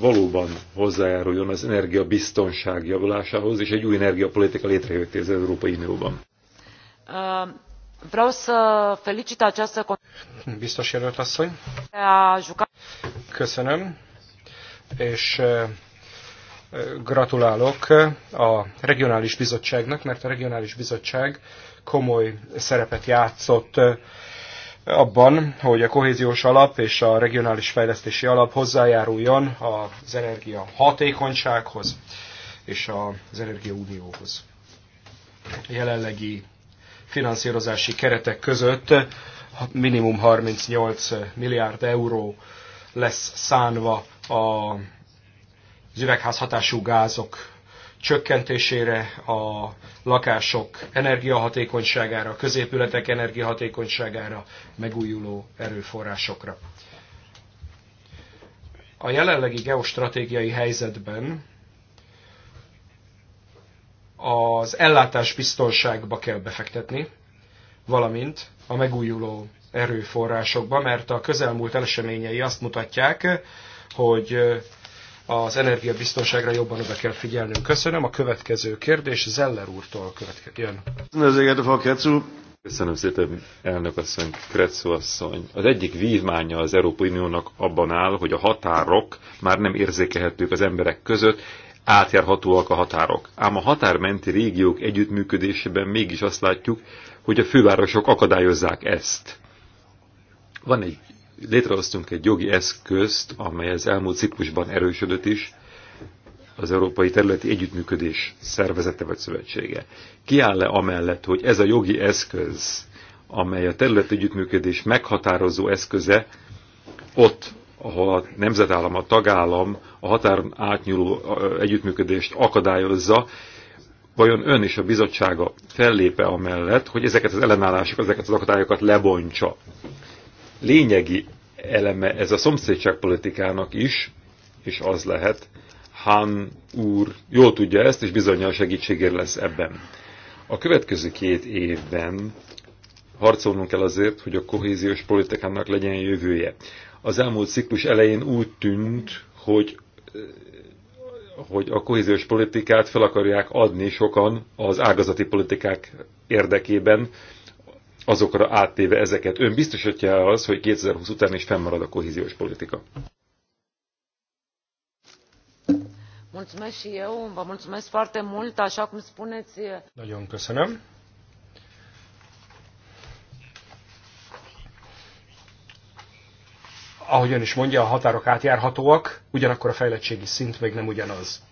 valóban hozzájáruljon az energiabiztonság javulásához, és egy új energiapolitika létrejötti az Európai Unióban. Uh, vreau să felicit această Biztos jelölt asszony. Köszönöm, és uh, gratulálok a regionális bizottságnak, mert a regionális bizottság komoly szerepet játszott abban, hogy a kohéziós alap és a regionális fejlesztési alap hozzájáruljon az energia hatékonysághoz és az energiaunióhoz. A jelenlegi finanszírozási keretek között minimum 38 milliárd euró lesz szánva a az üvegházhatású gázok csökkentésére, a lakások energiahatékonyságára, a középületek energiahatékonyságára, megújuló erőforrásokra. A jelenlegi geostratégiai helyzetben az ellátás biztonságba kell befektetni, valamint a megújuló erőforrásokba, mert a közelmúlt eseményei azt mutatják, hogy az energiabiztonságra jobban oda kell figyelnünk. Köszönöm. A következő kérdés Zeller úrtól következően. Köszönöm szépen, elnök asszony, Kretszó asszony. Az egyik vívmánya az Európai Uniónak abban áll, hogy a határok már nem érzékelhetők az emberek között, átjárhatóak a határok. Ám a határmenti régiók együttműködésében mégis azt látjuk, hogy a fővárosok akadályozzák ezt. Van egy létrehoztunk egy jogi eszközt, amely az elmúlt ciklusban erősödött is, az Európai Területi Együttműködés Szervezete vagy Szövetsége. kiáll le amellett, hogy ez a jogi eszköz, amely a területi együttműködés meghatározó eszköze, ott, ahol a nemzetállam, a tagállam a határon átnyúló együttműködést akadályozza, vajon ön és a bizottsága fellépe amellett, hogy ezeket az ellenállásokat, ezeket az akadályokat lebontsa? lényegi eleme ez a szomszédságpolitikának is, és az lehet, han úr jól tudja ezt, és bizonyal segítségére lesz ebben. A következő két évben harcolnunk kell azért, hogy a kohéziós politikának legyen jövője. Az elmúlt ciklus elején úgy tűnt, hogy, hogy a kohéziós politikát fel akarják adni sokan az ágazati politikák érdekében, azokra áttéve ezeket. Ön biztosítja -e az, hogy 2020 után is fennmarad a kohéziós politika? E- Nagyon köszönöm. Ahogy ön is mondja, a határok átjárhatóak, ugyanakkor a fejlettségi szint még nem ugyanaz.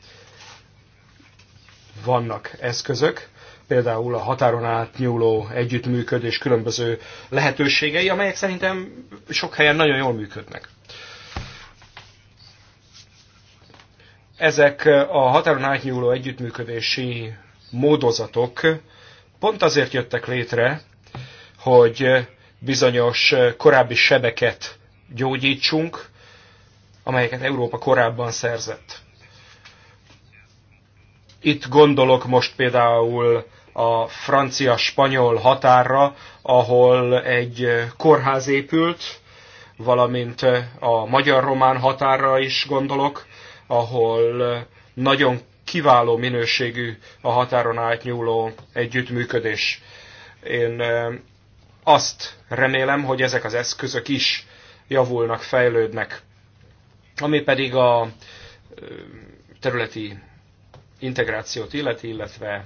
Vannak eszközök, például a határon átnyúló együttműködés különböző lehetőségei, amelyek szerintem sok helyen nagyon jól működnek. Ezek a határon átnyúló együttműködési módozatok pont azért jöttek létre, hogy bizonyos korábbi sebeket gyógyítsunk, amelyeket Európa korábban szerzett. Itt gondolok most például a francia-spanyol határra, ahol egy kórház épült, valamint a magyar-román határra is gondolok, ahol nagyon kiváló minőségű a határon átnyúló együttműködés. Én azt remélem, hogy ezek az eszközök is javulnak, fejlődnek. Ami pedig a területi integrációt illeti, illetve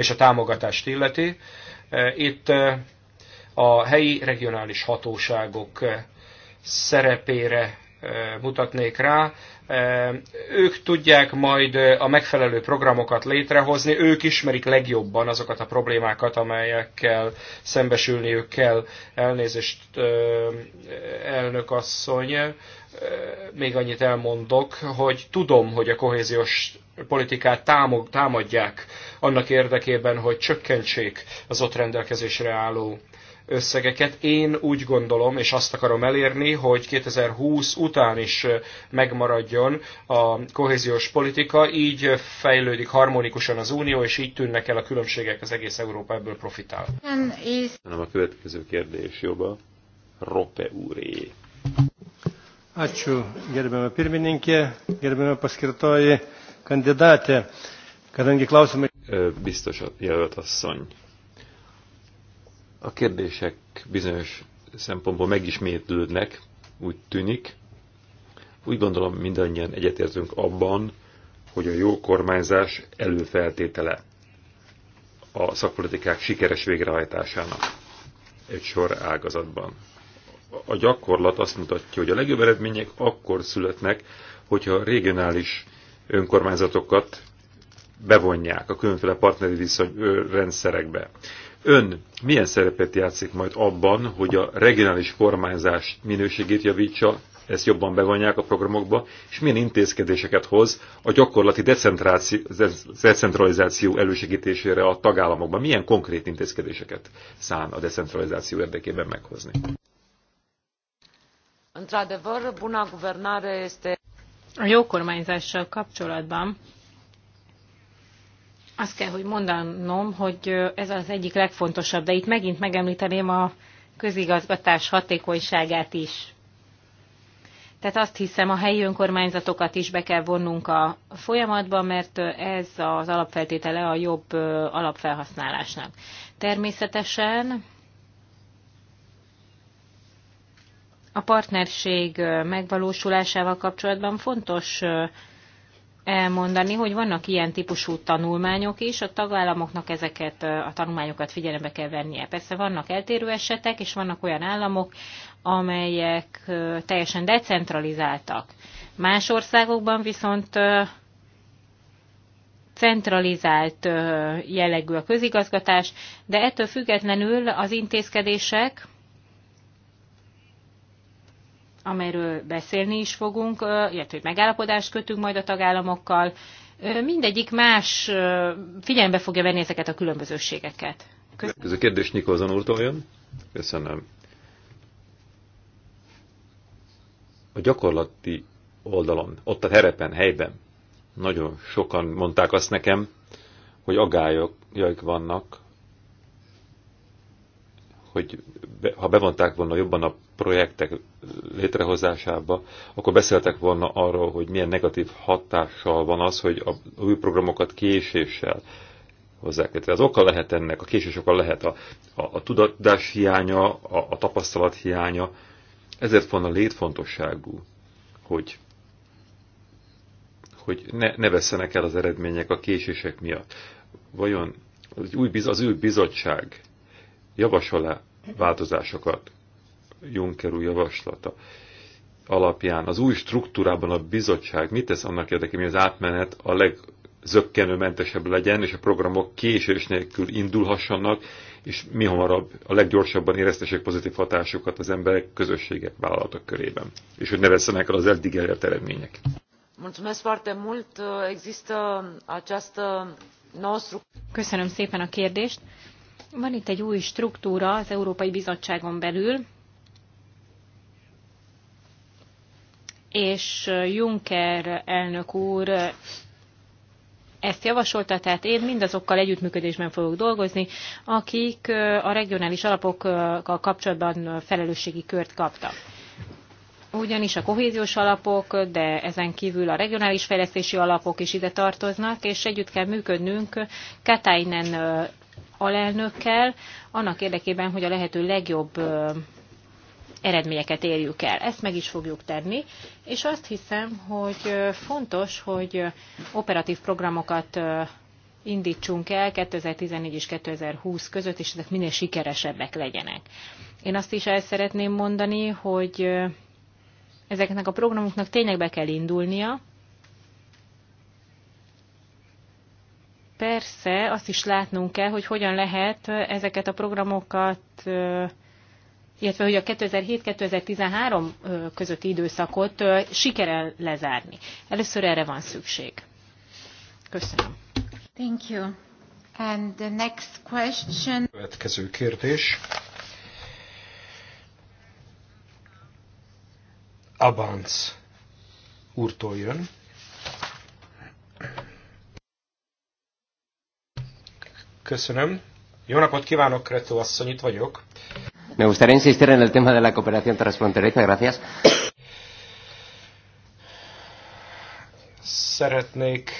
és a támogatást illeti. E, itt e, a helyi regionális hatóságok e, szerepére mutatnék rá. Ők tudják majd a megfelelő programokat létrehozni, ők ismerik legjobban azokat a problémákat, amelyekkel szembesülniük kell. Elnézést, elnök asszony, még annyit elmondok, hogy tudom, hogy a kohéziós politikát támadják annak érdekében, hogy csökkentsék az ott rendelkezésre álló összegeket. Én úgy gondolom, és azt akarom elérni, hogy 2020 után is megmaradjon a kohéziós politika, így fejlődik harmonikusan az unió, és így tűnnek el a különbségek, az egész Európa ebből profitál. Nem a következő kérdés joga. Rope úré. Ačiū, gerbiamą pirmininkę, gerbiamą paskirtoji kandidatę. Kadangi klausimai... Biztos jelölt asszony. A kérdések bizonyos szempontból megismétlődnek, úgy tűnik. Úgy gondolom mindannyian egyetértünk abban, hogy a jó kormányzás előfeltétele a szakpolitikák sikeres végrehajtásának egy sor ágazatban. A gyakorlat azt mutatja, hogy a legjobb eredmények akkor születnek, hogyha a regionális önkormányzatokat bevonják a különféle partneri viszony rendszerekbe. Ön milyen szerepet játszik majd abban, hogy a regionális kormányzás minőségét javítsa, ezt jobban bevonják a programokba, és milyen intézkedéseket hoz a gyakorlati decentralizáció elősegítésére a tagállamokban? Milyen konkrét intézkedéseket szán a decentralizáció érdekében meghozni? A jó kormányzással kapcsolatban azt kell, hogy mondanom, hogy ez az egyik legfontosabb, de itt megint megemlíteném a közigazgatás hatékonyságát is. Tehát azt hiszem, a helyi önkormányzatokat is be kell vonnunk a folyamatba, mert ez az alapfeltétele a jobb alapfelhasználásnak. Természetesen a partnerség megvalósulásával kapcsolatban fontos elmondani, hogy vannak ilyen típusú tanulmányok is, a tagállamoknak ezeket a tanulmányokat figyelembe kell vennie. Persze vannak eltérő esetek, és vannak olyan államok, amelyek teljesen decentralizáltak. Más országokban viszont centralizált jellegű a közigazgatás, de ettől függetlenül az intézkedések amelyről beszélni is fogunk, illetve hogy megállapodást kötünk majd a tagállamokkal. Mindegyik más figyelembe fogja venni ezeket a különbözőségeket. Köszönöm. Ez a kérdés Nikolzan úrtól jön. Köszönöm. A gyakorlati oldalon, ott a terepen, helyben nagyon sokan mondták azt nekem, hogy agályok vannak, hogy be, ha bevonták volna jobban a projektek létrehozásába, akkor beszéltek volna arról, hogy milyen negatív hatással van az, hogy a új programokat késéssel hozzák létre. Az oka lehet ennek, a késés oka lehet a, a, a tudatás hiánya, a, a tapasztalat hiánya. Ezért van a létfontosságú, hogy, hogy ne, ne vesszenek el az eredmények a késések miatt. Vajon az új, az új bizottság javasol-e változásokat Juncker új javaslata alapján az új struktúrában a bizottság mit tesz annak érdekében, hogy az átmenet a legzökkenőmentesebb legyen, és a programok késés nélkül indulhassanak, és mi hamarabb, a leggyorsabban éreztessék pozitív hatásukat az emberek, közösségek, vállalatok körében, és hogy ne veszenek el az eddig elért eredmények. Mulțumesc foarte mult. Există această nouă Köszönöm szépen a kérdést. Van itt egy új struktúra az Európai Bizottságon belül, és Juncker elnök úr ezt javasolta, tehát én mindazokkal együttműködésben fogok dolgozni, akik a regionális alapokkal kapcsolatban felelősségi kört kaptak. Ugyanis a kohéziós alapok, de ezen kívül a regionális fejlesztési alapok is ide tartoznak, és együtt kell működnünk Katainen alelnökkel, annak érdekében, hogy a lehető legjobb eredményeket érjük el. Ezt meg is fogjuk tenni, és azt hiszem, hogy fontos, hogy operatív programokat indítsunk el 2014 és 2020 között, és ezek minél sikeresebbek legyenek. Én azt is el szeretném mondani, hogy ezeknek a programoknak tényleg be kell indulnia. Persze azt is látnunk kell, hogy hogyan lehet ezeket a programokat illetve hogy a 2007-2013 közötti időszakot sikerel lezárni. Először erre van szükség. Köszönöm. Thank you. And the next question. Következő kérdés. Abans. úrtól jön. Köszönöm. Jó napot kívánok, Kretó asszony, itt vagyok. Me gustaría insistir en el tema de la cooperación transfronteriza. Gracias. Szeretnék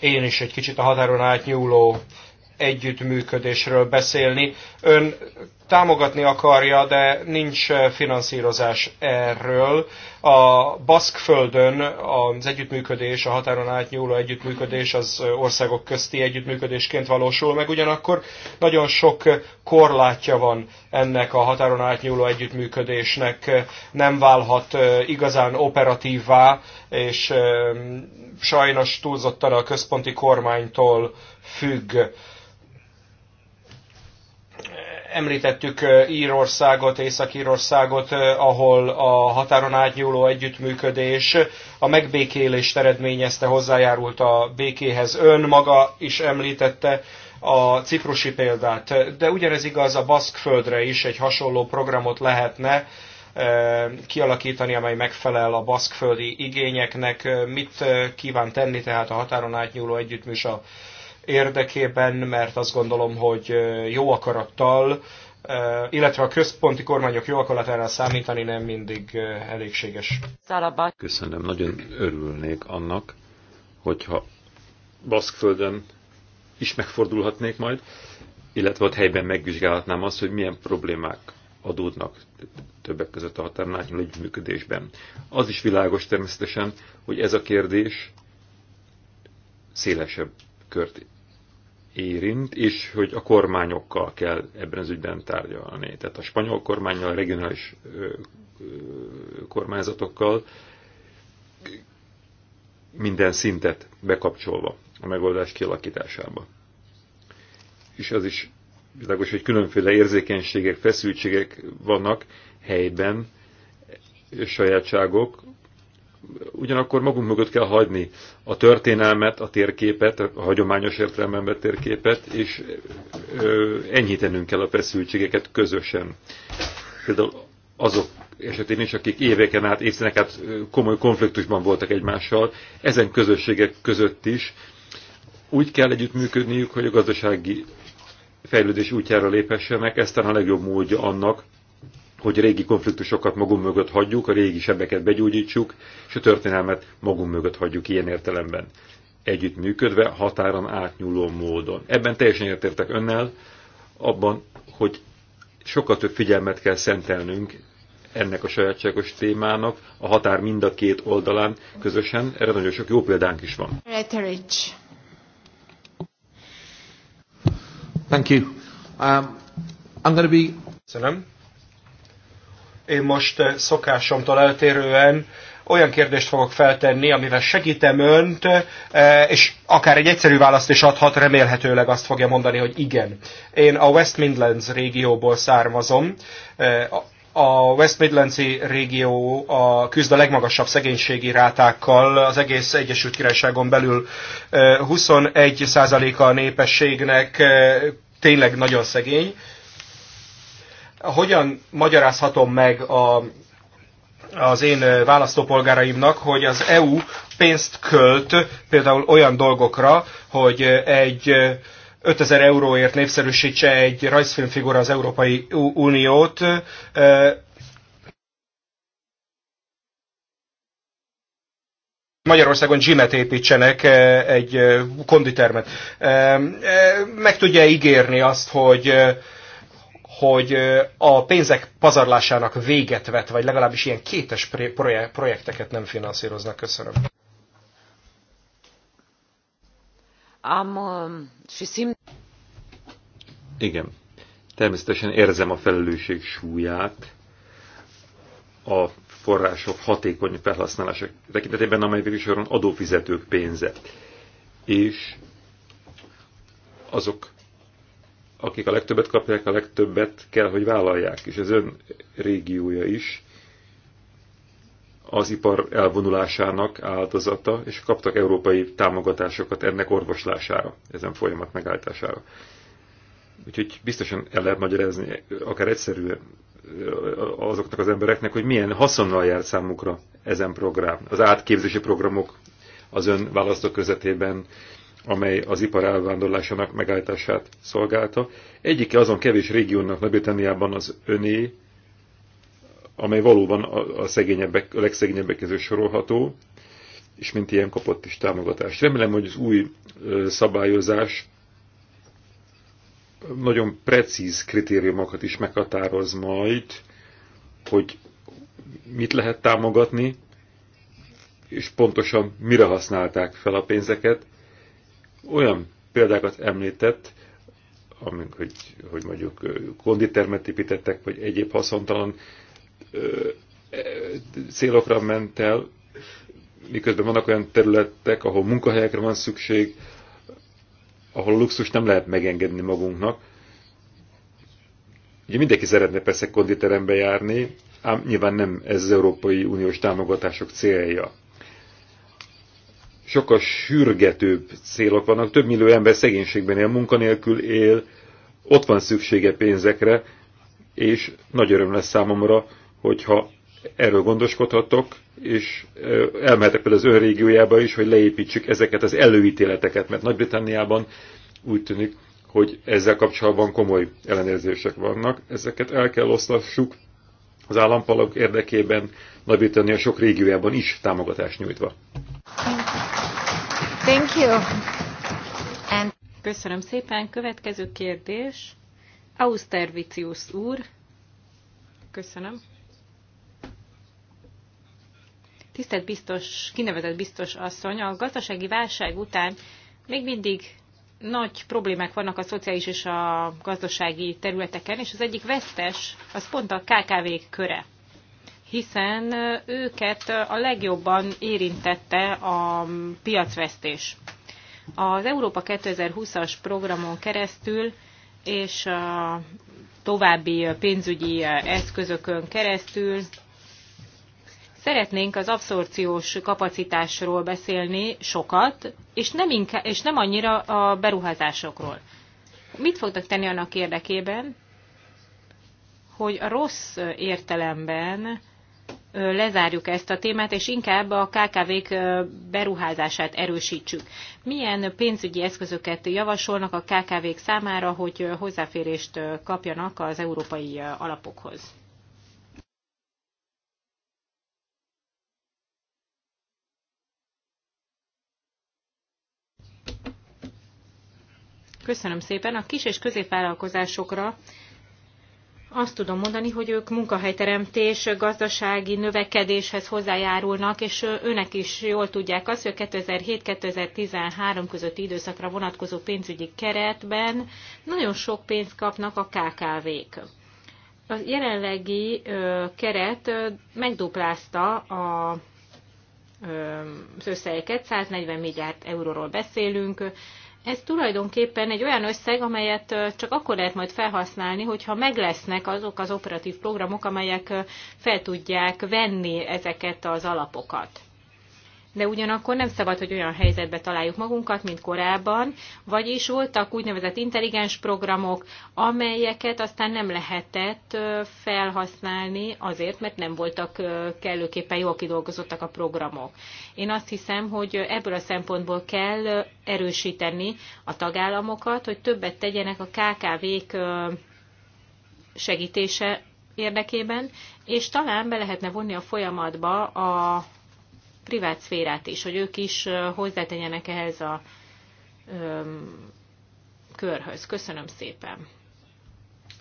én is egy kicsit a határon átnyúló együttműködésről beszélni. Ön támogatni akarja, de nincs finanszírozás erről. A Baszkföldön az együttműködés, a határon átnyúló együttműködés az országok közti együttműködésként valósul meg, ugyanakkor nagyon sok korlátja van ennek a határon átnyúló együttműködésnek, nem válhat igazán operatívvá, és sajnos túlzottan a központi kormánytól függ Említettük Írországot, Észak-Írországot, ahol a határon átnyúló együttműködés a megbékélést eredményezte, hozzájárult a békéhez. Ön maga is említette a ciprusi példát, de ugyanez igaz a Baszkföldre is, egy hasonló programot lehetne kialakítani, amely megfelel a baszkföldi igényeknek. Mit kíván tenni tehát a határon átnyúló együttműs a érdekében, mert azt gondolom, hogy jó akarattal, illetve a központi kormányok jó akaratára számítani nem mindig elégséges. Köszönöm, nagyon örülnék annak, hogyha Baszkföldön is megfordulhatnék majd, illetve ott helyben megvizsgálhatnám azt, hogy milyen problémák adódnak többek között a határon átnyúló Az is világos természetesen, hogy ez a kérdés szélesebb kört érint, és hogy a kormányokkal kell ebben az ügyben tárgyalni. Tehát a spanyol kormányjal, a regionális kormányzatokkal minden szintet bekapcsolva a megoldás kialakításába. És az is világos, hogy különféle érzékenységek, feszültségek vannak helyben, sajátságok, ugyanakkor magunk mögött kell hagyni a történelmet, a térképet, a hagyományos értelemben vett térképet, és ö, enyhítenünk kell a feszültségeket közösen. Például azok esetén is, akik éveken át, évszínek át komoly konfliktusban voltak egymással, ezen közösségek között is úgy kell együttműködniük, hogy a gazdasági fejlődés útjára léphessenek, ezt a legjobb módja annak, hogy régi konfliktusokat magunk mögött hagyjuk, a régi sebeket begyógyítsuk, és a történelmet magunk mögött hagyjuk ilyen értelemben. Együttműködve, határon átnyúló módon. Ebben teljesen értértek önnel, abban, hogy sokkal több figyelmet kell szentelnünk ennek a sajátságos témának, a határ mind a két oldalán közösen. Erre nagyon sok jó példánk is van. Thank you. Um, I'm going to be... Köszönöm én most eh, szokásomtól eltérően olyan kérdést fogok feltenni, amivel segítem önt, eh, és akár egy egyszerű választ is adhat, remélhetőleg azt fogja mondani, hogy igen. Én a West Midlands régióból származom. Eh, a West Midlands régió a küzd a legmagasabb szegénységi rátákkal az egész Egyesült Királyságon belül 21%-a a népességnek tényleg nagyon szegény, hogyan magyarázhatom meg a, az én választópolgáraimnak, hogy az EU pénzt költ például olyan dolgokra, hogy egy 5000 euróért népszerűsítse egy rajzfilmfigura az Európai Uniót, Magyarországon gymet építsenek, egy konditermet. Meg tudja ígérni azt, hogy hogy a pénzek pazarlásának véget vet, vagy legalábbis ilyen kétes projekteket nem finanszíroznak. Köszönöm. Igen. Természetesen érzem a felelősség súlyát a források hatékony felhasználása tekintetében, amely végül soron adófizetők pénze. És azok akik a legtöbbet kapják, a legtöbbet kell, hogy vállalják, és az ön régiója is az ipar elvonulásának áldozata, és kaptak európai támogatásokat ennek orvoslására, ezen folyamat megállítására. Úgyhogy biztosan el lehet magyarázni, akár egyszerű azoknak az embereknek, hogy milyen haszonnal jár számukra ezen program. Az átképzési programok az ön választó közetében amely az ipar elvándorlásának megállítását szolgálta. Egyike azon kevés régiónak Nagy-Britanniában az öné, amely valóban a, szegényebbek, a legszegényebbek közül sorolható, és mint ilyen kapott is támogatást. Remélem, hogy az új szabályozás nagyon precíz kritériumokat is meghatároz majd, hogy mit lehet támogatni, és pontosan mire használták fel a pénzeket, olyan példákat említett, amik hogy, hogy mondjuk konditermet építettek, vagy egyéb haszontalan e, célokra ment el, miközben vannak olyan területek, ahol munkahelyekre van szükség, ahol a luxus nem lehet megengedni magunknak. Ugye mindenki szeretne persze konditerembe járni, ám nyilván nem ez az Európai Uniós támogatások célja sokkal sürgetőbb célok vannak, több millió ember szegénységben él, munkanélkül él, ott van szüksége pénzekre, és nagy öröm lesz számomra, hogyha erről gondoskodhatok, és elmehetek például az önrégiójába is, hogy leépítsük ezeket az előítéleteket, mert Nagy-Britanniában úgy tűnik, hogy ezzel kapcsolatban komoly ellenérzések vannak. Ezeket el kell osztassuk az állampalok érdekében, Nagy-Britannia sok régiójában is támogatást nyújtva. Thank you. Thank you. And... Köszönöm szépen. Következő kérdés. Austervicius úr. Köszönöm. Tisztelt biztos, kinevezett biztos asszony, a gazdasági válság után még mindig nagy problémák vannak a szociális és a gazdasági területeken, és az egyik vesztes, az pont a KKV-k köre hiszen őket a legjobban érintette a piacvesztés. Az Európa 2020-as programon keresztül és a további pénzügyi eszközökön keresztül Szeretnénk az abszorciós kapacitásról beszélni sokat, és nem, inkább, és nem annyira a beruházásokról. Mit fognak tenni annak érdekében, hogy a rossz értelemben lezárjuk ezt a témát, és inkább a KKV-k beruházását erősítsük. Milyen pénzügyi eszközöket javasolnak a KKV-k számára, hogy hozzáférést kapjanak az európai alapokhoz? Köszönöm szépen. A kis és középvállalkozásokra azt tudom mondani, hogy ők munkahelyteremtés, gazdasági növekedéshez hozzájárulnak, és őnek is jól tudják azt, hogy 2007-2013 közötti időszakra vonatkozó pénzügyi keretben nagyon sok pénzt kapnak a KKV-k. A jelenlegi keret megduplázta a, ö, az összegeket, 140 milliárd euróról beszélünk, ez tulajdonképpen egy olyan összeg, amelyet csak akkor lehet majd felhasználni, hogyha meglesznek azok az operatív programok, amelyek fel tudják venni ezeket az alapokat de ugyanakkor nem szabad, hogy olyan helyzetbe találjuk magunkat, mint korábban, vagyis voltak úgynevezett intelligens programok, amelyeket aztán nem lehetett felhasználni azért, mert nem voltak kellőképpen jól kidolgozottak a programok. Én azt hiszem, hogy ebből a szempontból kell erősíteni a tagállamokat, hogy többet tegyenek a KKV-k segítése érdekében, és talán be lehetne vonni a folyamatba a privát szférát is, hogy ők is hozzátegyenek ehhez a öm, körhöz. Köszönöm szépen.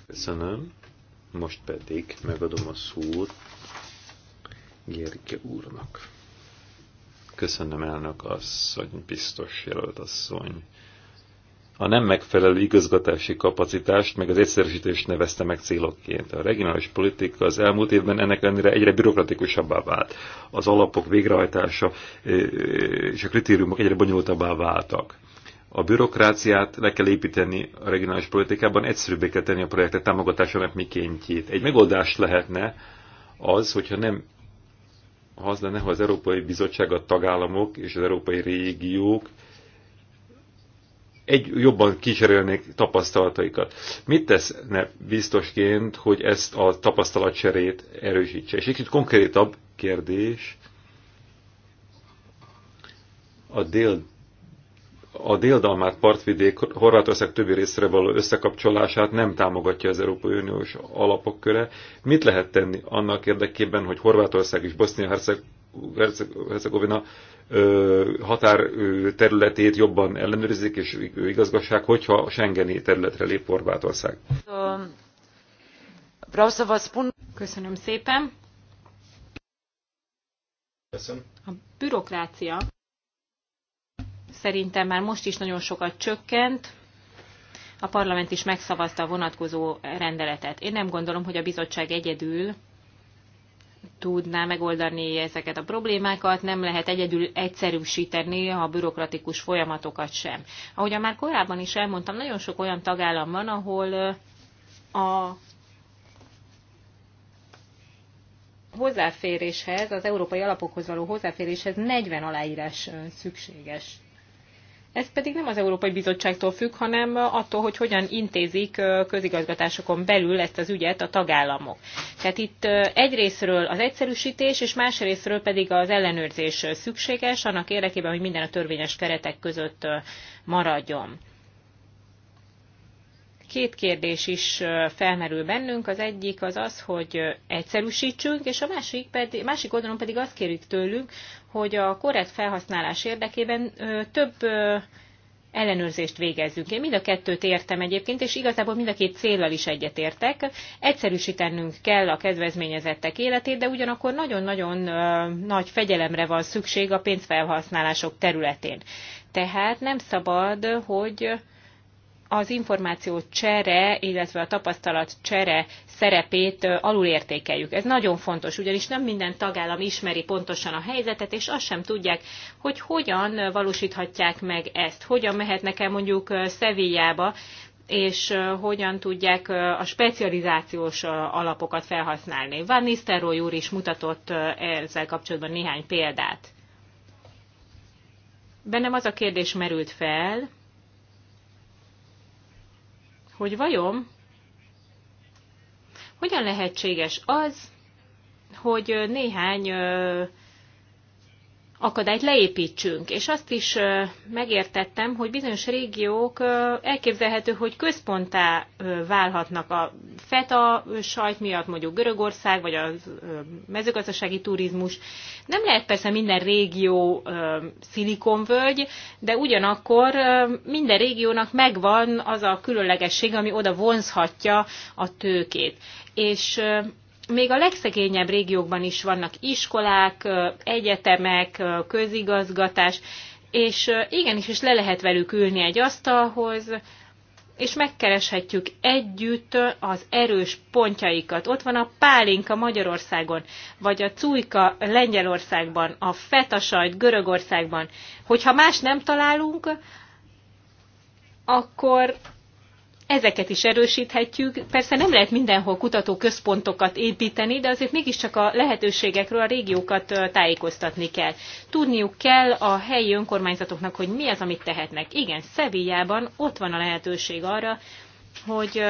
Köszönöm. Most pedig megadom a szót Gérke úrnak. Köszönöm elnök asszony, biztos jelölt asszony a nem megfelelő igazgatási kapacitást, meg az egyszerűsítést nevezte meg célokként. A regionális politika az elmúlt évben ennek ellenére egyre bürokratikusabbá vált. Az alapok végrehajtása és a kritériumok egyre bonyolultabbá váltak. A bürokráciát le kell építeni a regionális politikában, egyszerűbbé kell tenni a projektek támogatásának mikéntjét. Egy megoldás lehetne az, hogyha nem az lenne, ha az Európai Bizottság, a tagállamok és az európai régiók egy, jobban kicserélnék tapasztalataikat. Mit teszne biztosként, hogy ezt a tapasztalatcserét erősítse? És egy kicsit konkrétabb kérdés. A dél a déldalmát partvidék Horvátország többi részre való összekapcsolását nem támogatja az Európai Uniós alapok köre. Mit lehet tenni annak érdekében, hogy Horvátország és Bosznia-Hercegovina Határ területét jobban ellenőrizik és igazgassák, hogyha a Schengeni területre lép Horvátország. Köszönöm szépen. Köszönöm. A bürokrácia szerintem már most is nagyon sokat csökkent. A parlament is megszavazta a vonatkozó rendeletet. Én nem gondolom, hogy a bizottság egyedül tudná megoldani ezeket a problémákat, nem lehet egyedül egyszerűsíteni a bürokratikus folyamatokat sem. Ahogyan már korábban is elmondtam, nagyon sok olyan tagállam van, ahol a hozzáféréshez, az európai alapokhoz való hozzáféréshez 40 aláírás szükséges. Ez pedig nem az Európai Bizottságtól függ, hanem attól, hogy hogyan intézik közigazgatásokon belül ezt az ügyet a tagállamok. Tehát itt egyrésztről az egyszerűsítés, és másrésztről pedig az ellenőrzés szükséges, annak érdekében, hogy minden a törvényes keretek között maradjon. Két kérdés is felmerül bennünk. Az egyik az az, hogy egyszerűsítsünk, és a másik, pedig, másik oldalon pedig azt kérjük tőlünk, hogy a korrekt felhasználás érdekében több ellenőrzést végezzünk. Én mind a kettőt értem egyébként, és igazából mind a két célral is egyetértek. Egyszerűsítenünk kell a kedvezményezettek életét, de ugyanakkor nagyon-nagyon nagy fegyelemre van szükség a pénzfelhasználások területén. Tehát nem szabad, hogy az információ csere, illetve a tapasztalat csere szerepét alulértékeljük. Ez nagyon fontos, ugyanis nem minden tagállam ismeri pontosan a helyzetet, és azt sem tudják, hogy hogyan valósíthatják meg ezt, hogyan mehetnek el mondjuk Szevillába, és hogyan tudják a specializációs alapokat felhasználni. Van Nisztelrooy úr is mutatott ezzel kapcsolatban néhány példát. Bennem az a kérdés merült fel, hogy vajon hogyan lehetséges az, hogy néhány akadályt leépítsünk. És azt is megértettem, hogy bizonyos régiók elképzelhető, hogy központá válhatnak a feta sajt miatt, mondjuk Görögország, vagy a mezőgazdasági turizmus. Nem lehet persze minden régió szilikonvölgy, de ugyanakkor minden régiónak megvan az a különlegesség, ami oda vonzhatja a tőkét. És még a legszegényebb régiókban is vannak iskolák, egyetemek, közigazgatás, és igenis is le lehet velük ülni egy asztalhoz, és megkereshetjük együtt az erős pontjaikat. Ott van a pálinka Magyarországon, vagy a cújka Lengyelországban, a fetasajt Görögországban. Hogyha más nem találunk, akkor ezeket is erősíthetjük. Persze nem lehet mindenhol kutatóközpontokat építeni, de azért mégiscsak a lehetőségekről a régiókat tájékoztatni kell. Tudniuk kell a helyi önkormányzatoknak, hogy mi az, amit tehetnek. Igen, Szevillában ott van a lehetőség arra, hogy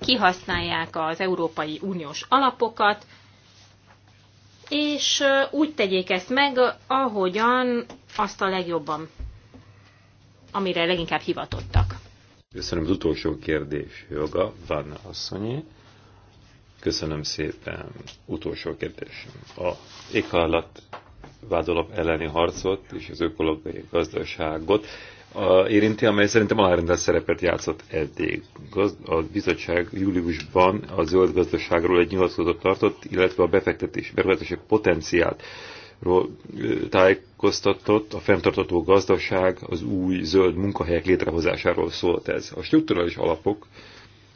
kihasználják az Európai Uniós alapokat, és úgy tegyék ezt meg, ahogyan azt a legjobban, amire leginkább hivatottak. Köszönöm az utolsó kérdés, joga, Vanna asszonyi. Köszönöm szépen. Utolsó kérdés. A éghajlat vádolap elleni harcot és az ökológiai gazdaságot érinti, amely szerintem alárendelt szerepet játszott eddig. A bizottság júliusban a zöld gazdaságról egy nyilatkozatot tartott, illetve a befektetés, befektetési potenciált tájékoztatott, a fenntartató gazdaság, az új zöld munkahelyek létrehozásáról szólt ez. A strukturális alapok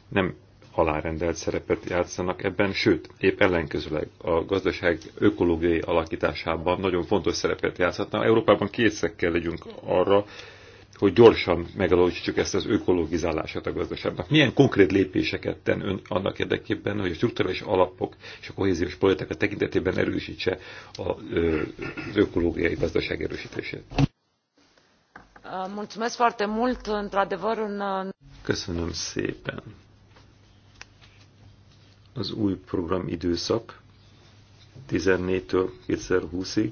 nem alárendelt szerepet játszanak ebben, sőt, épp ellenkezőleg a gazdaság ökológiai alakításában nagyon fontos szerepet játszhatna. Európában készek kell legyünk arra, hogy gyorsan megalósítsuk ezt az ökologizálását a gazdaságnak. Milyen konkrét lépéseket ten ön annak érdekében, hogy a struktúrális alapok és a kohéziós politika tekintetében erősítse az ökológiai gazdaság erősítését? Mulțumesc foarte mult, într-adevăr, în... Köszönöm szépen. Az új program időszak 14-től 2020-ig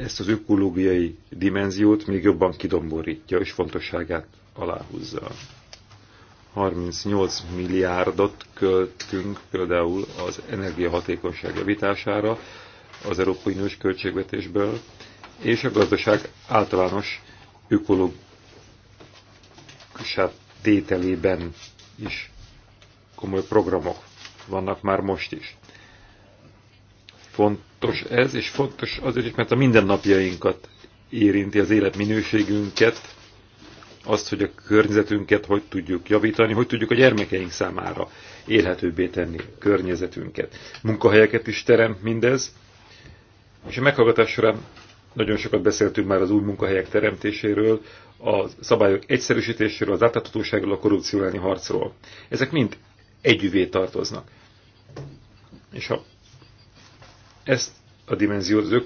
ezt az ökológiai dimenziót még jobban kidomborítja és fontosságát aláhúzza. 38 milliárdot költünk például az energiahatékonyság javítására az Európai nős költségvetésből, és a gazdaság általános ökológusát tételében is komoly programok vannak már most is. Fontos ez, és fontos azért is, mert a mindennapjainkat érinti az életminőségünket, azt, hogy a környezetünket hogy tudjuk javítani, hogy tudjuk a gyermekeink számára élhetőbbé tenni a környezetünket. Munkahelyeket is teremt mindez, és a meghallgatás során nagyon sokat beszéltünk már az új munkahelyek teremtéséről, a szabályok egyszerűsítéséről, az átláthatóságról, a korrupció elleni harcról. Ezek mind együvé tartoznak. És ha ezt a dimenziót az